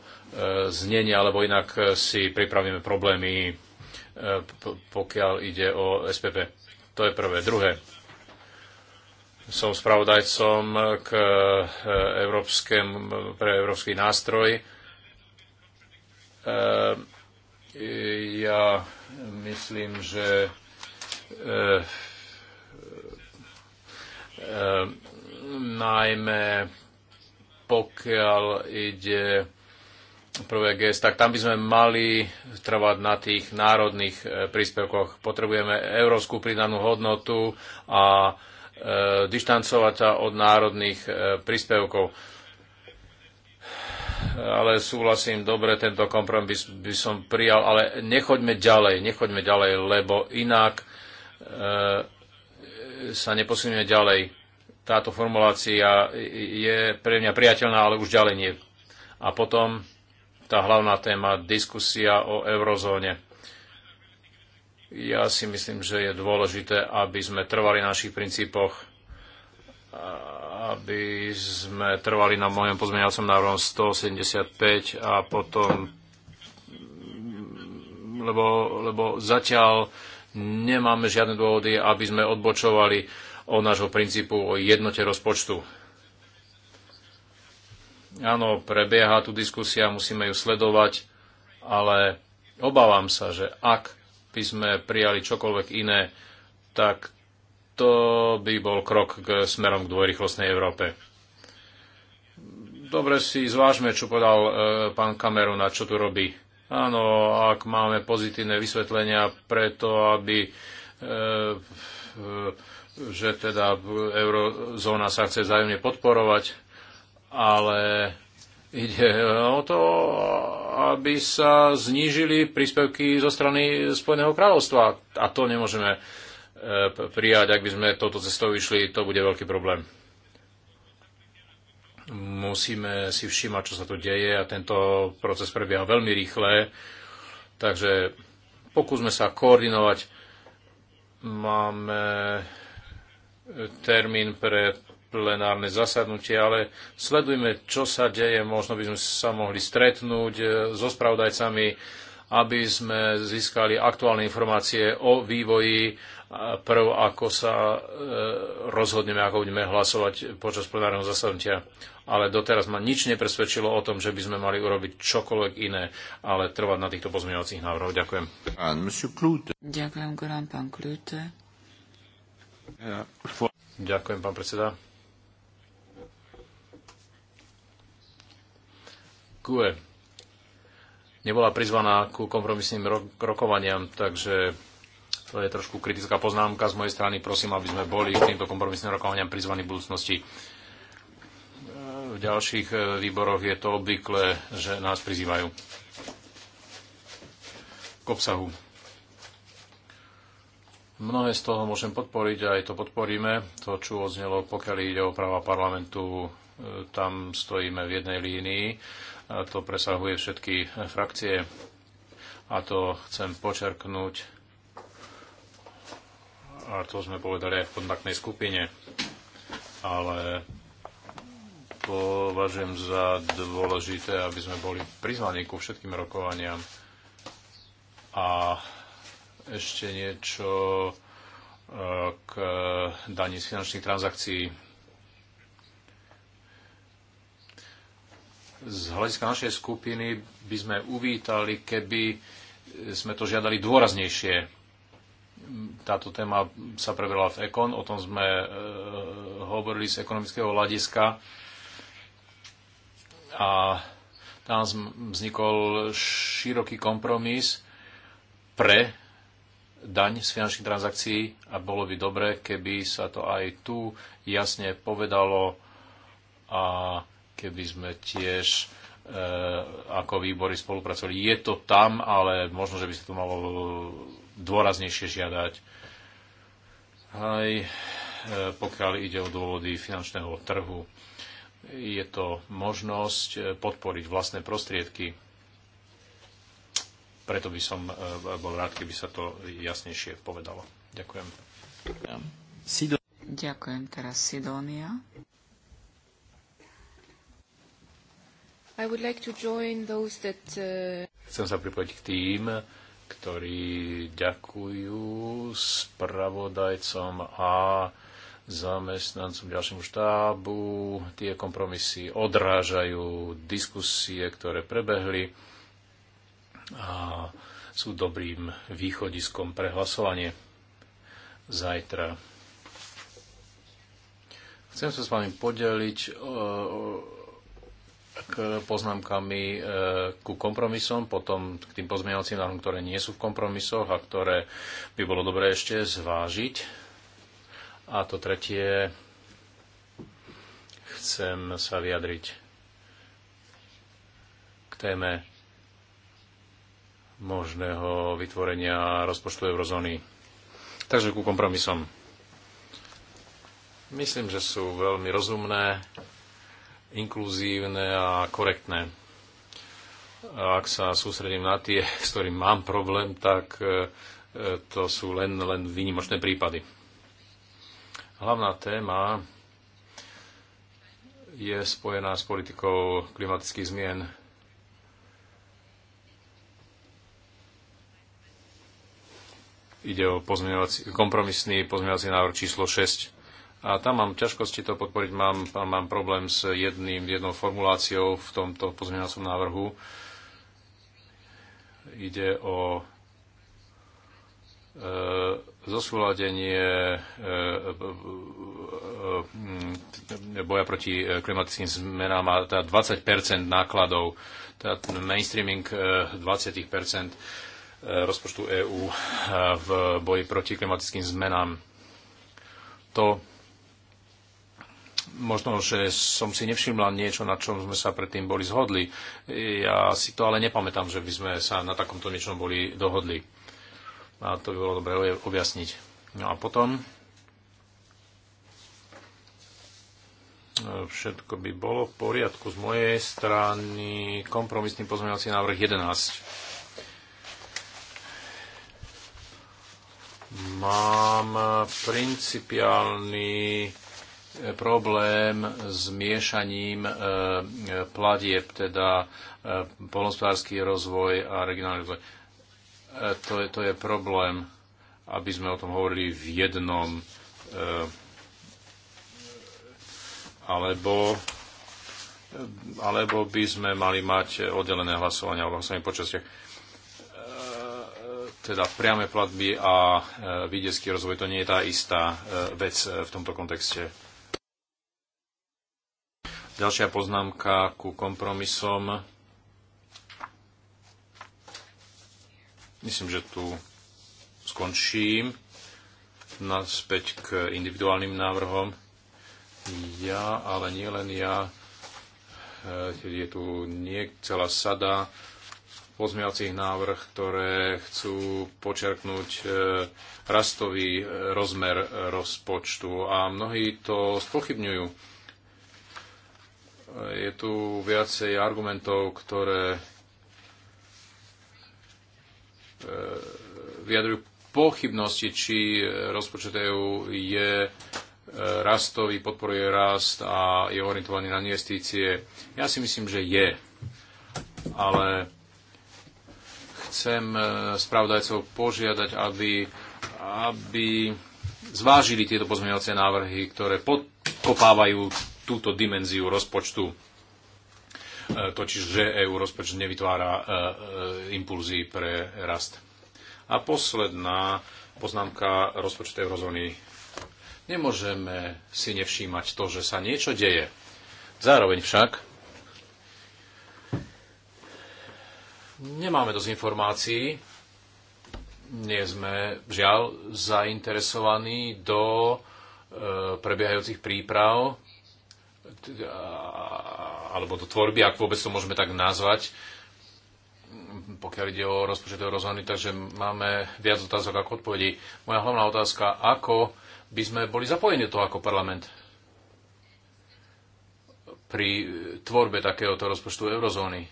znenia, alebo inak e, si pripravíme problémy, e, pokiaľ ide o SPP. To je prvé. Druhé. Som spravodajcom k e, európskem, pre európsky nástroj. Ja myslím, že najmä pokiaľ ide prvé GS, tak tam by sme mali trvať na tých národných e, príspevkoch. Potrebujeme európsku pridanú hodnotu a e, dištancovať sa od národných e, príspevkov. Ale súhlasím, dobre, tento kompromis by, by som prijal, ale nechoďme ďalej, nechoďme ďalej, lebo inak e, sa neposunieme ďalej. Táto formulácia je pre mňa priateľná, ale už ďalej nie. A potom tá hlavná téma diskusia o eurozóne. Ja si myslím, že je dôležité, aby sme trvali na našich princípoch, aby sme trvali na mojom pozmeňovacom návrhu 175 a potom, lebo, lebo zatiaľ nemáme žiadne dôvody, aby sme odbočovali od nášho princípu o jednote rozpočtu Áno, prebieha tu diskusia, musíme ju sledovať, ale obávam sa, že ak by sme prijali čokoľvek iné, tak to by bol krok k smerom k dvojrychlostnej Európe. Dobre si zvážme, čo povedal e, pán kameru a čo tu robí. Áno, ak máme pozitívne vysvetlenia preto, aby e, e, že teda eurozóna sa chce vzájomne podporovať, ale Ide o to, aby sa znížili príspevky zo strany Spojeného kráľovstva. A to nemôžeme e, prijať, ak by sme touto cestou išli, to bude veľký problém. Musíme si všímať, čo sa tu deje a tento proces prebieha veľmi rýchle. Takže pokúsme sa koordinovať. Máme termín pre plenárne zasadnutie, ale sledujme, čo sa deje. Možno by sme sa mohli stretnúť eh, so spravodajcami, aby sme získali aktuálne informácie o vývoji prv, ako sa eh, rozhodneme, ako budeme hlasovať počas plenárneho zasadnutia. Ale doteraz ma nič nepresvedčilo o tom, že by sme mali urobiť čokoľvek iné, ale trvať na týchto pozmeňovacích návrhoch. Ďakujem. Ďakujem, pán Klute. Ďakujem, pán predseda. GUE nebola prizvaná ku kompromisným rokovaniam, takže to je trošku kritická poznámka z mojej strany. Prosím, aby sme boli k týmto kompromisným rokovaniam prizvaní v budúcnosti. E, v ďalších e, výboroch je to obvykle, že nás prizývajú k obsahu. Mnohé z toho môžem podporiť, aj to podporíme. To, čo odznelo, pokiaľ ide o práva parlamentu, e, tam stojíme v jednej línii to presahuje všetky frakcie a to chcem počerknúť a to sme povedali aj v kontaktnej skupine, ale považujem za dôležité, aby sme boli prizvaní ku všetkým rokovaniam. A ešte niečo e, k daní z finančných transakcií z hľadiska našej skupiny by sme uvítali, keby sme to žiadali dôraznejšie. Táto téma sa preberala v Ekon, o tom sme e, hovorili z ekonomického hľadiska a tam vznikol široký kompromis pre daň z finančných transakcií a bolo by dobre, keby sa to aj tu jasne povedalo a keby sme tiež e, ako výbory spolupracovali. Je to tam, ale možno, že by sa to malo dôraznejšie žiadať. Aj e, pokiaľ ide o dôvody finančného trhu, je to možnosť e, podporiť vlastné prostriedky. Preto by som e, bol rád, keby sa to jasnejšie povedalo. Ďakujem. Ďakujem. Teraz Sidonia. I would like to join those that, uh... Chcem sa pripojiť k tým, ktorí ďakujú spravodajcom a zamestnancom ďalšiemu štábu. Tie kompromisy odrážajú diskusie, ktoré prebehli a sú dobrým východiskom pre hlasovanie zajtra. Chcem sa s vami podeliť o, o, k poznámkami e, ku kompromisom, potom k tým pozmeňovacím návrhom, ktoré nie sú v kompromisoch a ktoré by bolo dobré ešte zvážiť. A to tretie, chcem sa vyjadriť k téme možného vytvorenia rozpočtu eurozóny. Takže ku kompromisom. Myslím, že sú veľmi rozumné inkluzívne a korektné. Ak sa sústredím na tie, s ktorým mám problém, tak e, e, to sú len, len výnimočné prípady. Hlavná téma je spojená s politikou klimatických zmien. Ide o pozmeňovací, kompromisný pozmeňovací návrh číslo 6 a tam mám ťažkosti to podporiť, mám, mám problém s jedným, jednou formuláciou v tomto pozmeňovacom návrhu. Ide o e, zosúladenie e, e, boja proti klimatickým zmenám a teda 20 nákladov, teda mainstreaming 20 rozpočtu EÚ v boji proti klimatickým zmenám. To možno, že som si nevšimla niečo, na čom sme sa predtým boli zhodli. Ja si to ale nepamätám, že by sme sa na takomto niečom boli dohodli. A to by bolo dobre objasniť. No a potom e, všetko by bolo v poriadku. Z mojej strany kompromisný pozmeňovací návrh 11. Mám e, principiálny problém s miešaním e, e, platieb, teda e, polnospodársky rozvoj a regionálny rozvoj. To je, to je problém, aby sme o tom hovorili v jednom alebo alebo by sme mali mať oddelené hlasovania alebo hlasovanie po Teda priame platby a vidiecký rozvoj, to nie je tá istá vec v tomto kontexte. Ďalšia poznámka ku kompromisom. Myslím, že tu skončím. Naspäť k individuálnym návrhom. Ja, ale nie len ja. E, je tu nie celá sada pozmiacich návrh, ktoré chcú počerknúť e, rastový e, rozmer rozpočtu a mnohí to spochybňujú je tu viacej argumentov, ktoré e, vyjadrujú pochybnosti, či rozpočet EU je e, rastový, podporuje rast a je orientovaný na investície. Ja si myslím, že je. Ale chcem e, spravodajcov požiadať, aby, aby zvážili tieto pozmeňovacie návrhy, ktoré podkopávajú túto dimenziu rozpočtu. E, totiž, že EU rozpočet nevytvára e, e, impulzy pre rast. A posledná poznámka rozpočtu eurozóny. Nemôžeme si nevšímať to, že sa niečo deje. Zároveň však nemáme dosť informácií, nie sme žiaľ zainteresovaní do prebiehajúcich príprav alebo do tvorby, ak vôbec to môžeme tak nazvať, pokiaľ ide o rozpočet eurozóny, takže máme viac otázok ako odpovedí. Moja hlavná otázka, ako by sme boli zapojení do toho ako parlament pri tvorbe takéhoto rozpočtu eurozóny.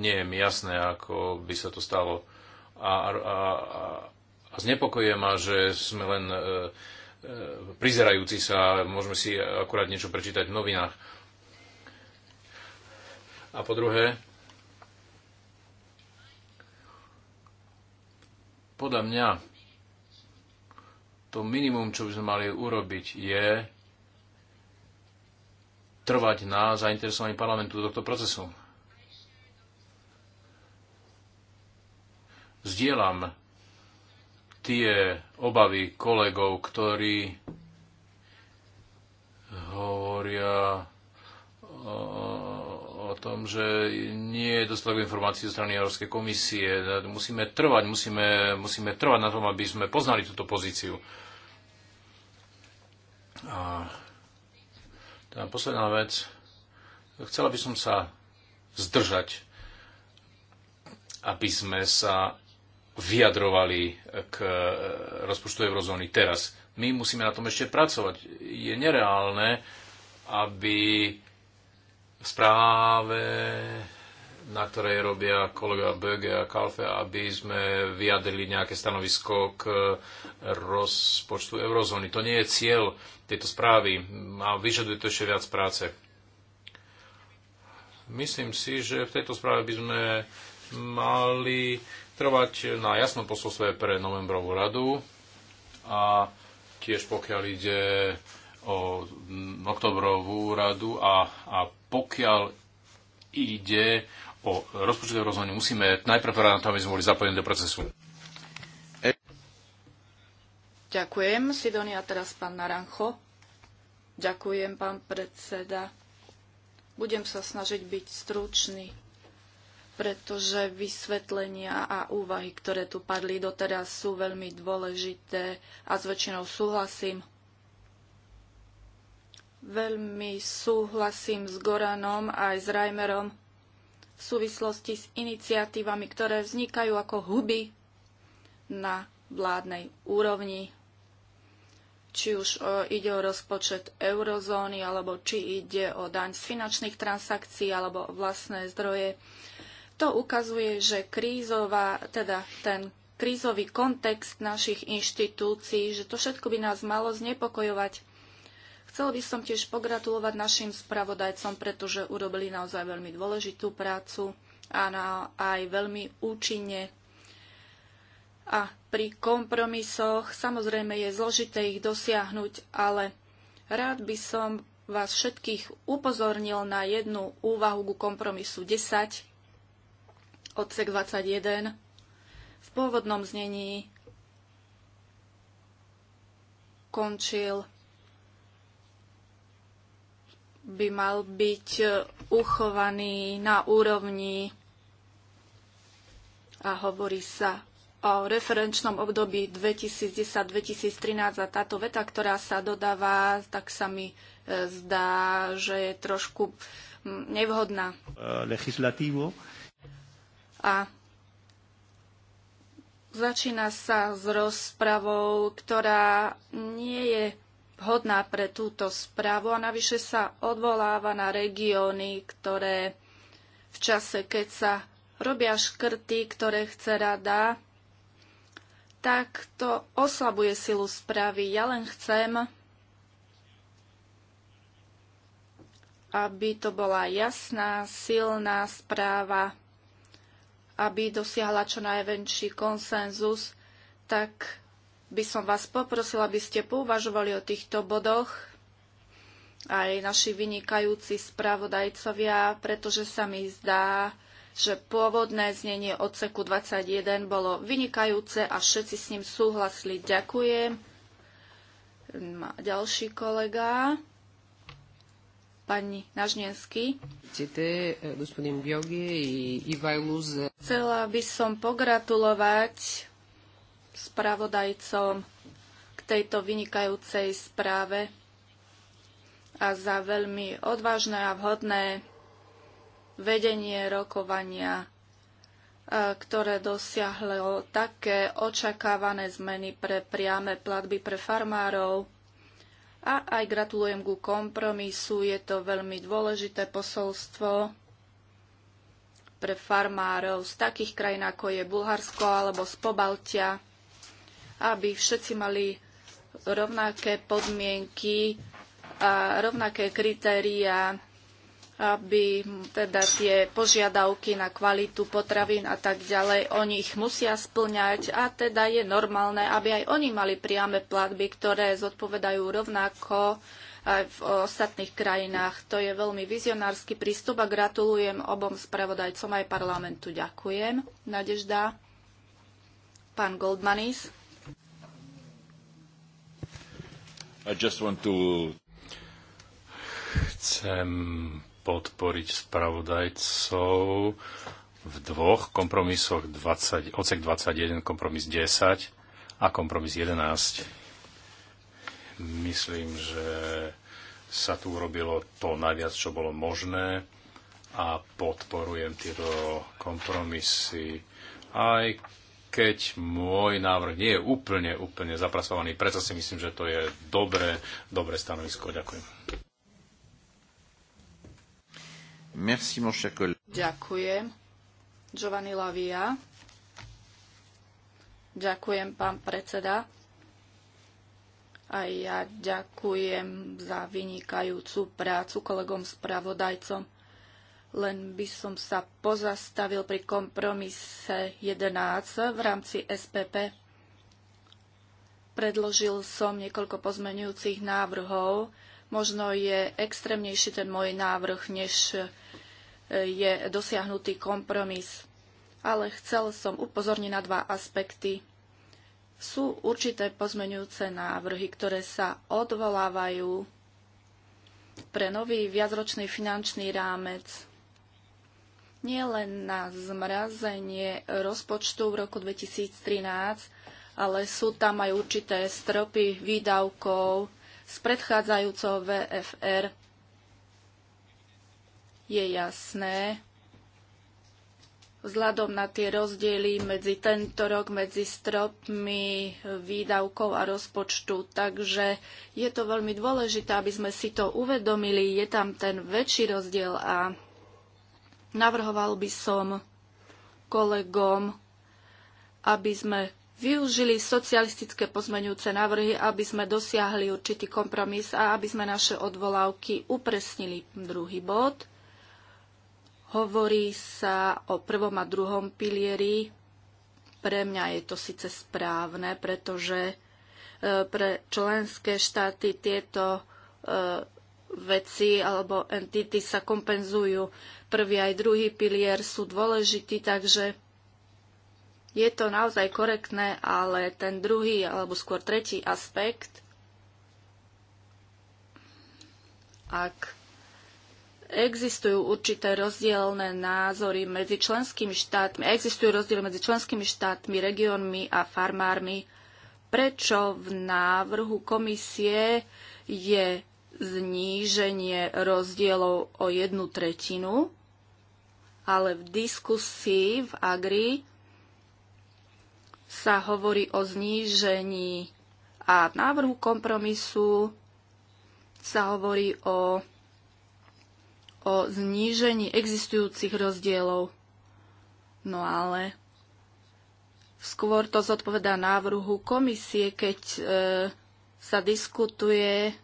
Nie je mi jasné, ako by sa to stalo. A, a, a znepokojujem ma, že sme len e, E, prizerajúci sa, môžeme si akurát niečo prečítať v novinách. A po druhé, podľa mňa to minimum, čo by sme mali urobiť, je trvať na zainteresovaní parlamentu do tohto procesu. Zdieľam tie obavy kolegov, ktorí hovoria o tom, že nie je dostatok informácií zo strany Európskej komisie. Musíme trvať, musíme, musíme trvať na tom, aby sme poznali túto pozíciu. A tá posledná vec. Chcela by som sa zdržať, aby sme sa vyjadrovali k e, rozpočtu eurozóny teraz. My musíme na tom ešte pracovať. Je nereálne, aby v správe, na ktorej robia kolega Böge a Kalfe, aby sme vyjadrili nejaké stanovisko k e, rozpočtu eurozóny. To nie je cieľ tejto správy a vyžaduje to ešte viac práce. Myslím si, že v tejto správe by sme mali trvať na jasnom posolstve pre novembrovú radu a tiež pokiaľ ide o oktobrovú radu a, a pokiaľ ide o rozpočtové rozhodnutie, musíme najprv na to, aby sme boli zapojení do procesu. Ďakujem, Sidonia, teraz pán Narancho. Ďakujem, pán predseda. Budem sa snažiť byť stručný pretože vysvetlenia a úvahy, ktoré tu padli doteraz, sú veľmi dôležité a s väčšinou súhlasím. Veľmi súhlasím s Goranom aj s Reimerom v súvislosti s iniciatívami, ktoré vznikajú ako huby na vládnej úrovni, či už e, ide o rozpočet eurozóny, alebo či ide o daň z finančných transakcií, alebo o vlastné zdroje. To ukazuje, že krízová, teda ten krízový kontext našich inštitúcií, že to všetko by nás malo znepokojovať. Chcel by som tiež pogratulovať našim spravodajcom, pretože urobili naozaj veľmi dôležitú prácu a na, aj veľmi účinne. A pri kompromisoch samozrejme je zložité ich dosiahnuť, ale rád by som vás všetkých upozornil na jednu úvahu ku kompromisu 10, odsek 21 v pôvodnom znení končil by mal byť e, uchovaný na úrovni a hovorí sa o referenčnom období 2010-2013 a táto veta, ktorá sa dodáva, tak sa mi e, zdá, že je trošku nevhodná. E, Legislatívo a začína sa s rozpravou, ktorá nie je vhodná pre túto správu a navyše sa odvoláva na regióny, ktoré v čase, keď sa robia škrty, ktoré chce rada, tak to oslabuje silu správy. Ja len chcem, aby to bola jasná, silná správa aby dosiahla čo najväčší konsenzus, tak by som vás poprosila, aby ste pouvažovali o týchto bodoch aj naši vynikajúci spravodajcovia, pretože sa mi zdá, že pôvodné znenie odseku 21 bolo vynikajúce a všetci s ním súhlasili. Ďakujem. ďalší kolega pani Nažnensky. Eh, Chcela by som pogratulovať spravodajcom k tejto vynikajúcej správe a za veľmi odvážne a vhodné vedenie rokovania, eh, ktoré dosiahlo také očakávané zmeny pre priame platby pre farmárov a aj gratulujem ku kompromisu. Je to veľmi dôležité posolstvo pre farmárov z takých krajín, ako je Bulharsko alebo z Pobaltia, aby všetci mali rovnaké podmienky a rovnaké kritériá aby teda tie požiadavky na kvalitu potravín a tak ďalej, oni ich musia splňať a teda je normálne, aby aj oni mali priame platby, ktoré zodpovedajú rovnako aj v ostatných krajinách. To je veľmi vizionársky prístup a gratulujem obom spravodajcom aj parlamentu. Ďakujem. Nadežda. Pán Goldmanis. I just want to... Chcem podporiť spravodajcov v dvoch kompromisoch 20, ocek 21, kompromis 10 a kompromis 11. Myslím, že sa tu urobilo to najviac, čo bolo možné a podporujem tieto kompromisy, aj keď môj návrh nie je úplne, úplne zapracovaný. Preto si myslím, že to je dobré, dobré stanovisko. Ďakujem. Merci, mon cher Ďakujem. Giovanni Lavia. Ďakujem, pán predseda. A ja ďakujem za vynikajúcu prácu kolegom spravodajcom. Len by som sa pozastavil pri kompromise 11 v rámci SPP. Predložil som niekoľko pozmenujúcich návrhov, Možno je extrémnejší ten môj návrh, než e, je dosiahnutý kompromis. Ale chcel som upozorniť na dva aspekty. Sú určité pozmeňujúce návrhy, ktoré sa odvolávajú pre nový viacročný finančný rámec nie len na zmrazenie rozpočtu v roku 2013, ale sú tam aj určité stropy výdavkov s predchádzajúcou VFR je jasné, vzhľadom na tie rozdiely medzi tento rok, medzi stropmi výdavkov a rozpočtu. Takže je to veľmi dôležité, aby sme si to uvedomili. Je tam ten väčší rozdiel a navrhoval by som kolegom, aby sme využili socialistické pozmeňujúce návrhy, aby sme dosiahli určitý kompromis a aby sme naše odvolávky upresnili. Druhý bod. Hovorí sa o prvom a druhom pilieri. Pre mňa je to síce správne, pretože e, pre členské štáty tieto e, veci alebo entity sa kompenzujú. Prvý aj druhý pilier sú dôležitý, takže je to naozaj korektné, ale ten druhý alebo skôr tretí aspekt, ak existujú určité rozdielne názory medzi členskými štátmi, existujú rozdiely medzi členskými štátmi, regiónmi a farmármi, prečo v návrhu komisie je zníženie rozdielov o jednu tretinu, ale v diskusii v Agri sa hovorí o znížení a v návrhu kompromisu sa hovorí o, o znížení existujúcich rozdielov. No ale skôr to zodpovedá návrhu komisie, keď e, sa diskutuje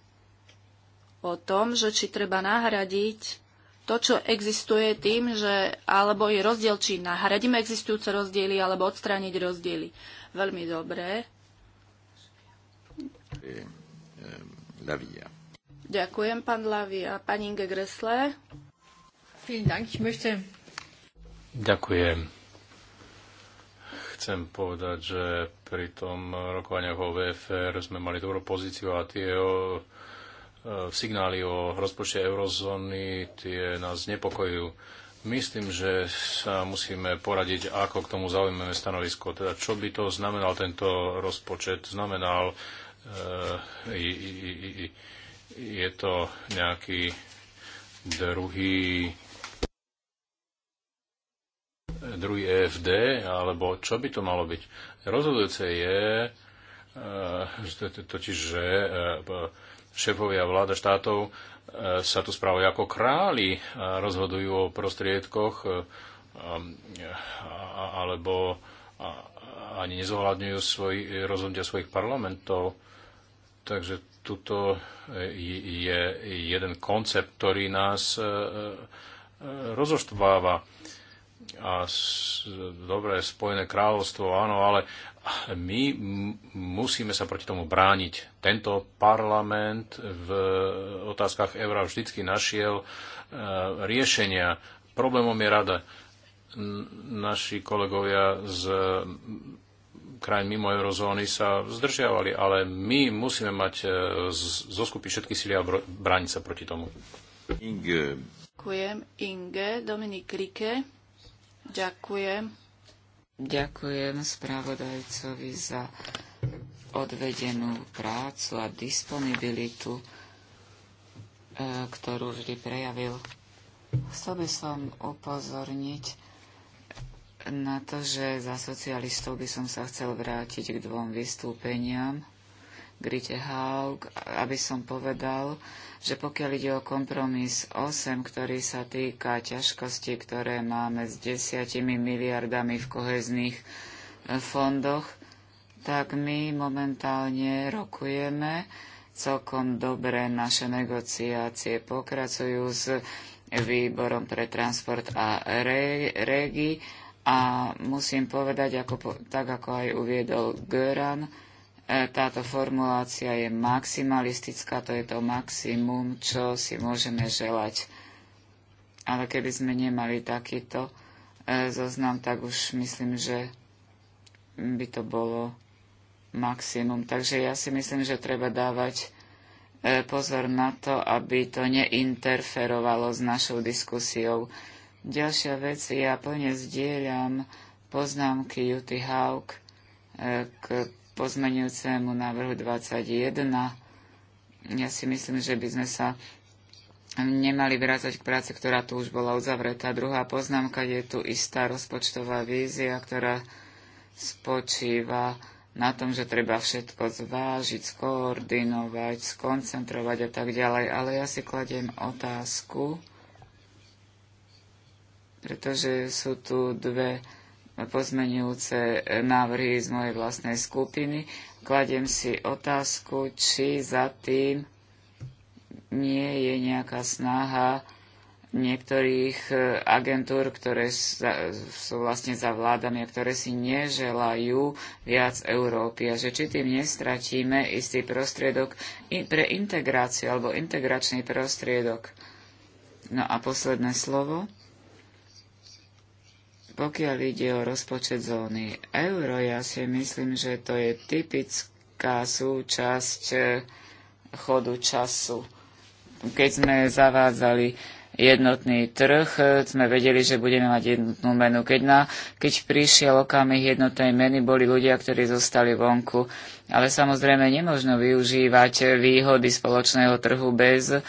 o tom, že či treba nahradiť to, čo existuje tým, že alebo je rozdiel, či nahradíme existujúce rozdiely, alebo odstrániť rozdiely. Veľmi dobré. Lavia. Ďakujem, pán Lavi a Pani Inge Gressle. Ďakujem. Chcem povedať, že pri tom rokovaniach o VFR sme mali dobrú pozíciu a tie signály o rozpočte eurozóny, tie nás nepokojujú. Myslím, že sa musíme poradiť, ako k tomu zaujímame stanovisko. Teda, čo by to znamenal tento rozpočet? Znamenal, e, je to nejaký druhý druhý EFD, alebo čo by to malo byť? Rozhodujúce je e, totiž, že e, šéfovia vláda štátov e, sa tu správajú ako králi, rozhodujú o prostriedkoch e, alebo ani nezohľadňujú svoj, rozhodnutia svojich parlamentov. Takže tuto e, je jeden koncept, ktorý nás rozoštváva a dobré dobre, Spojené kráľovstvo, áno, ale my musíme sa proti tomu brániť. Tento parlament v otázkach eura vždycky našiel e, riešenia. Problémom je rada. Naši kolegovia z krajín mimo eurozóny sa zdržiavali, ale my musíme mať e, skupy všetky síly a brániť sa proti tomu. Inge. Ďakujem. Inge, Dominik Rike. Ďakujem. Ďakujem spravodajcovi za odvedenú prácu a disponibilitu, e, ktorú vždy prejavil. Chcel by som upozorniť na to, že za socialistov by som sa chcel vrátiť k dvom vystúpeniam. Grite Haug, aby som povedal, že pokiaľ ide o kompromis 8, ktorý sa týka ťažkosti, ktoré máme s desiatimi miliardami v kohezných e, fondoch, tak my momentálne rokujeme celkom dobre. Naše negociácie pokracujú s výborom pre transport a regi a musím povedať, ako, tak ako aj uviedol Göran, táto formulácia je maximalistická, to je to maximum, čo si môžeme želať. Ale keby sme nemali takýto e, zoznam, tak už myslím, že by to bolo maximum. Takže ja si myslím, že treba dávať e, pozor na to, aby to neinterferovalo s našou diskusiou. Ďalšia vec, ja plne zdieľam poznámky Juty Hauk e, k pozmenujúcemu návrhu 21. Ja si myslím, že by sme sa nemali vrácať k práci, ktorá tu už bola uzavretá. Druhá poznámka je tu istá rozpočtová vízia, ktorá spočíva na tom, že treba všetko zvážiť, skoordinovať, skoncentrovať a tak ďalej. Ale ja si kladiem otázku, pretože sú tu dve pozmenujúce e, návrhy z mojej vlastnej skupiny. Kladiem si otázku, či za tým nie je nejaká snaha niektorých e, agentúr, ktoré sú vlastne za vládami a ktoré si neželajú viac Európy a že či tým nestratíme istý prostriedok pre integráciu alebo integračný prostriedok. No a posledné slovo. Pokiaľ ide o rozpočet zóny euro, ja si myslím, že to je typická súčasť eh, chodu času. Keď sme zavádzali jednotný trh, eh, sme vedeli, že budeme mať jednotnú menu. Keď, na, keď prišiel okamih jednotnej meny, boli ľudia, ktorí zostali vonku. Ale samozrejme nemožno využívať eh, výhody spoločného trhu bez e,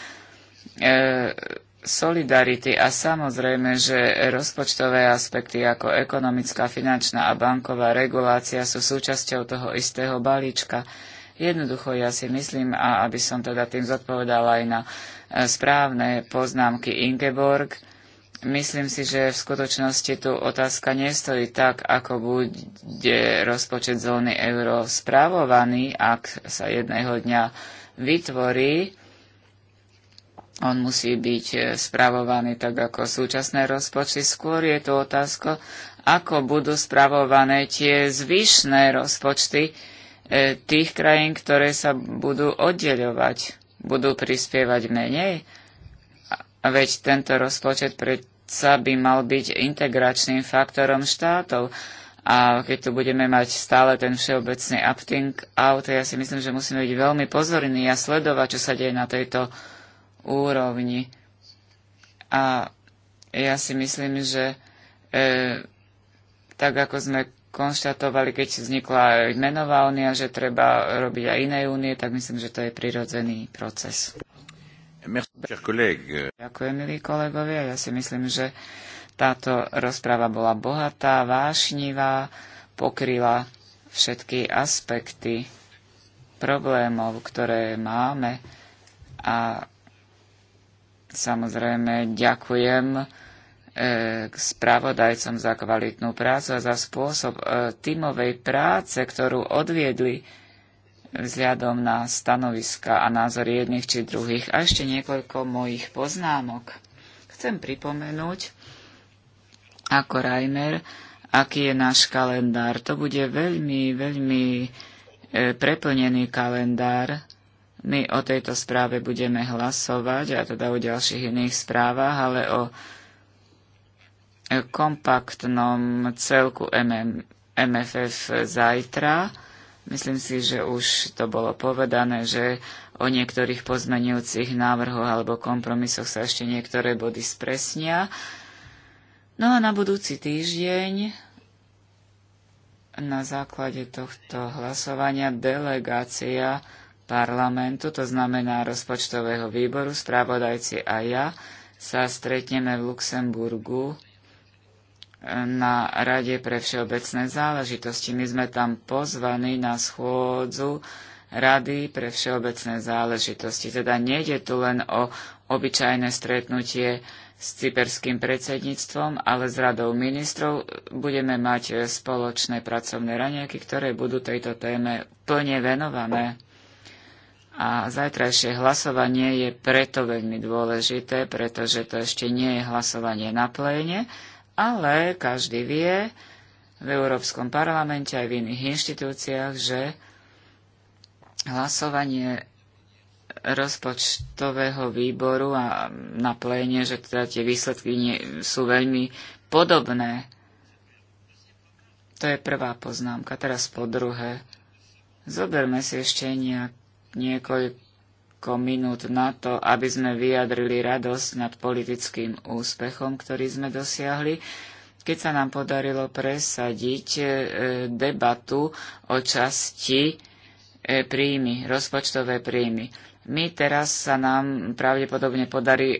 solidarity a samozrejme, že rozpočtové aspekty ako ekonomická, finančná a banková regulácia sú súčasťou toho istého balíčka. Jednoducho ja si myslím, a aby som teda tým zodpovedala aj na e, správne poznámky Ingeborg, myslím si, že v skutočnosti tu otázka nestojí tak, ako bude rozpočet zóny euro správovaný, ak sa jedného dňa vytvorí, on musí byť e, spravovaný tak ako súčasné rozpočty. Skôr je to otázka, ako budú spravované tie zvyšné rozpočty e, tých krajín, ktoré sa budú oddeľovať. Budú prispievať menej? Veď tento rozpočet predsa by mal byť integračným faktorom štátov. A keď tu budeme mať stále ten všeobecný upting out, ja si myslím, že musíme byť veľmi pozorní a sledovať, čo sa deje na tejto úrovni. A ja si myslím, že e, tak ako sme konštatovali, keď vznikla menová únia, že treba robiť aj iné únie, tak myslím, že to je prirodzený proces. Ďakujem, milí kolegovia. Ja si myslím, že táto rozpráva bola bohatá, vášnivá, pokryla všetky aspekty problémov, ktoré máme a Samozrejme, ďakujem e, spravodajcom za kvalitnú prácu a za spôsob e, tímovej práce, ktorú odviedli vzhľadom na stanoviska a názory jedných či druhých. A ešte niekoľko mojich poznámok. Chcem pripomenúť, ako Reimer, aký je náš kalendár. To bude veľmi, veľmi e, preplnený kalendár my o tejto správe budeme hlasovať, a teda o ďalších iných správach, ale o kompaktnom celku MM, MFF zajtra. Myslím si, že už to bolo povedané, že o niektorých pozmenujúcich návrhoch alebo kompromisoch sa ešte niektoré body spresnia. No a na budúci týždeň na základe tohto hlasovania delegácia parlamentu, to znamená rozpočtového výboru, správodajci a ja, sa stretneme v Luxemburgu e, na Rade pre všeobecné záležitosti. My sme tam pozvaní na schôdzu Rady pre všeobecné záležitosti. Teda nejde tu len o obyčajné stretnutie s cyperským predsedníctvom, ale s radou ministrov budeme mať e, spoločné pracovné raniaky, ktoré budú tejto téme plne venované. A zajtrajšie hlasovanie je preto veľmi dôležité, pretože to ešte nie je hlasovanie na pléne, ale každý vie v Európskom parlamente aj v iných inštitúciách, že hlasovanie rozpočtového výboru a na pléne, že teda tie výsledky nie, sú veľmi podobné. To je prvá poznámka. Teraz po druhé. Zoberme si ešte nejak niekoľko minút na to, aby sme vyjadrili radosť nad politickým úspechom, ktorý sme dosiahli, keď sa nám podarilo presadiť e, debatu o časti e, príjmy, rozpočtové príjmy. My teraz sa nám pravdepodobne podarí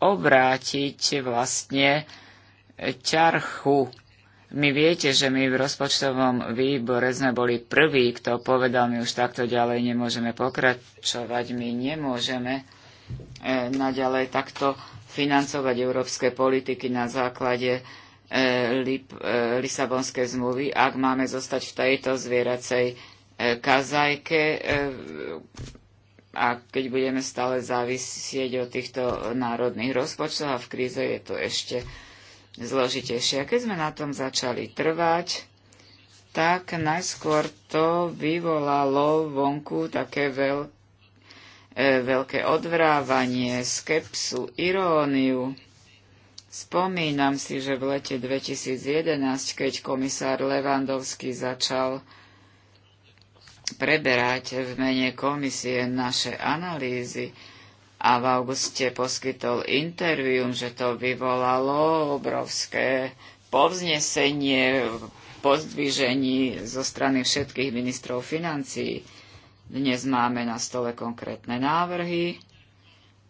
obrátiť vlastne ťarchu my viete, že my v rozpočtovom výbore sme boli prví, kto povedal, my už takto ďalej nemôžeme pokračovať, my nemôžeme e, naďalej takto financovať európske politiky na základe e, e, Lisabonskej zmluvy, ak máme zostať v tejto zvieracej kazajke a keď budeme stále závisieť od týchto národných rozpočtov a v kríze je to ešte zložitejšie. A keď sme na tom začali trvať, tak najskôr to vyvolalo vonku také veľ, e, veľké odvrávanie, skepsu, iróniu. Spomínam si, že v lete 2011, keď komisár Levandovský začal preberať v mene komisie naše analýzy, a v auguste poskytol intervium, že to vyvolalo obrovské povznesenie, pozdvižení zo strany všetkých ministrov financií. Dnes máme na stole konkrétne návrhy.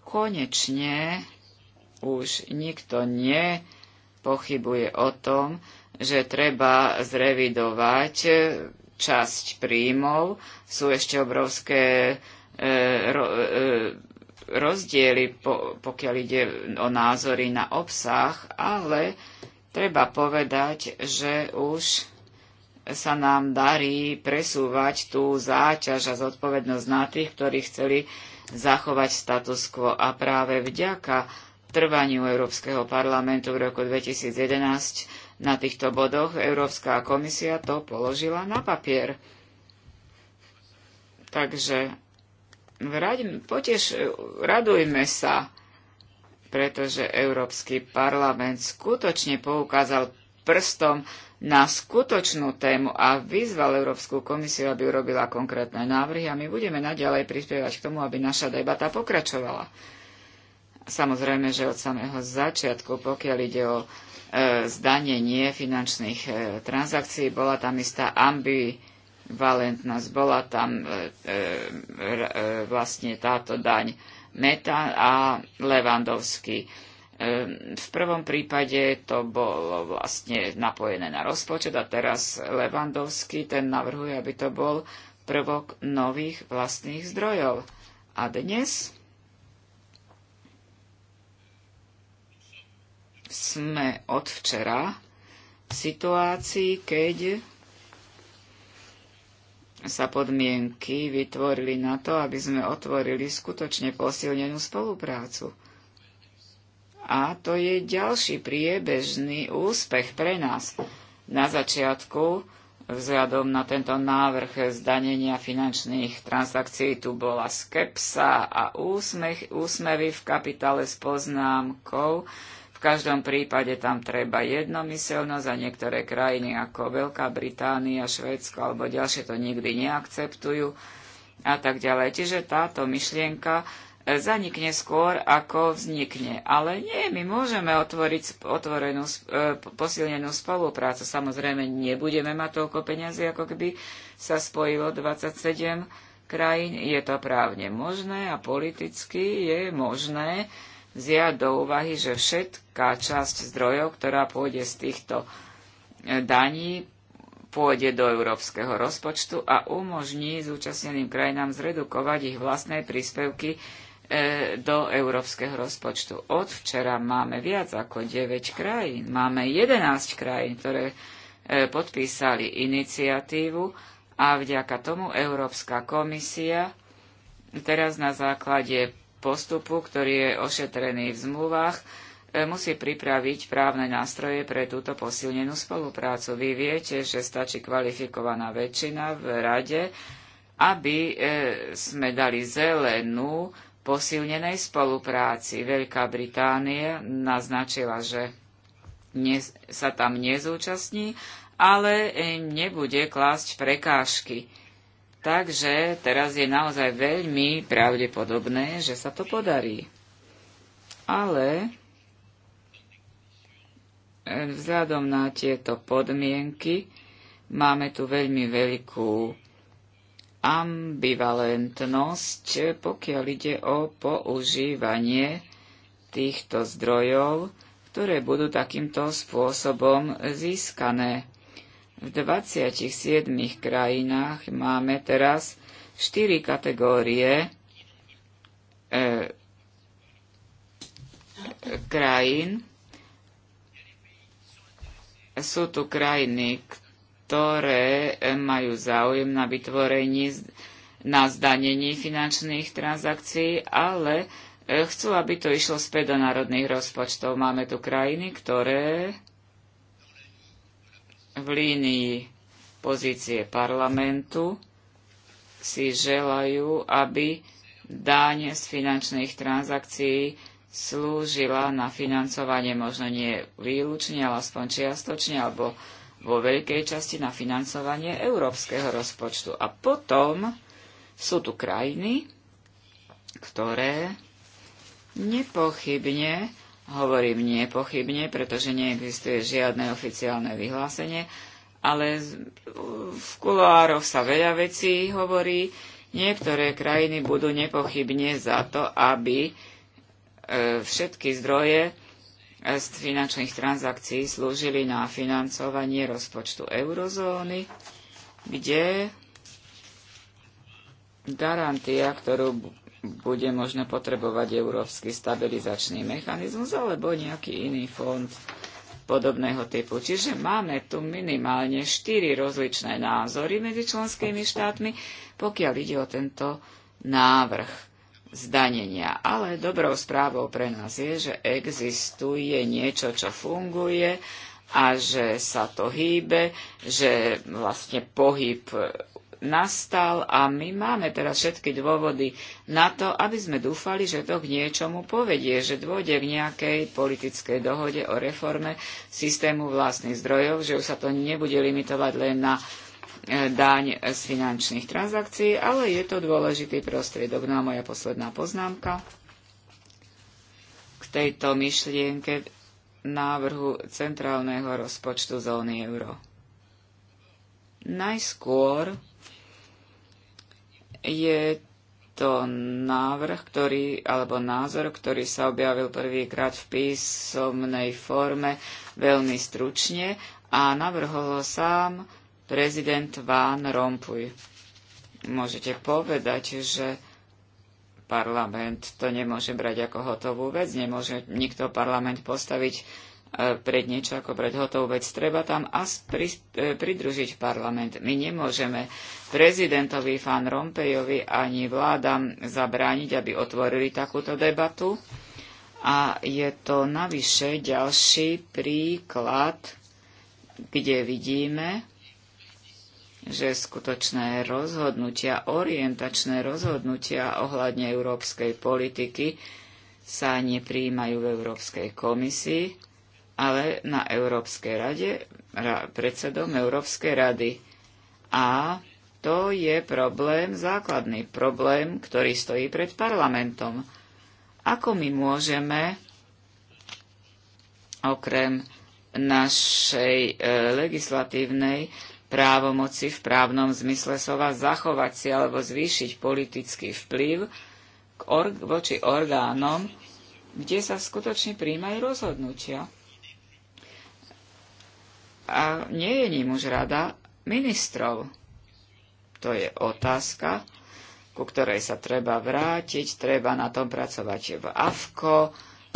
Konečne už nikto nepochybuje o tom, že treba zrevidovať časť príjmov. Sú ešte obrovské e, ro, e, rozdiely, po, pokiaľ ide o názory na obsah, ale treba povedať, že už sa nám darí presúvať tú záťaž a zodpovednosť na tých, ktorí chceli zachovať status quo. A práve vďaka trvaniu Európskeho parlamentu v roku 2011 na týchto bodoch Európska komisia to položila na papier. Takže Raď, potiež, e, radujme sa, pretože Európsky parlament skutočne poukázal prstom na skutočnú tému a vyzval Európsku komisiu, aby urobila konkrétne návrhy a my budeme naďalej prispievať k tomu, aby naša debata pokračovala. Samozrejme, že od samého začiatku, pokiaľ ide o e, zdanenie finančných e, transakcií, bola tam istá ambi valentnosť. Bola tam e, e, e, vlastne táto daň Meta a Levandovský. V prvom prípade to bolo vlastne napojené na rozpočet a teraz Levandovský ten navrhuje, aby to bol prvok nových vlastných zdrojov. A dnes sme od včera v situácii, keď sa podmienky vytvorili na to, aby sme otvorili skutočne posilnenú spoluprácu. A to je ďalší priebežný úspech pre nás. Na začiatku, vzhľadom na tento návrh zdanenia finančných transakcií, tu bola skepsa a úsmech, úsmevy v kapitále s poznámkou, v každom prípade tam treba jednomyselnosť a niektoré krajiny ako Veľká Británia, Švédsko alebo ďalšie to nikdy neakceptujú a tak ďalej. Čiže táto myšlienka e, zanikne skôr, ako vznikne. Ale nie, my môžeme otvoriť otvorenú, e, posilnenú spoluprácu. Samozrejme, nebudeme mať toľko peňazí, ako keby sa spojilo 27 krajín. Je to právne možné a politicky je možné vziať do úvahy, že všetká časť zdrojov, ktorá pôjde z týchto e, daní, pôjde do európskeho rozpočtu a umožní zúčastneným krajinám zredukovať ich vlastné príspevky e, do európskeho rozpočtu. Od včera máme viac ako 9 krajín. Máme 11 krajín, ktoré e, podpísali iniciatívu a vďaka tomu Európska komisia teraz na základe postupu, ktorý je ošetrený v zmluvách, e, musí pripraviť právne nástroje pre túto posilnenú spoluprácu. Vy viete, že stačí kvalifikovaná väčšina v rade, aby e, sme dali zelenú posilnenej spolupráci. Veľká Británia naznačila, že ne, sa tam nezúčastní, ale e, nebude klásť prekážky Takže teraz je naozaj veľmi pravdepodobné, že sa to podarí. Ale vzhľadom na tieto podmienky máme tu veľmi veľkú ambivalentnosť, pokiaľ ide o používanie týchto zdrojov, ktoré budú takýmto spôsobom získané. V 27 krajinách máme teraz 4 kategórie e, krajín. Sú tu krajiny, ktoré e, majú záujem na vytvorení, na zdanení finančných transakcií, ale e, chcú, aby to išlo späť do národných rozpočtov. Máme tu krajiny, ktoré v línii pozície parlamentu si želajú, aby daň z finančných transakcií slúžila na financovanie možno nie výlučne, ale aspoň čiastočne alebo vo veľkej časti na financovanie európskeho rozpočtu. A potom sú tu krajiny, ktoré nepochybne Hovorím nepochybne, pretože neexistuje žiadne oficiálne vyhlásenie, ale v kuloároch sa veľa vecí hovorí. Niektoré krajiny budú nepochybne za to, aby e, všetky zdroje e, z finančných transakcií slúžili na financovanie rozpočtu eurozóny, kde garantia, ktorú bude možno potrebovať európsky stabilizačný mechanizmus alebo nejaký iný fond podobného typu. Čiže máme tu minimálne štyri rozličné názory medzi členskými štátmi, pokiaľ ide o tento návrh zdanenia. Ale dobrou správou pre nás je, že existuje niečo, čo funguje a že sa to hýbe, že vlastne pohyb nastal a my máme teraz všetky dôvody na to, aby sme dúfali, že to k niečomu povedie, že dôjde k nejakej politickej dohode o reforme systému vlastných zdrojov, že už sa to nebude limitovať len na e, daň z finančných transakcií, ale je to dôležitý prostriedok. No a moja posledná poznámka k tejto myšlienke návrhu centrálneho rozpočtu zóny euro. Najskôr je to návrh, ktorý, alebo názor, ktorý sa objavil prvýkrát v písomnej forme veľmi stručne a navrhol ho sám prezident Van Rompuy. Môžete povedať, že parlament to nemôže brať ako hotovú vec, nemôže nikto parlament postaviť E, pred niečo ako pred hotovú vec. Treba tam as pri, e, pridružiť parlament. My nemôžeme prezidentovi Fan Rompejovi ani vládam zabrániť, aby otvorili takúto debatu. A je to navyše ďalší príklad, kde vidíme, že skutočné rozhodnutia, orientačné rozhodnutia ohľadne európskej politiky sa nepríjmajú v Európskej komisii, ale na Európskej rade, predsedom Európskej rady. A to je problém základný, problém, ktorý stojí pred parlamentom. Ako my môžeme okrem našej e, legislatívnej právomoci v právnom zmysle slova zachovať si alebo zvýšiť politický vplyv k org- voči orgánom, kde sa skutočne príjmajú rozhodnutia a nie je ním už rada ministrov. To je otázka, ku ktorej sa treba vrátiť, treba na tom pracovať v AFKO,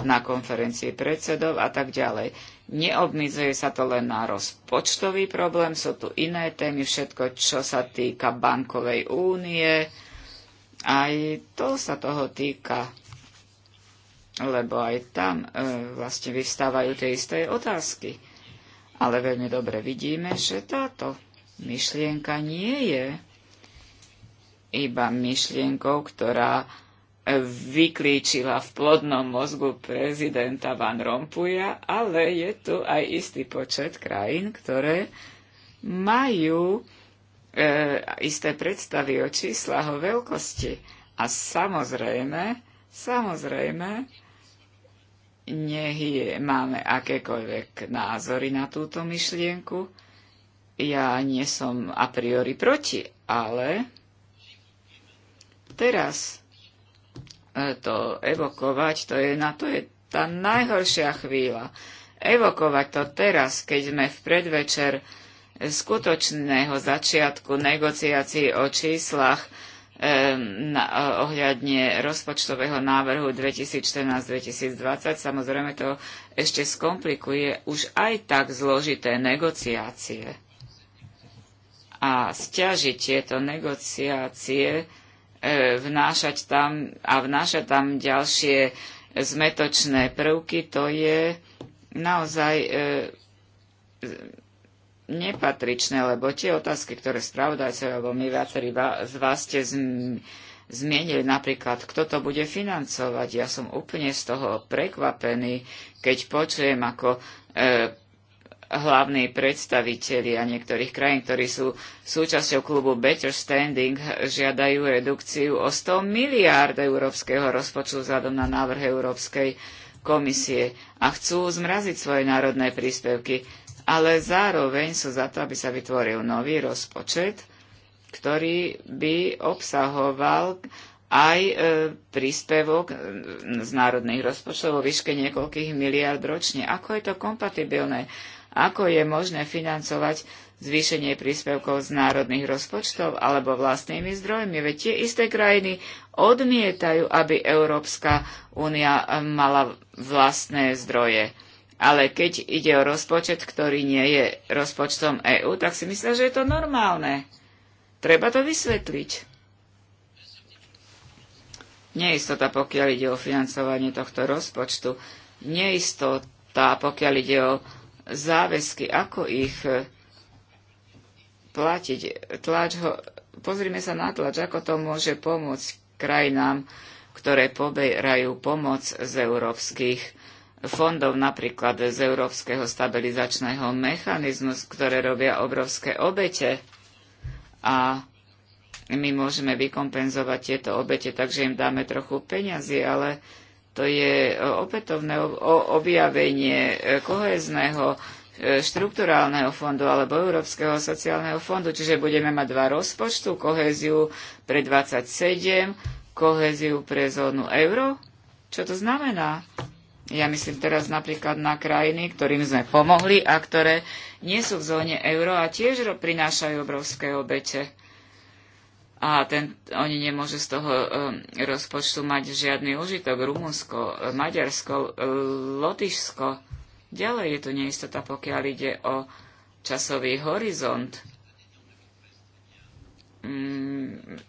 na konferencii predsedov a tak ďalej. Neobmizuje sa to len na rozpočtový problém, sú tu iné témy, všetko, čo sa týka bankovej únie. Aj to sa toho týka, lebo aj tam e, vlastne vyvstávajú tie isté otázky. Ale veľmi dobre vidíme, že táto myšlienka nie je iba myšlienkou, ktorá vyklíčila v plodnom mozgu prezidenta Van Rompuja, ale je tu aj istý počet krajín, ktoré majú e, isté predstavy o číslach, o veľkosti. A samozrejme, samozrejme, nech je, máme akékoľvek názory na túto myšlienku. Ja nie som a priori proti, ale teraz e, to evokovať, to je, na to je tá najhoršia chvíľa. Evokovať to teraz, keď sme v predvečer skutočného začiatku negociácií o číslach, na, ohľadne rozpočtového návrhu 2014-2020. Samozrejme to ešte skomplikuje už aj tak zložité negociácie. A stiažiť tieto negociácie, e, vnášať tam a vnášať tam ďalšie zmetočné prvky, to je naozaj e, nepatričné, lebo tie otázky, ktoré spravodajcovia, alebo my viacerí z vás ste zmienili napríklad, kto to bude financovať. Ja som úplne z toho prekvapený, keď počujem, ako e, hlavní predstavitelia niektorých krajín, ktorí sú súčasťou klubu Better Standing, žiadajú redukciu o 100 miliárd európskeho rozpočtu vzhľadom na návrh Európskej komisie a chcú zmraziť svoje národné príspevky ale zároveň sú za to, aby sa vytvoril nový rozpočet, ktorý by obsahoval aj e, príspevok e, z národných rozpočtov vo výške niekoľkých miliard ročne. Ako je to kompatibilné? Ako je možné financovať zvýšenie príspevkov z národných rozpočtov alebo vlastnými zdrojmi? Veď tie isté krajiny odmietajú, aby Európska únia e, mala vlastné zdroje. Ale keď ide o rozpočet, ktorý nie je rozpočtom EÚ, tak si myslia, že je to normálne. Treba to vysvetliť. Neistota, pokiaľ ide o financovanie tohto rozpočtu. Neistota, pokiaľ ide o záväzky, ako ich e, platiť. Tlač ho, pozrime sa na tlač, ako to môže pomôcť krajinám, ktoré poberajú pomoc z európskych fondov, napríklad z Európskeho stabilizačného mechanizmu, ktoré robia obrovské obete a my môžeme vykompenzovať tieto obete, takže im dáme trochu peňazí, ale to je opätovné objavenie e, kohezného e, štrukturálneho fondu alebo Európskeho sociálneho fondu, čiže budeme mať dva rozpočtu, kohéziu pre 27, kohéziu pre zónu euro. Čo to znamená? Ja myslím teraz napríklad na krajiny, ktorým sme pomohli a ktoré nie sú v zóne euro a tiež prinášajú obrovské obete. A ten, oni nemôžu z toho um, rozpočtu mať žiadny užitok. Rumunsko, Maďarsko, Lotyšsko. Ďalej je tu neistota, pokiaľ ide o časový horizont. Mm,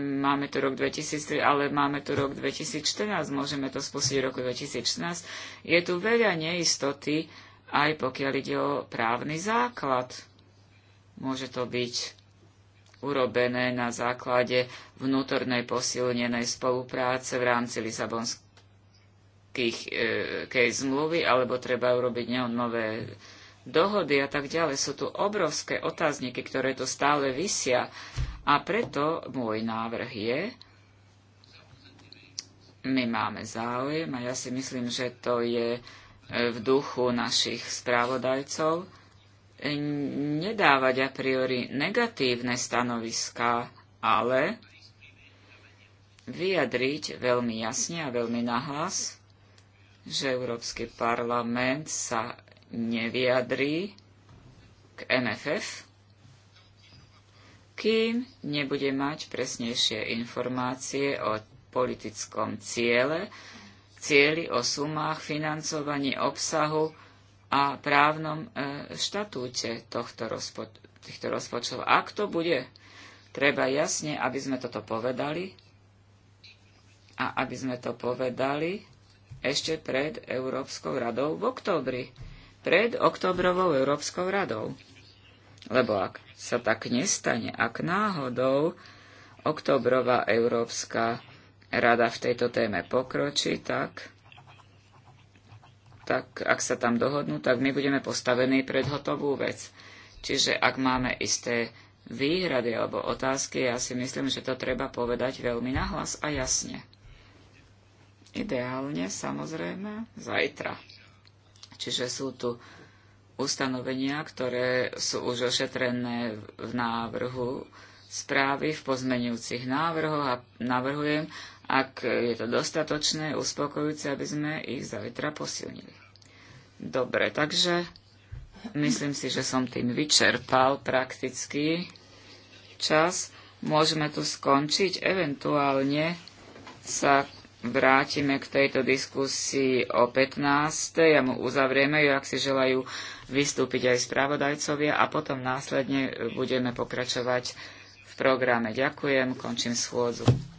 máme tu rok 2003, ale máme tu rok 2014, môžeme to spustiť v roku 2014. Je tu veľa neistoty, aj pokiaľ ide o právny základ. Môže to byť urobené na základe vnútornej posilnenej spolupráce v rámci Lisabonskej e, zmluvy, alebo treba urobiť nové dohody a tak ďalej. Sú tu obrovské otázniky, ktoré tu stále visia. A preto môj návrh je, my máme záujem a ja si myslím, že to je e, v duchu našich správodajcov, e, nedávať a priori negatívne stanoviská, ale vyjadriť veľmi jasne a veľmi nahlas, že Európsky parlament sa nevyjadrí k NFF, kým nebude mať presnejšie informácie o politickom ciele, cieli o sumách, financovaní obsahu a právnom e, štatúte tohto rozpo- týchto rozpočtov. Ak to bude, treba jasne, aby sme toto povedali a aby sme to povedali ešte pred Európskou radou v oktobri pred oktobrovou Európskou radou. Lebo ak sa tak nestane, ak náhodou oktobrová Európska rada v tejto téme pokročí, tak, tak ak sa tam dohodnú, tak my budeme postavení pred hotovú vec. Čiže ak máme isté výhrady alebo otázky, ja si myslím, že to treba povedať veľmi nahlas a jasne. Ideálne, samozrejme, zajtra. Čiže sú tu ustanovenia, ktoré sú už ošetrené v návrhu správy, v pozmenujúcich návrhoch a navrhujem, ak je to dostatočné, uspokojujúce, aby sme ich zajtra posilnili. Dobre, takže myslím si, že som tým vyčerpal prakticky čas. Môžeme tu skončiť, eventuálne sa vrátime k tejto diskusii o 15. a mu uzavrieme ju, ak si želajú vystúpiť aj správodajcovia a potom následne budeme pokračovať v programe. Ďakujem, končím schôdzu.